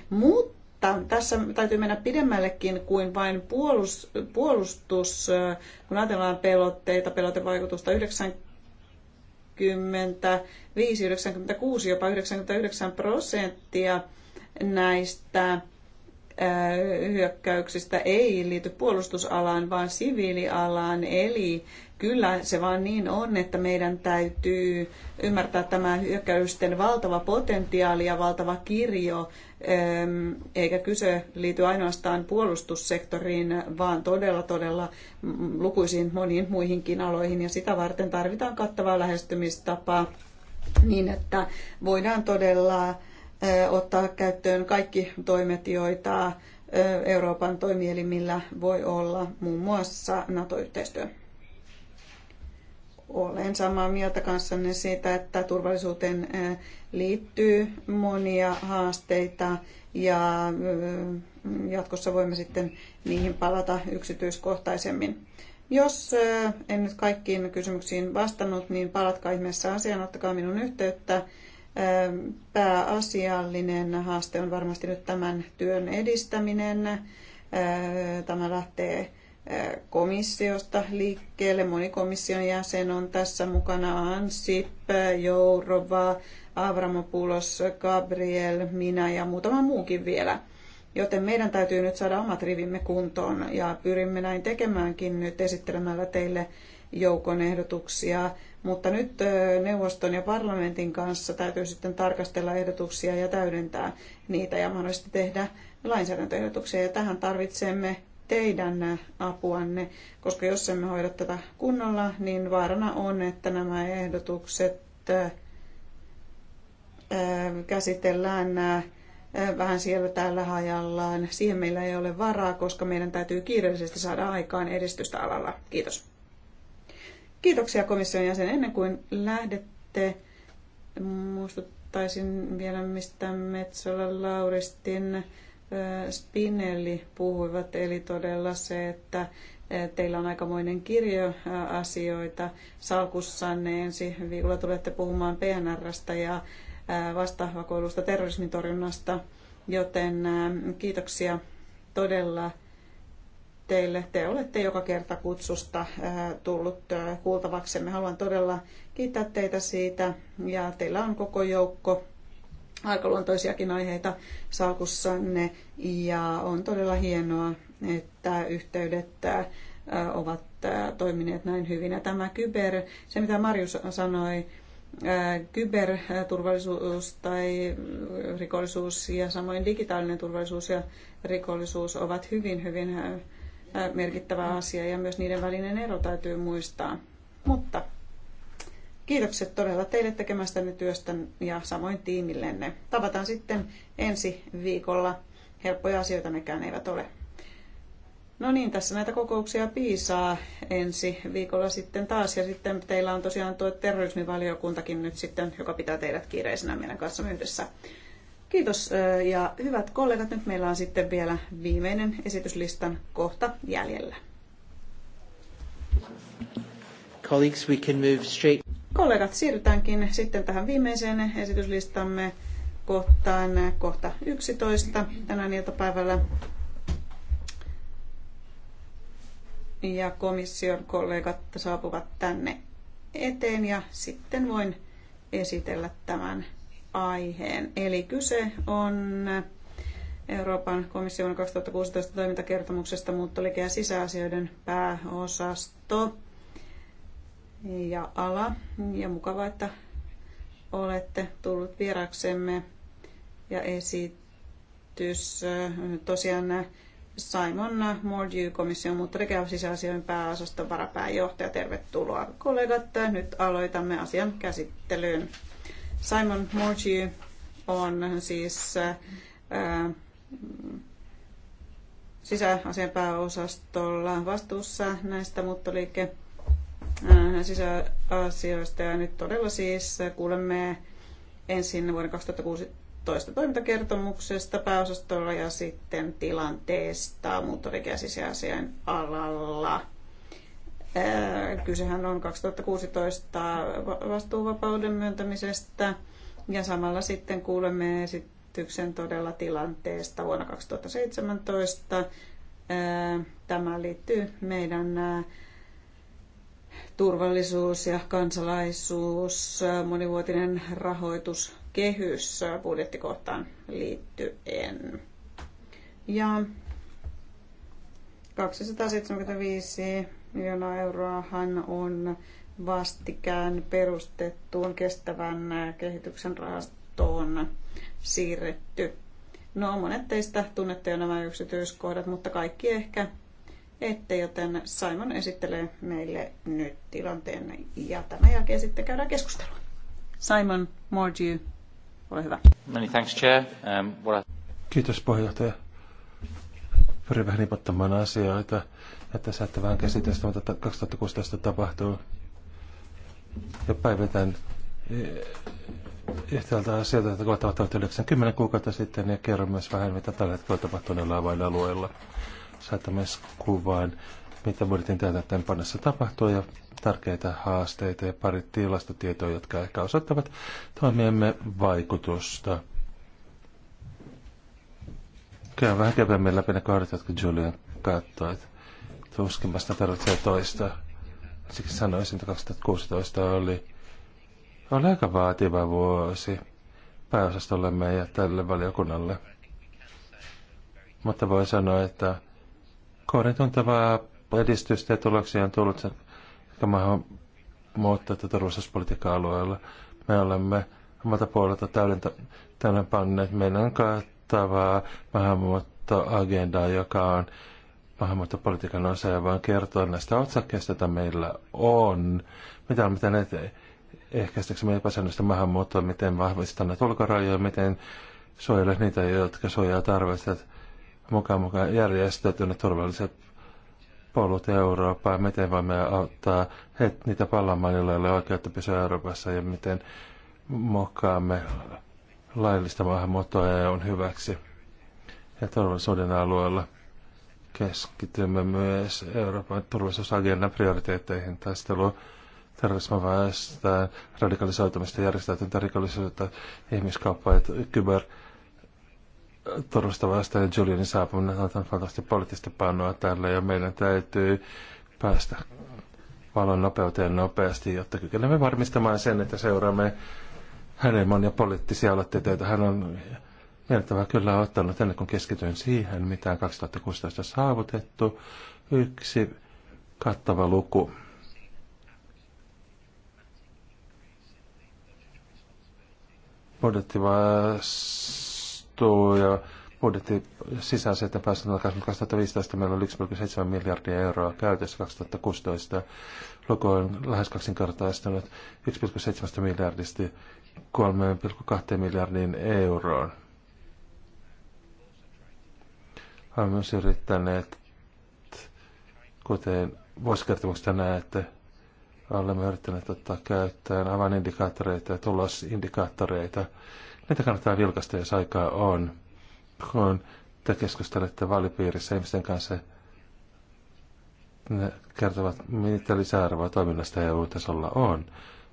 Mutta mutta tässä täytyy mennä pidemmällekin kuin vain puolustus, kun ajatellaan pelotteita, pelotevaikutusta 95, 96, jopa 99 prosenttia näistä hyökkäyksistä ei liity puolustusalaan, vaan siviilialaan. Eli kyllä se vaan niin on, että meidän täytyy ymmärtää tämä hyökkäysten valtava potentiaali ja valtava kirjo, eikä kyse liity ainoastaan puolustussektoriin, vaan todella todella lukuisiin moniin muihinkin aloihin. Ja sitä varten tarvitaan kattavaa lähestymistapaa niin, että voidaan todella ottaa käyttöön kaikki toimet, joita Euroopan toimielimillä voi olla, muun muassa NATO-yhteistyö. Olen samaa mieltä kanssanne siitä, että turvallisuuteen liittyy monia haasteita ja jatkossa voimme sitten niihin palata yksityiskohtaisemmin. Jos en nyt kaikkiin kysymyksiin vastannut, niin palatkaa ihmeessä asiaan, ottakaa minun yhteyttä pääasiallinen haaste on varmasti nyt tämän työn edistäminen. Tämä lähtee komissiosta liikkeelle. Moni komission jäsen on tässä mukana. Ansip, Jourova, Avramopoulos, Gabriel, minä ja muutama muukin vielä. Joten meidän täytyy nyt saada omat rivimme kuntoon ja pyrimme näin tekemäänkin nyt esittelemällä teille joukon ehdotuksia mutta nyt neuvoston ja parlamentin kanssa täytyy sitten tarkastella ehdotuksia ja täydentää niitä ja mahdollisesti tehdä lainsäädäntöehdotuksia. Ja tähän tarvitsemme teidän apuanne, koska jos emme hoida tätä kunnolla, niin vaarana on, että nämä ehdotukset käsitellään vähän siellä täällä hajallaan. Siihen meillä ei ole varaa, koska meidän täytyy kiireellisesti saada aikaan edistystä alalla. Kiitos. Kiitoksia komission jäsen. Ennen kuin lähdette, muistuttaisin vielä, mistä Metsola Lauristin Spinelli puhuivat, eli todella se, että teillä on aikamoinen kirjo asioita salkussanne. Ensi viikolla tulette puhumaan PNRstä ja vastavakoilusta terrorismin torjunnasta, joten kiitoksia todella teille. Te olette joka kerta kutsusta äh, tullut äh, Me Haluan todella kiittää teitä siitä ja teillä on koko joukko aikaluontoisiakin aiheita salkussanne ja on todella hienoa, että yhteydet äh, ovat toimineet näin hyvin. Ja tämä kyber, se mitä Marjus sanoi, kyberturvallisuus tai rikollisuus ja samoin digitaalinen turvallisuus ja rikollisuus ovat hyvin, hyvin merkittävä asia ja myös niiden välinen ero täytyy muistaa. Mutta kiitokset todella teille tekemästänne työstä ja samoin tiimillenne. Tavataan sitten ensi viikolla. Helppoja asioita nekään eivät ole. No niin, tässä näitä kokouksia piisaa ensi viikolla sitten taas. Ja sitten teillä on tosiaan tuo terrorismivaliokuntakin nyt sitten, joka pitää teidät kiireisenä meidän kanssa yhdessä. Kiitos ja hyvät kollegat, nyt meillä on sitten vielä viimeinen esityslistan kohta jäljellä. Colleagues, we can move straight. Kollegat, siirrytäänkin sitten tähän viimeiseen esityslistamme kohtaan kohta 11 tänään iltapäivällä. Ja komission kollegat saapuvat tänne eteen ja sitten voin esitellä tämän aiheen. Eli kyse on Euroopan komission 2016 toimintakertomuksesta muuttoliike- ja sisäasioiden pääosasto ja ala. Ja mukava, että olette tullut vieraksemme ja esitys tosiaan Simon Mordew, komission muuttoliike- sisäasioiden pääosaston varapääjohtaja. Tervetuloa kollegat. Nyt aloitamme asian käsittelyyn. Simon Morgiu on siis ää, äh, sisäasian pääosastolla vastuussa näistä muuttoliike äh, sisäasioista ja nyt todella siis kuulemme ensin vuoden 2016 toimintakertomuksesta pääosastolla ja sitten tilanteesta muuttoliike- ja sisäasian alalla. Kysehän on 2016 vastuuvapauden myöntämisestä ja samalla sitten kuulemme esityksen todella tilanteesta vuonna 2017. Tämä liittyy meidän turvallisuus ja kansalaisuus, monivuotinen rahoituskehys budjettikohtaan liittyen. Ja 275 miljoonaa euroa hän on vastikään perustettuun kestävän kehityksen rahastoon siirretty. No, monet teistä tunnette jo nämä yksityiskohdat, mutta kaikki ehkä ette, joten Simon esittelee meille nyt tilanteen ja tämän jälkeen sitten käydään keskustelua. Simon, more Ole hyvä. Many thanks, Chair. Um, what I... Kiitos puheenjohtaja. Pyrin vähän nipottamaan asioita, että saatte vähän käsitystä, mitä 2016 tapahtuu. Ja päivitän eh, yhtäältä asioita, jotka tapahtuivat 90 kuukautta sitten, ja kerron myös vähän, mitä tällä hetkellä tapahtuu näillä alueilla. Saatte myös kuvaan, mitä budjetin täytäntöönpanossa tapahtuu, ja tärkeitä haasteita ja pari tilastotietoa, jotka ehkä osoittavat toimiemme vaikutusta. Käyn vähän kevemmin läpi ne kohdat, jotka Julian katsoi. Tuskin vasta tarvitsee toista. Siksi sanoisin, että 2016 oli, oli aika vaativa vuosi pääosastollemme ja tälle valiokunnalle. Mutta voi sanoa, että tuntavaa edistystä ja tuloksia on tullut, jotka muuttaa tätä turvallisuuspolitiikan alueella. Me olemme omalta puolelta täydentä, meillä panneet meidän kattavaa maahanmuuttoagendaa, joka on maahanmuuttopolitiikan osa ja vaan kertoa näistä otsakkeista, joita meillä on. Mitä on, mitä näitä ehkäistäksemme epäsäännöistä maahanmuuttoa, miten vahvistaa näitä ulkorajoja, miten suojella niitä, jotka suojaa tarvitsevat mukaan mukaan ne turvalliset polut Eurooppaan, miten voimme auttaa heti niitä palaamaan, joilla ei ole oikeutta pysyä Euroopassa ja miten mokkaamme laillista maahanmuuttoa on hyväksi ja turvallisuuden alueella keskitymme myös Euroopan turvallisuusagendan prioriteetteihin taistelua terrorismin vastaan, radikalisoitumista, järjestäytyntä rikollisuutta, ihmiskauppaa ja kyber Turusta vastaan ja Julianin saapuminen on valtavasti poliittista pannoa tällä ja meidän täytyy päästä valon nopeuteen nopeasti, jotta kykenemme varmistamaan sen, että seuraamme hänen monia poliittisia aloitteita, joita hän on Mieltävä kyllä ottanut tänne, kun keskityin siihen, mitä on 2016 saavutettu. Yksi kattava luku. vastuu ja budjetti sisäänsä, että päästään 2015 meillä oli 1,7 miljardia euroa käytössä 2016. Luku on lähes kaksinkertaistunut 1,7 miljardista 3,2 miljardiin euroon. olen myös yrittänyt, kuten vuosikertomuksesta näette, olemme yrittäneet ottaa käyttöön avainindikaattoreita ja tulosindikaattoreita. Niitä kannattaa vilkaista, jos aikaa on. Kun te keskustelette vaalipiirissä ihmisten kanssa, ne kertovat, mitä lisäarvoa toiminnasta EU-tasolla on.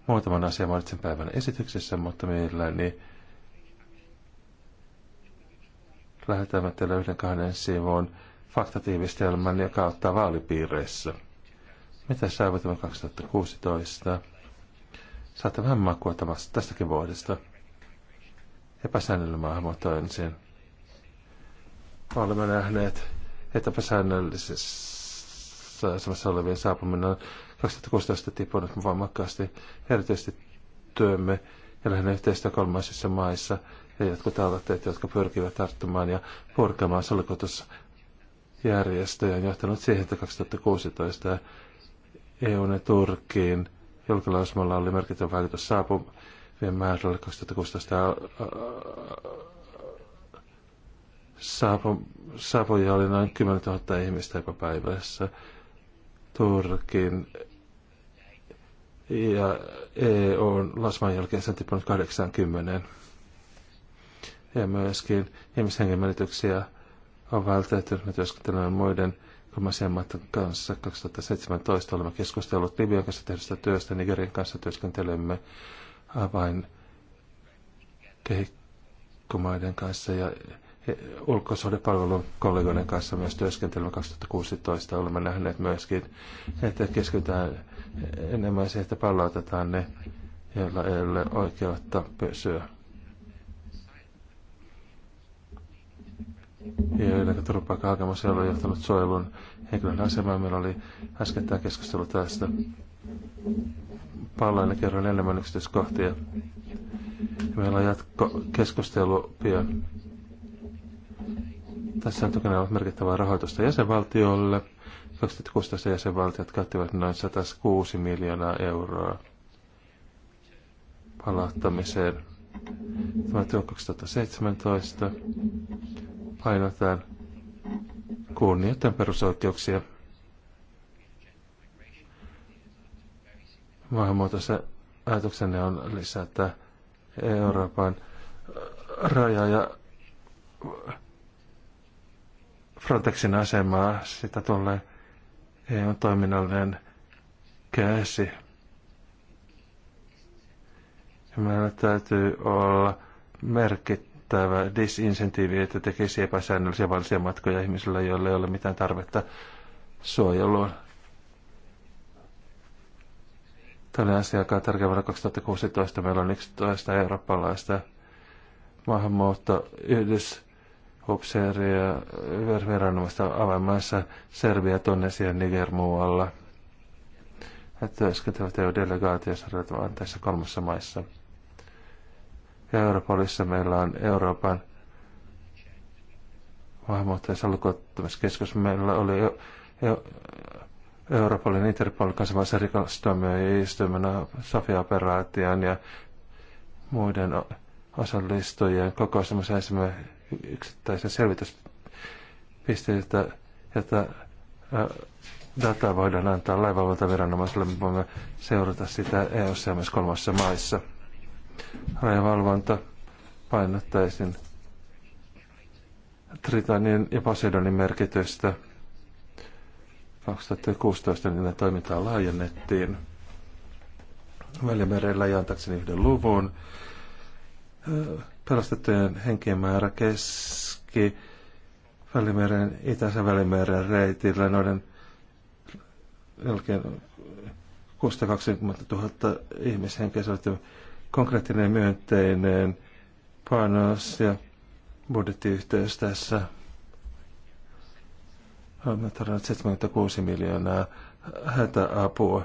Muutaman asian mainitsen päivän esityksessä, mutta mielelläni niin lähetämme teille yhden kahden sivun faktatiivistelmän, joka ottaa vaalipiireissä. Mitä saavutimme 2016? Saatte vähän makua tästäkin vuodesta. Epäsäännöllinen maahanmuutto ensin. Olemme nähneet, että epäsäännöllisessä asemassa olevien saapuminen on 2016 tippunut voimakkaasti, erityisesti työmme ja lähinnä yhteistyö kolmansissa maissa – ja jotkut aloitteet, jotka pyrkivät tarttumaan ja purkamaan solkotusjärjestöjä, on johtanut siihen, että 2016 EUn ja Turkkiin oli merkittävä vaikutus saapuvien määrällä 2016 saapu, saapuja oli noin 10 000 ihmistä joka päivässä. Turkin ja e on lasman jälkeen sen tippunut 80 ja myöskin ihmishengen menetyksiä on vältetty. Me työskentelemme muiden kolmansien maiden kanssa. 2017 olemme keskustelleet Libyan kanssa tehdystä työstä. Nigerin kanssa työskentelemme avain kehikkomaiden kanssa ja ulkosuhdepalvelun kollegoiden kanssa myös työskentelemme 2016. Olemme nähneet myöskin, että keskitytään enemmän siihen, että palautetaan ne, joilla ei ole oikeutta pysyä joilla turvapaikka hakemus ei ole johtanut suojelun henkilön asemaan. Meillä oli tämä keskustelu tästä. Pallaan ja kerron enemmän yksityiskohtia. Meillä on jatko keskustelu pian. Tässä on tukena ollut merkittävää rahoitusta jäsenvaltiolle. 2016 jäsenvaltiot käyttivät noin 106 miljoonaa euroa palauttamiseen. Tämä työ 2017 painotan kunnioittain perusoikeuksia. Maahanmuutossa ajatuksenne on lisätä Euroopan rajaa ja Frontexin asemaa. Sitä tulee EUn toiminnallinen käsi. Meillä täytyy olla merkit tämä disinsentiivi, että tekisi epäsäännöllisiä valisia matkoja ihmisillä, joille ei ole mitään tarvetta suojeluun. Tällainen asia alkaa vuonna 2016. Meillä on 11 eurooppalaista maahanmuutto yhdys upseeria verranomaista avaimaissa Serbia, ja Niger muualla. He työskentelevät EU-delegaatiossa tässä kolmessa maissa. Ja Europolissa meillä on Euroopan maahanmuuttajasalkuottamiskeskus. Meillä oli jo, jo Europolin Interpol kansainvälisen istuimena sofia operaation ja muiden osallistujien koko semmoisen ensimmäisen yksittäisen selvityspisteitä, jota dataa voidaan antaa laivavaltaviranomaisille, me voimme seurata sitä EU-ssa ja myös kolmassa maissa rajavalvonta painottaisin Tritanin ja Poseidonin merkitystä. 2016 niiden toimintaa laajennettiin Välimerellä ja antaakseni yhden luvun. Pelastettujen henkien määrä keski Välimeren, itäisen Välimeren reitillä noiden jälkeen 620 000 ihmishenkeä. Se konkreettinen myönteinen panos ja budjettiyhteys tässä. Olemme tarjonneet 76 miljoonaa hätäapua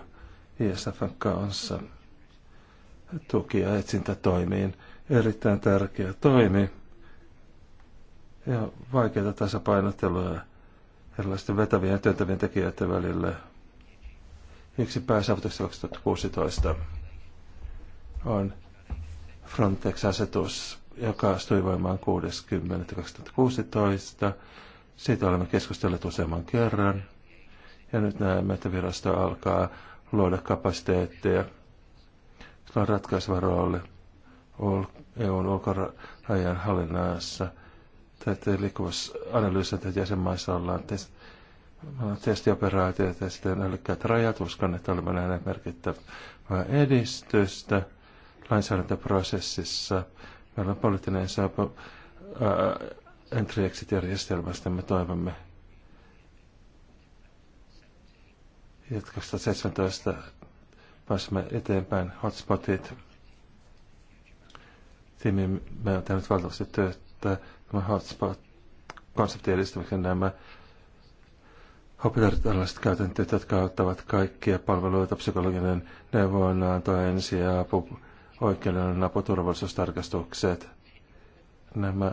ISFn kanssa tuki- ja etsintätoimiin. Erittäin tärkeä toimi ja vaikeita tasapainotteluja erilaisten vetävien ja työntävien tekijöiden välillä. Yksi pääsaavutuksesta 2016 on Frontex-asetus, joka astui voimaan 60.2016. Siitä olemme keskustelleet useamman kerran. Ja nyt näemme, että virasto alkaa luoda kapasiteetteja. Sillä on ratkaiseva rooli EUn ulkorajan hallinnassa. Tätä liikkuvuusanalyysiä jäsenmaissa ollaan testioperaatioita ja sitten älykkäät rajat. Uskon, että olemme nähneet merkittävää edistystä lainsäädäntöprosessissa. Meillä on poliittinen saapu entry-exit-järjestelmästä. Me toivomme, että 2017 pääsemme eteenpäin hotspotit. Tiimi, me on tehnyt valtavasti työtä tämä hotspot-konsepti edistämisen nämä hospitaalitaloudelliset käytänteet, jotka auttavat kaikkia palveluita, psykologinen neuvonanto, ensiapu, oikeudellinen apu, turvallisuustarkastukset. Nämä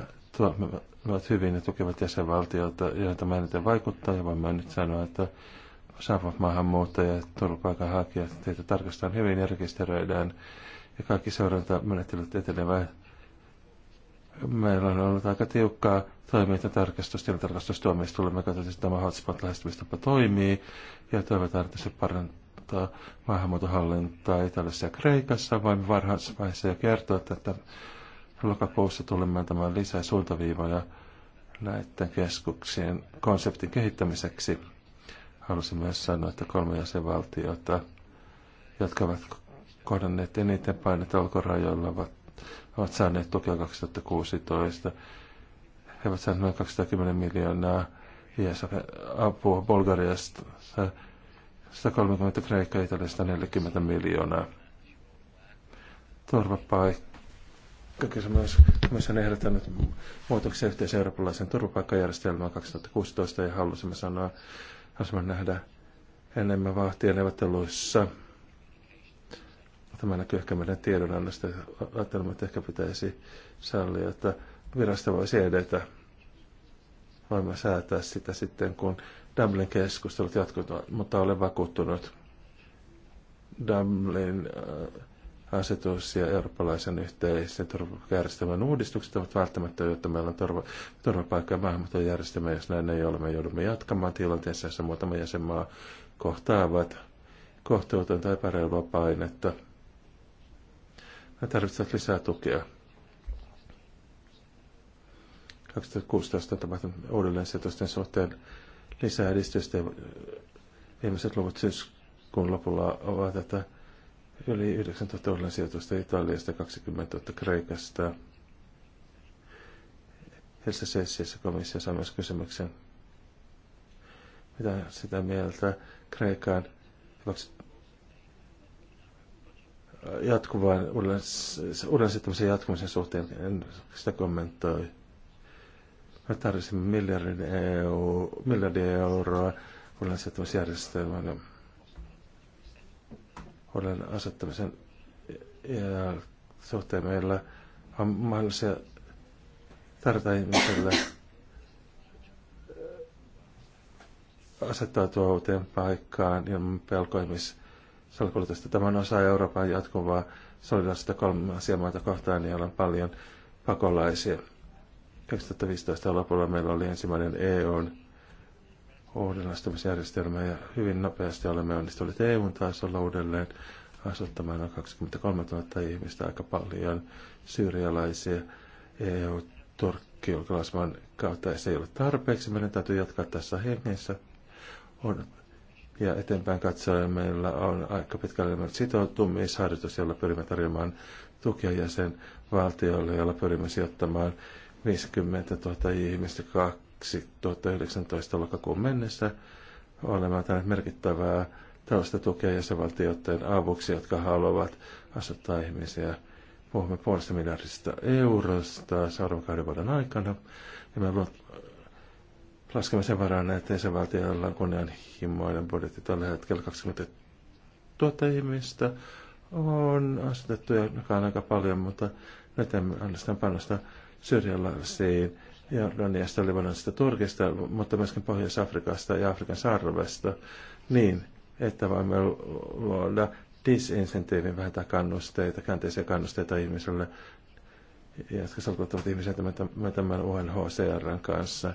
ovat hyvin ja tukevat jäsenvaltiota, joita mä eniten vaikuttaa, ja voin mä nyt sanoa, että saavat maahanmuuttajat, turvapaikanhakijat, teitä tarkastetaan hyvin ja rekisteröidään, ja kaikki seurantamenettelyt etenevät. Meillä on ollut aika tiukkaa toiminta tilintarkastustuomioistuimella me katsotaan, että tämä hotspot lähestymistapa toimii, ja toivotaan, että se parantaa auttaa maahanmuutohallintaa Italiassa ja Kreikassa. Voimme varhaisessa vaiheessa jo kertoa, että lokakuussa tulemme tämän lisää suuntaviivoja näiden keskuksien konseptin kehittämiseksi. Halusin myös sanoa, että kolme jäsenvaltiota, jotka ovat kohdanneet eniten painetta ulkorajoilla, ovat, ovat saaneet tukea 2016. He ovat saaneet noin 210 miljoonaa ISF-apua Bulgariasta 130 Kreikka, Italia 40 miljoonaa. Turvapaikka kysymys. myös on ehdottanut muutoksia yhteisen eurooppalaisen turvapaikkajärjestelmään 2016 ja halusimme sanoa, halusimme nähdä enemmän vahtia neuvotteluissa. Tämä näkyy ehkä meidän tiedonannosta. Ajattelemme, että ehkä pitäisi sallia, että virasto voisi edetä voimme säätää sitä sitten, kun Dublin-keskustelut jatkuvat, mutta olen vakuuttunut Dublin-asetus äh, ja eurooppalaisen yhteisen turvapaikkajärjestelmän uudistukset ovat välttämättä, jotta meillä on turva, turvapaikka- ja maahanmuuttojärjestelmä. Jos näin ei ole, me joudumme jatkamaan tilanteessa, jossa muutama jäsenmaa kohtaavat kohtuutonta epäreilua painetta. Me tarvitsevat lisää tukea. 2016 tapahtunut uudelleen suhteen lisää edistystä. Viimeiset luvut syyskuun lopulla ovat, että yli 9000 uuden sijoitusta Italiasta, 20 000 Kreikasta. Helsingin sessiossa komissio saa myös kysymyksen, mitä sitä mieltä Kreikan jatkuvaan uudelleen, uuden jatkumisen suhteen, en sitä kommentoi. Me tarvitsemme miljardia, EU, miljardia euroa uudelleen asettamisjärjestelmälle uudelleen asettamisen ja suhteen meillä on mahdollisia tarjota asettaa asettautua uuteen paikkaan ilman pelkoimissalkulutusta. Tämä on osa Euroopan jatkuvaa solidaarista kolmasia maata kohtaan, joilla on paljon pakolaisia. 2015 lopulla meillä oli ensimmäinen EUn uudenlaistumisjärjestelmä ja hyvin nopeasti olemme onnistuneet EUn tasolla uudelleen asuttamaan noin 23 000 ihmistä, aika paljon syyrialaisia EU-turkkijulkilaisman kautta. Se ei ole tarpeeksi, meidän täytyy jatkaa tässä hengessä. On, ja eteenpäin katsoen meillä on aika pitkälle sitoutumisharjoitus, jolla pyrimme tarjoamaan tukia jäsenvaltioille, jolla pyrimme sijoittamaan 50 000 ihmistä 2019 lokakuun mennessä. olemaan tänne merkittävää tällaista tukea jäsenvaltioiden avuksi, jotka haluavat asuttaa ihmisiä. Puhumme puolesta miljardista eurosta seuraavan kahden vuoden aikana. Ja me laskemme sen varaan, että jäsenvaltioilla on kunnianhimoinen budjetti tällä hetkellä 20 000 ihmistä on asetettu, ja on aika paljon, mutta nyt emme ainoastaan panosta syrjäläisiin Jordaniasta, Libanonista, Turkista, mutta myöskin Pohjois-Afrikasta ja Afrikan sarvesta niin, että voimme luoda disinsentiivin vähentää kannusteita, käänteisiä kannusteita ihmisille, jotka salkuttavat ihmisiä tämän UNHCR kanssa.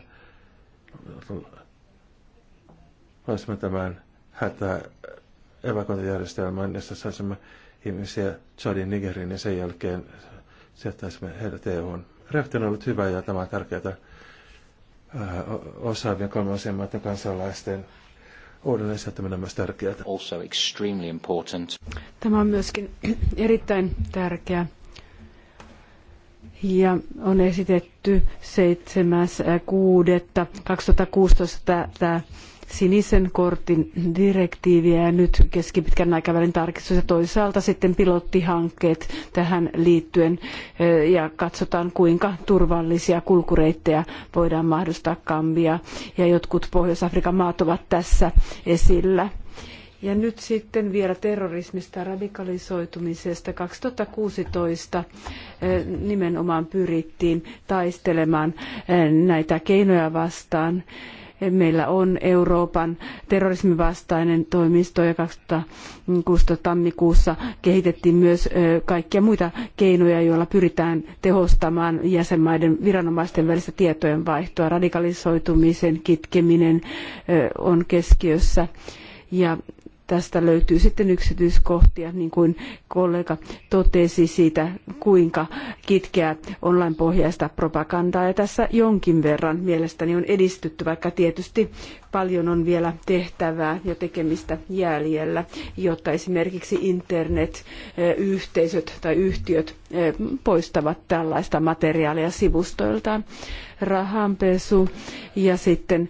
Voisimme tämän hätää evakuointijärjestelmään, jossa saisimme ihmisiä Chadin Nigeriin ja sen jälkeen sijoittaisimme heidät EUn reaktio on ollut hyvä ja tämä on tärkeää äh, osaavien kolmansien maiden kansalaisten uudelleen sijoittaminen on myös tärkeää. Also extremely important. Tämä on myöskin erittäin tärkeä. Ja on esitetty 7.6.2016 tämä sinisen kortin direktiiviä ja nyt keskipitkän aikavälin tarkistus ja toisaalta sitten pilottihankkeet tähän liittyen ja katsotaan kuinka turvallisia kulkureittejä voidaan mahdollistaa Kambia ja jotkut Pohjois-Afrikan maat ovat tässä esillä. Ja nyt sitten vielä terrorismista ja radikalisoitumisesta. 2016 nimenomaan pyrittiin taistelemaan näitä keinoja vastaan Meillä on Euroopan terrorisminvastainen toimisto ja 2016 tammikuussa kehitettiin myös kaikkia muita keinoja, joilla pyritään tehostamaan jäsenmaiden viranomaisten välistä tietojen vaihtoa. Radikalisoitumisen kitkeminen on keskiössä ja Tästä löytyy sitten yksityiskohtia, niin kuin kollega totesi siitä, kuinka kitkeä online-pohjaista propagandaa. Ja tässä jonkin verran mielestäni on edistytty, vaikka tietysti paljon on vielä tehtävää ja tekemistä jäljellä, jotta esimerkiksi internet-yhteisöt tai yhtiöt poistavat tällaista materiaalia sivustoiltaan. Rahanpesu ja sitten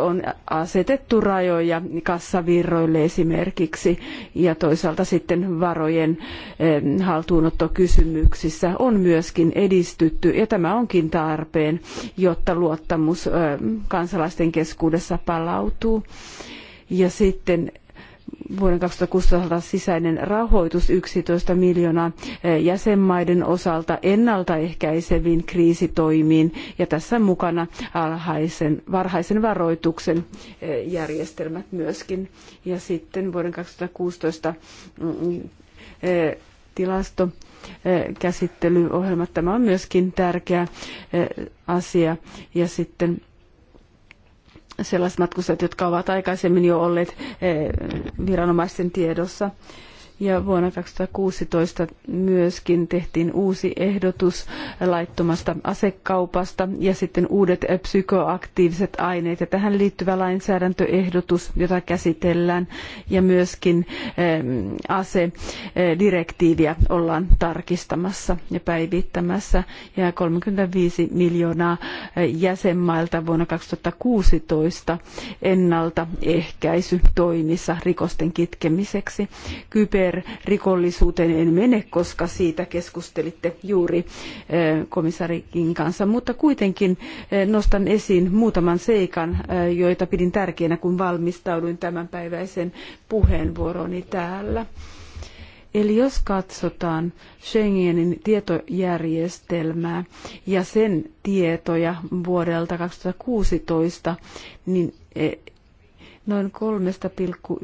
on asetettu rajoja kassavirroille esimerkiksi ja toisaalta sitten varojen haltuunottokysymyksissä on myöskin edistytty ja tämä onkin tarpeen, jotta luottamus kansalaisten keskuudessa paranee skaalautuu. Ja sitten vuoden 2016 sisäinen rahoitus 11 miljoonaa eh, jäsenmaiden osalta ennaltaehkäiseviin kriisitoimiin ja tässä mukana alhaisen, varhaisen varoituksen eh, järjestelmät myöskin. Ja sitten vuoden 2016 mm, eh, tilasto käsittelyohjelmat. Tämä on myöskin tärkeä asia. Ja sitten sellaiset matkustajat, jotka ovat aikaisemmin jo olleet eh, viranomaisten tiedossa. Ja vuonna 2016 myöskin tehtiin uusi ehdotus laittomasta asekaupasta ja sitten uudet psykoaktiiviset aineet ja tähän liittyvä lainsäädäntöehdotus, jota käsitellään ja myöskin asedirektiiviä eh, ollaan tarkistamassa ja päivittämässä ja 35 miljoonaa eh, jäsenmailta vuonna 2016 toimissa rikosten kitkemiseksi. Kyber kyberrikollisuuteen en mene, koska siitä keskustelitte juuri eh, komissarikin kanssa, mutta kuitenkin eh, nostan esiin muutaman seikan, eh, joita pidin tärkeänä, kun valmistauduin tämänpäiväisen puheenvuoroni täällä. Eli jos katsotaan Schengenin tietojärjestelmää ja sen tietoja vuodelta 2016, niin noin 3,9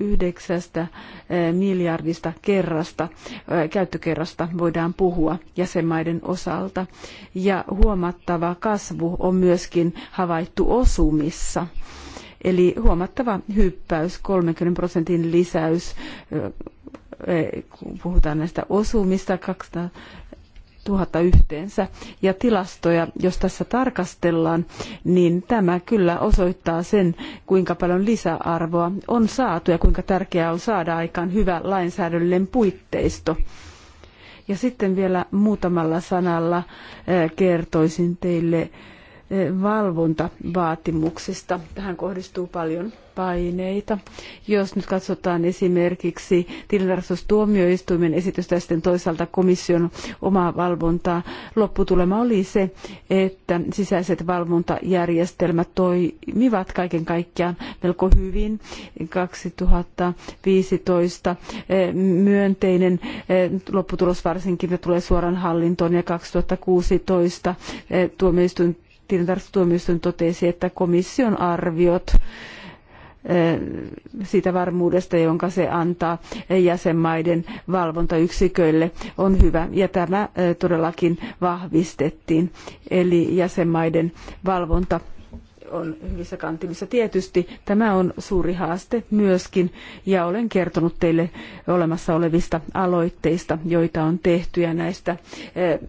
eh, miljardista kerrasta, eh, käyttökerrasta voidaan puhua jäsenmaiden osalta. Ja huomattava kasvu on myöskin havaittu osumissa. Eli huomattava hyppäys, 30 prosentin lisäys, eh, puhutaan näistä osumista, tuhatta yhteensä. Ja tilastoja, jos tässä tarkastellaan, niin tämä kyllä osoittaa sen, kuinka paljon lisäarvoa on saatu ja kuinka tärkeää on saada aikaan hyvä lainsäädännöllinen puitteisto. Ja sitten vielä muutamalla sanalla eh, kertoisin teille valvontavaatimuksista. Tähän kohdistuu paljon paineita. Jos nyt katsotaan esimerkiksi tilintarkastustuomioistuimen esitystä ja sitten toisaalta komission omaa valvontaa, lopputulema oli se, että sisäiset valvontajärjestelmät toimivat kaiken kaikkiaan melko hyvin. 2015 eh, myönteinen eh, lopputulos varsinkin tulee suoraan hallintoon ja 2016 eh, tuomioistuin tilintarkastustuomioistuin totesi, että komission arviot eh, siitä varmuudesta, jonka se antaa jäsenmaiden valvontayksiköille, on hyvä. Ja tämä eh, todellakin vahvistettiin. Eli jäsenmaiden valvonta on hyvissä kantimissa. Tietysti tämä on suuri haaste myöskin, ja olen kertonut teille olemassa olevista aloitteista, joita on tehty, ja näistä eh,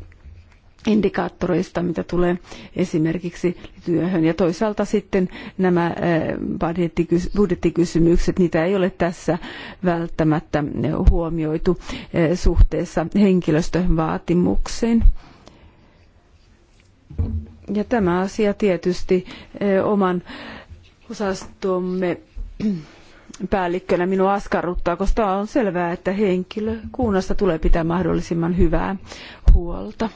indikaattoreista, mitä tulee esimerkiksi työhön. Ja toisaalta sitten nämä eh, budjettikysymykset, niitä ei ole tässä välttämättä huomioitu eh, suhteessa henkilöstövaatimuksiin. Ja tämä asia tietysti eh, oman osastomme päällikkönä minua askarruttaa, koska on selvää, että henkilökunnasta tulee pitää mahdollisimman hyvää huolta.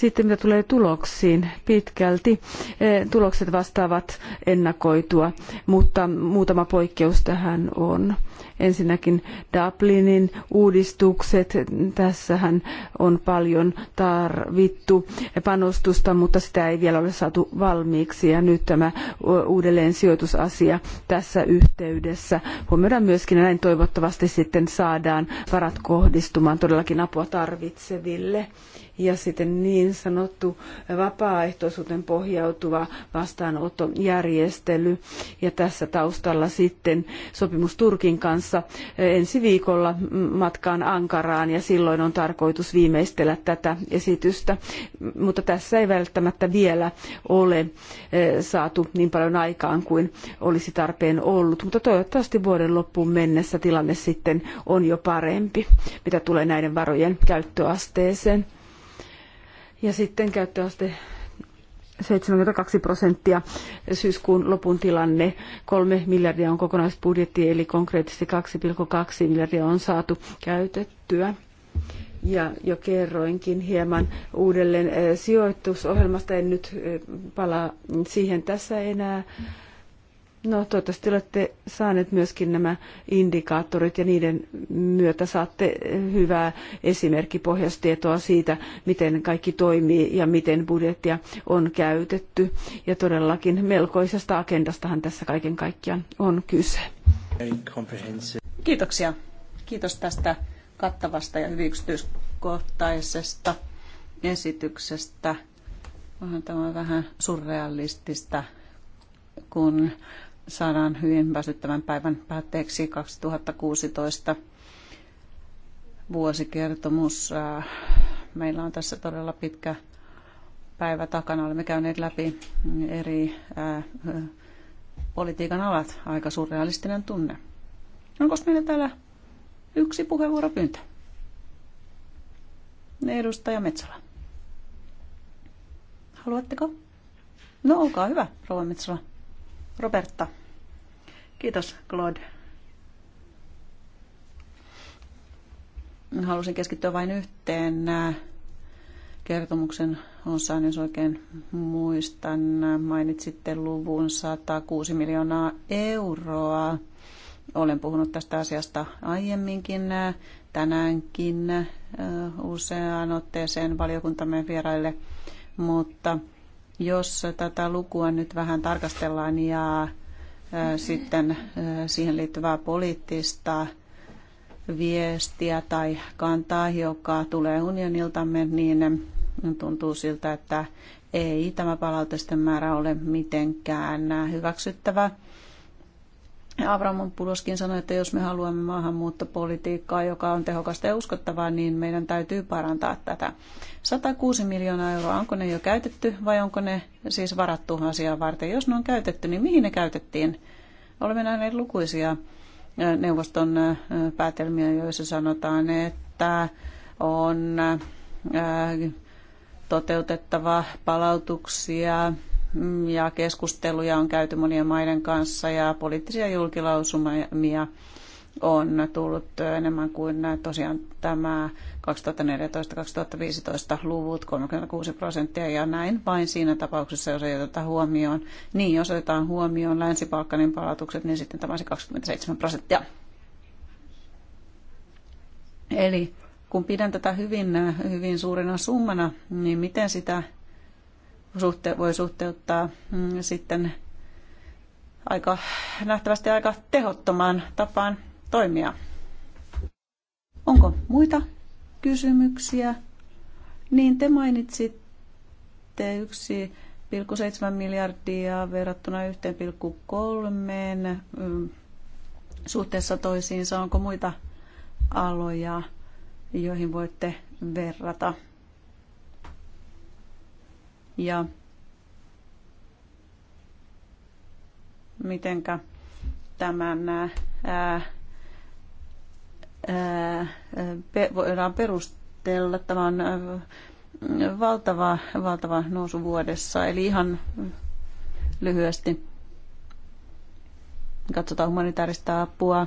Sitten mitä tulee tuloksiin, pitkälti eh, tulokset vastaavat ennakoitua, mutta muutama poikkeus tähän on. Ensinnäkin Dublinin uudistukset, tässähän on paljon tarvittu panostusta, mutta sitä ei vielä ole saatu valmiiksi ja nyt tämä uudelleen sijoitusasia tässä yhteydessä huomioidaan myöskin ja näin toivottavasti sitten saadaan varat kohdistumaan todellakin apua tarvitseville ja sitten niin sanottu vapaaehtoisuuteen pohjautuva vastaanottojärjestely. Ja tässä taustalla sitten sopimus Turkin kanssa ensi viikolla matkaan Ankaraan ja silloin on tarkoitus viimeistellä tätä esitystä. Mutta tässä ei välttämättä vielä ole eh, saatu niin paljon aikaan kuin olisi tarpeen ollut. Mutta toivottavasti vuoden loppuun mennessä tilanne sitten on jo parempi, mitä tulee näiden varojen käyttöasteeseen. Ja sitten käyttöaste 72 prosenttia syyskuun lopun tilanne. kolme miljardia on kokonaisbudjetti, eli konkreettisesti 2,2 miljardia on saatu käytettyä. Ja jo kerroinkin hieman uudelleen eh, sijoitusohjelmasta, en nyt eh, palaa siihen tässä enää. No toivottavasti olette saaneet myöskin nämä indikaattorit ja niiden myötä saatte eh, hyvää esimerkkipohjastietoa siitä, miten kaikki toimii ja miten budjettia on käytetty. Ja todellakin melkoisesta agendastahan tässä kaiken kaikkiaan on kyse. Kiitoksia. Kiitos tästä kattavasta ja hyvin yksityiskohtaisesta esityksestä. Onhan tämä vähän surrealistista kun saadaan hyvin väsyttävän päivän päätteeksi 2016 vuosikertomus. Äh, meillä on tässä todella pitkä päivä takana. Olemme käyneet läpi eri äh, politiikan alat. Aika surrealistinen tunne. Onko meillä täällä yksi puheenvuoropyyntö? Edustaja Metsola. Haluatteko? No olkaa hyvä, rouva Metsola. Roberta. Kiitos, Claude. Halusin keskittyä vain yhteen äh, kertomuksen osaan, jos oikein muistan. Mainitsitte luvun 106 miljoonaa euroa. Olen puhunut tästä asiasta aiemminkin äh, tänäänkin äh, useaan otteeseen valiokuntamme vieraille, mutta jos tätä lukua nyt vähän tarkastellaan ja sitten siihen liittyvää poliittista viestiä tai kantaa, joka tulee unioniltamme, niin tuntuu siltä, että ei tämä palautisten määrä ole mitenkään hyväksyttävä. Avramon Puloskin sanoi, että jos me haluamme maahanmuuttopolitiikkaa, joka on tehokasta ja uskottavaa, niin meidän täytyy parantaa tätä. 106 miljoonaa euroa, onko ne jo käytetty vai onko ne siis varattu asiaa varten? Jos ne on käytetty, niin mihin ne käytettiin? Olemme nähneet lukuisia neuvoston päätelmiä, joissa sanotaan, että on toteutettava palautuksia ja keskusteluja on käyty monien maiden kanssa ja poliittisia julkilausumia on tullut enemmän kuin tosiaan tämä 2014-2015 luvut, 36 prosenttia ja näin vain siinä tapauksessa, jos ei oteta huomioon. Niin, jos otetaan huomioon länsi palautukset, niin sitten tämä on se 27 prosenttia. Eli kun pidän tätä hyvin, hyvin suurena summana, niin miten sitä suhte- voi suhteuttaa mm, sitten aika, nähtävästi aika tehottomaan tapaan toimia. Onko muita kysymyksiä? Niin te mainitsitte yksi 1,7 miljardia verrattuna 1,3 mm, suhteessa toisiinsa. Onko muita aloja, joihin voitte verrata ja mitenkä tämän ää, ää, pe, voidaan perustella. Tämä on valtava, valtava nousu vuodessa, eli ihan lyhyesti katsotaan humanitaarista apua.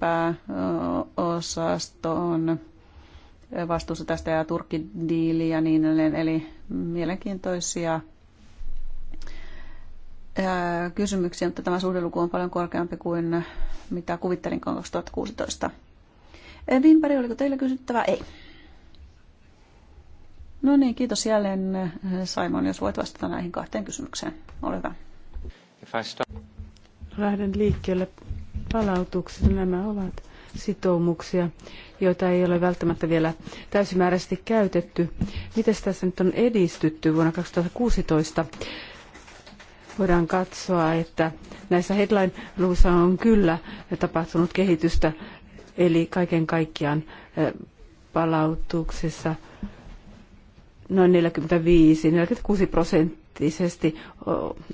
Pääosasto on vastuussa tästä ja Turkin diili ja niin edelleen. Eli mielenkiintoisia kysymyksiä, mutta tämä suhdeluku on paljon korkeampi kuin mitä kuvittelin 2016. Vinpäri, oliko teillä kysyttävää? Ei. No niin, kiitos jälleen Simon, jos voit vastata näihin kahteen kysymykseen. Ole hyvä. Lähden liikkeelle palautuksessa. Nämä ovat sitoumuksia, joita ei ole välttämättä vielä täysimääräisesti käytetty. Miten tässä nyt on edistytty vuonna 2016? Voidaan katsoa, että näissä headline-luvuissa on kyllä tapahtunut kehitystä, eli kaiken kaikkiaan eh, palautuksessa noin 45-46 prosenttisesti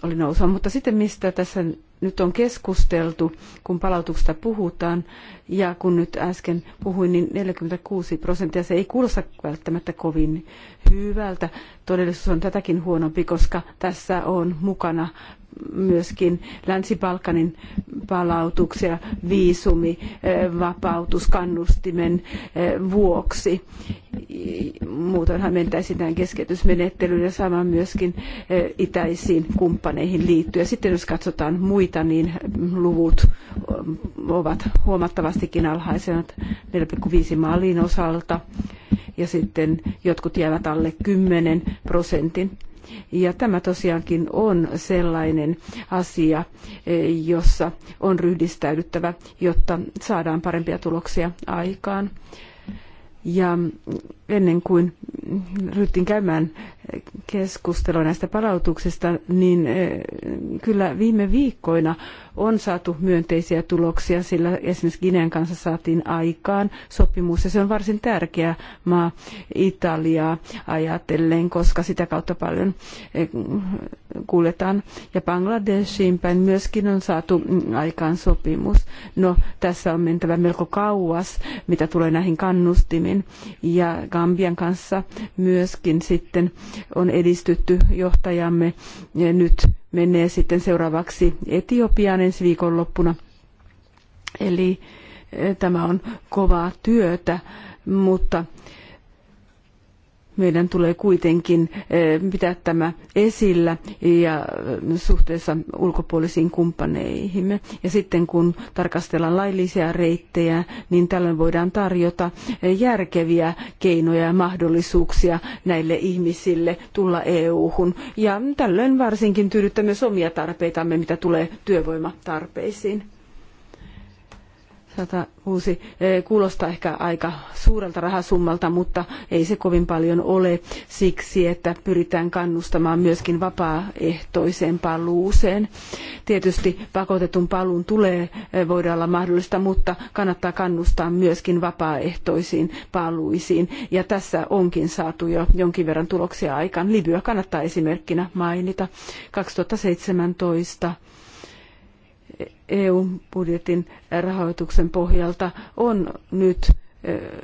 oli nousua, mutta sitten mistä tässä nyt on keskusteltu, kun palautuksesta puhutaan, ja kun nyt äsken puhuin, niin 46 prosenttia, se ei kuulosta välttämättä kovin hyvältä. Todellisuus on tätäkin huonompi, koska tässä on mukana myöskin Länsi-Balkanin palautuksia viisumivapautuskannustimen eh, eh, vuoksi. Muutenhan mentäisiin tähän keskeytysmenettelyyn ja sama myöskin eh, itäisiin kumppaneihin liittyen. Sitten jos katsotaan muita, niin luvut ovat huomattavastikin alhaisemmat 4,5 maalin osalta ja sitten jotkut jäävät alle kymmenen prosentin ja tämä tosiaankin on sellainen asia, e, jossa on ryhdistäydyttävä, jotta saadaan parempia tuloksia aikaan. Ja ennen kuin ryhtiin käymään keskustelua näistä palautuksista, niin eh, kyllä viime viikkoina on saatu myönteisiä tuloksia, sillä esimerkiksi Ginean kanssa saatiin aikaan sopimus, ja se on varsin tärkeä maa Italiaa ajatellen, koska sitä kautta paljon eh, kuljetaan. Ja Bangladeshiin päin myöskin on saatu aikaan sopimus. No, tässä on mentävä melko kauas, mitä tulee näihin kannustimiin, ja Gambian kanssa myöskin sitten on edistytty. Johtajamme nyt menee sitten seuraavaksi Etiopiaan ensi viikonloppuna. Eli eh, tämä on kovaa työtä, mutta meidän tulee kuitenkin eh, pitää tämä esillä ja eh, suhteessa ulkopuolisiin kumppaneihimme. Ja sitten kun tarkastellaan laillisia reittejä, niin tällöin voidaan tarjota eh, järkeviä keinoja ja mahdollisuuksia näille ihmisille tulla EU-hun. Ja tällöin varsinkin tyydyttämme omia tarpeitamme, mitä tulee työvoimatarpeisiin. 106 eh, kuulostaa ehkä aika suurelta rahasummalta, mutta ei se kovin paljon ole siksi, että pyritään kannustamaan myöskin vapaaehtoiseen paluuseen. Tietysti pakotetun paluun tulee eh, voida olla mahdollista, mutta kannattaa kannustaa myöskin vapaaehtoisiin paluisiin. Ja tässä onkin saatu jo jonkin verran tuloksia aikaan. Libya kannattaa esimerkkinä mainita. 2017 EU-budjetin rahoituksen pohjalta on nyt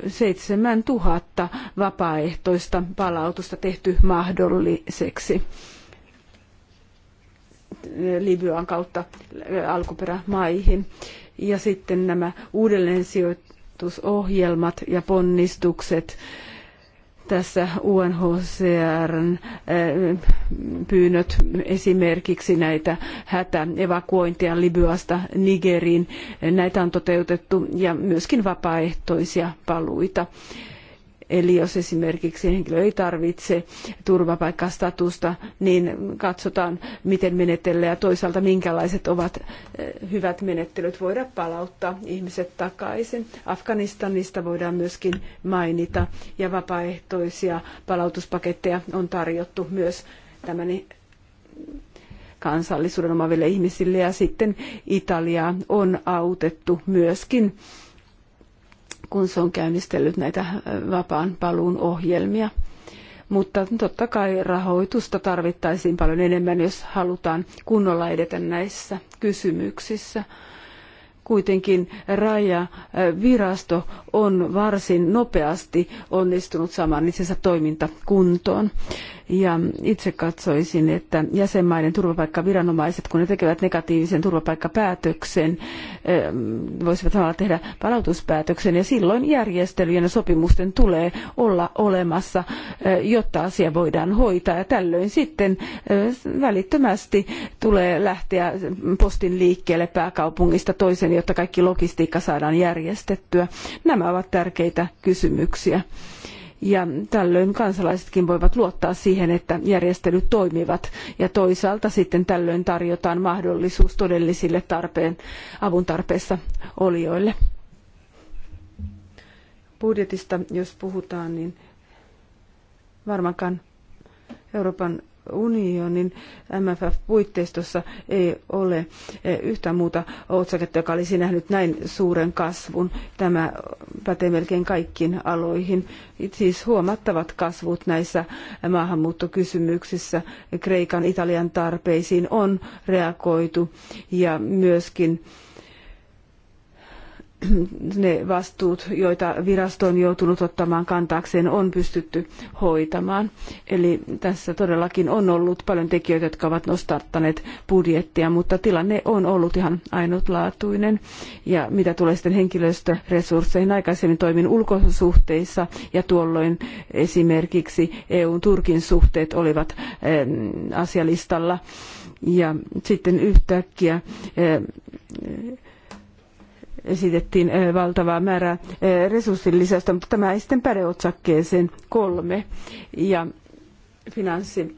7000 vapaaehtoista palautusta tehty mahdolliseksi Libyan kautta alkuperämaihin. Ja sitten nämä uudelleensijoitusohjelmat ja ponnistukset tässä UNHCRn eh, pyynnöt esimerkiksi näitä hätäevakuointia Libyasta Nigeriin. Näitä on toteutettu ja myöskin vapaaehtoisia paluita. Eli jos esimerkiksi henkilö ei tarvitse turvapaikkastatusta, niin katsotaan, miten menetellä ja toisaalta minkälaiset ovat eh, hyvät menettelyt voida palauttaa ihmiset takaisin. Afganistanista voidaan myöskin mainita ja vapaaehtoisia palautuspaketteja on tarjottu myös tämän kansallisuuden omaville ihmisille ja sitten Italiaa on autettu myöskin kun se on käynnistellyt näitä äh, vapaan paluun ohjelmia. Mutta totta kai rahoitusta tarvittaisiin paljon enemmän, jos halutaan kunnolla edetä näissä kysymyksissä kuitenkin rajavirasto on varsin nopeasti onnistunut saamaan itsensä toimintakuntoon. Ja itse katsoisin, että jäsenmaiden turvapaikkaviranomaiset, kun ne tekevät negatiivisen turvapaikkapäätöksen, ehm, voisivat samalla tehdä palautuspäätöksen. Ja silloin järjestelyjen ja sopimusten tulee olla olemassa, eh, jotta asia voidaan hoitaa. Ja tällöin sitten eh, välittömästi tulee lähteä postin liikkeelle pääkaupungista toiseen, jotta kaikki logistiikka saadaan järjestettyä. Nämä ovat tärkeitä kysymyksiä ja tällöin kansalaisetkin voivat luottaa siihen, että järjestelyt toimivat ja toisaalta sitten tällöin tarjotaan mahdollisuus todellisille tarpeen, avun tarpeessa olijoille. Budjetista, jos puhutaan, niin varmaankaan Euroopan unionin MFF-puitteistossa ei ole e, yhtä muuta otsaketta, joka olisi nähnyt näin suuren kasvun. Tämä pätee melkein kaikkiin aloihin. Siis huomattavat kasvut näissä maahanmuuttokysymyksissä Kreikan, Italian tarpeisiin on reagoitu ja myöskin ne vastuut, joita virasto on joutunut ottamaan kantaakseen, on pystytty hoitamaan. Eli tässä todellakin on ollut paljon tekijöitä, jotka ovat nostattaneet budjettia, mutta tilanne on ollut ihan ainutlaatuinen. Ja mitä tulee sitten henkilöstöresursseihin, aikaisemmin toimin ulkosuhteissa ja tuolloin esimerkiksi EU-Turkin suhteet olivat asialistalla. Ja sitten yhtäkkiä esitettiin valtavaa määrää lisäystä, mutta tämä ei sitten päde otsakkeeseen kolme. Ja finanssin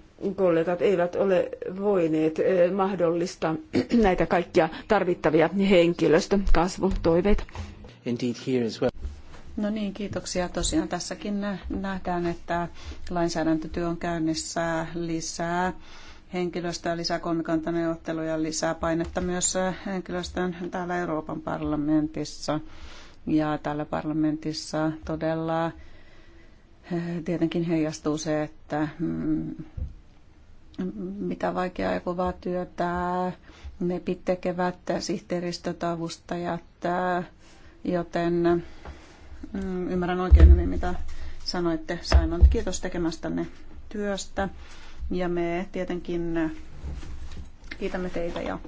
eivät ole voineet mahdollistaa näitä kaikkia tarvittavia henkilöstökasvutoiveita. Indeed here as well. No niin, kiitoksia. Tosiaan tässäkin nähdään, että lainsäädäntötyö on käynnissä lisää henkilöstöä, lisää kolmikantaneuvotteluja, lisää painetta myös äh, henkilöstön täällä Euroopan parlamentissa. Ja täällä parlamentissa todella äh, tietenkin heijastuu se, että mm, mitä vaikeaa ja kovaa työtä ne tekevät, sihteeristöt, avustajat, äh, joten mm, ymmärrän oikein hyvin, mitä sanoitte Simon. Kiitos tekemästänne työstä. Ja me tietenkin kiitämme teitä ja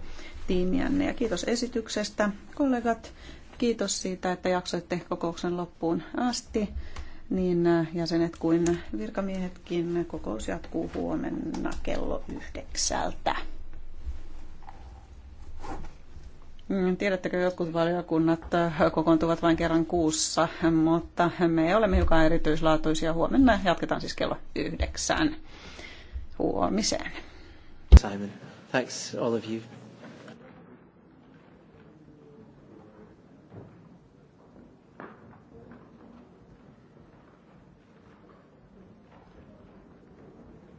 tiimiänne ja kiitos esityksestä. Kollegat, kiitos siitä, että jaksoitte kokouksen loppuun asti. Niin äh, jäsenet kuin virkamiehetkin kokous jatkuu huomenna kello yhdeksältä. Mm, tiedättekö, jotkut valiokunnat äh, kokoontuvat vain kerran kuussa, mutta me olemme hiukan erityislaatuisia. Huomenna jatketaan siis kello yhdeksän huomiseen. Simon, thanks all of you.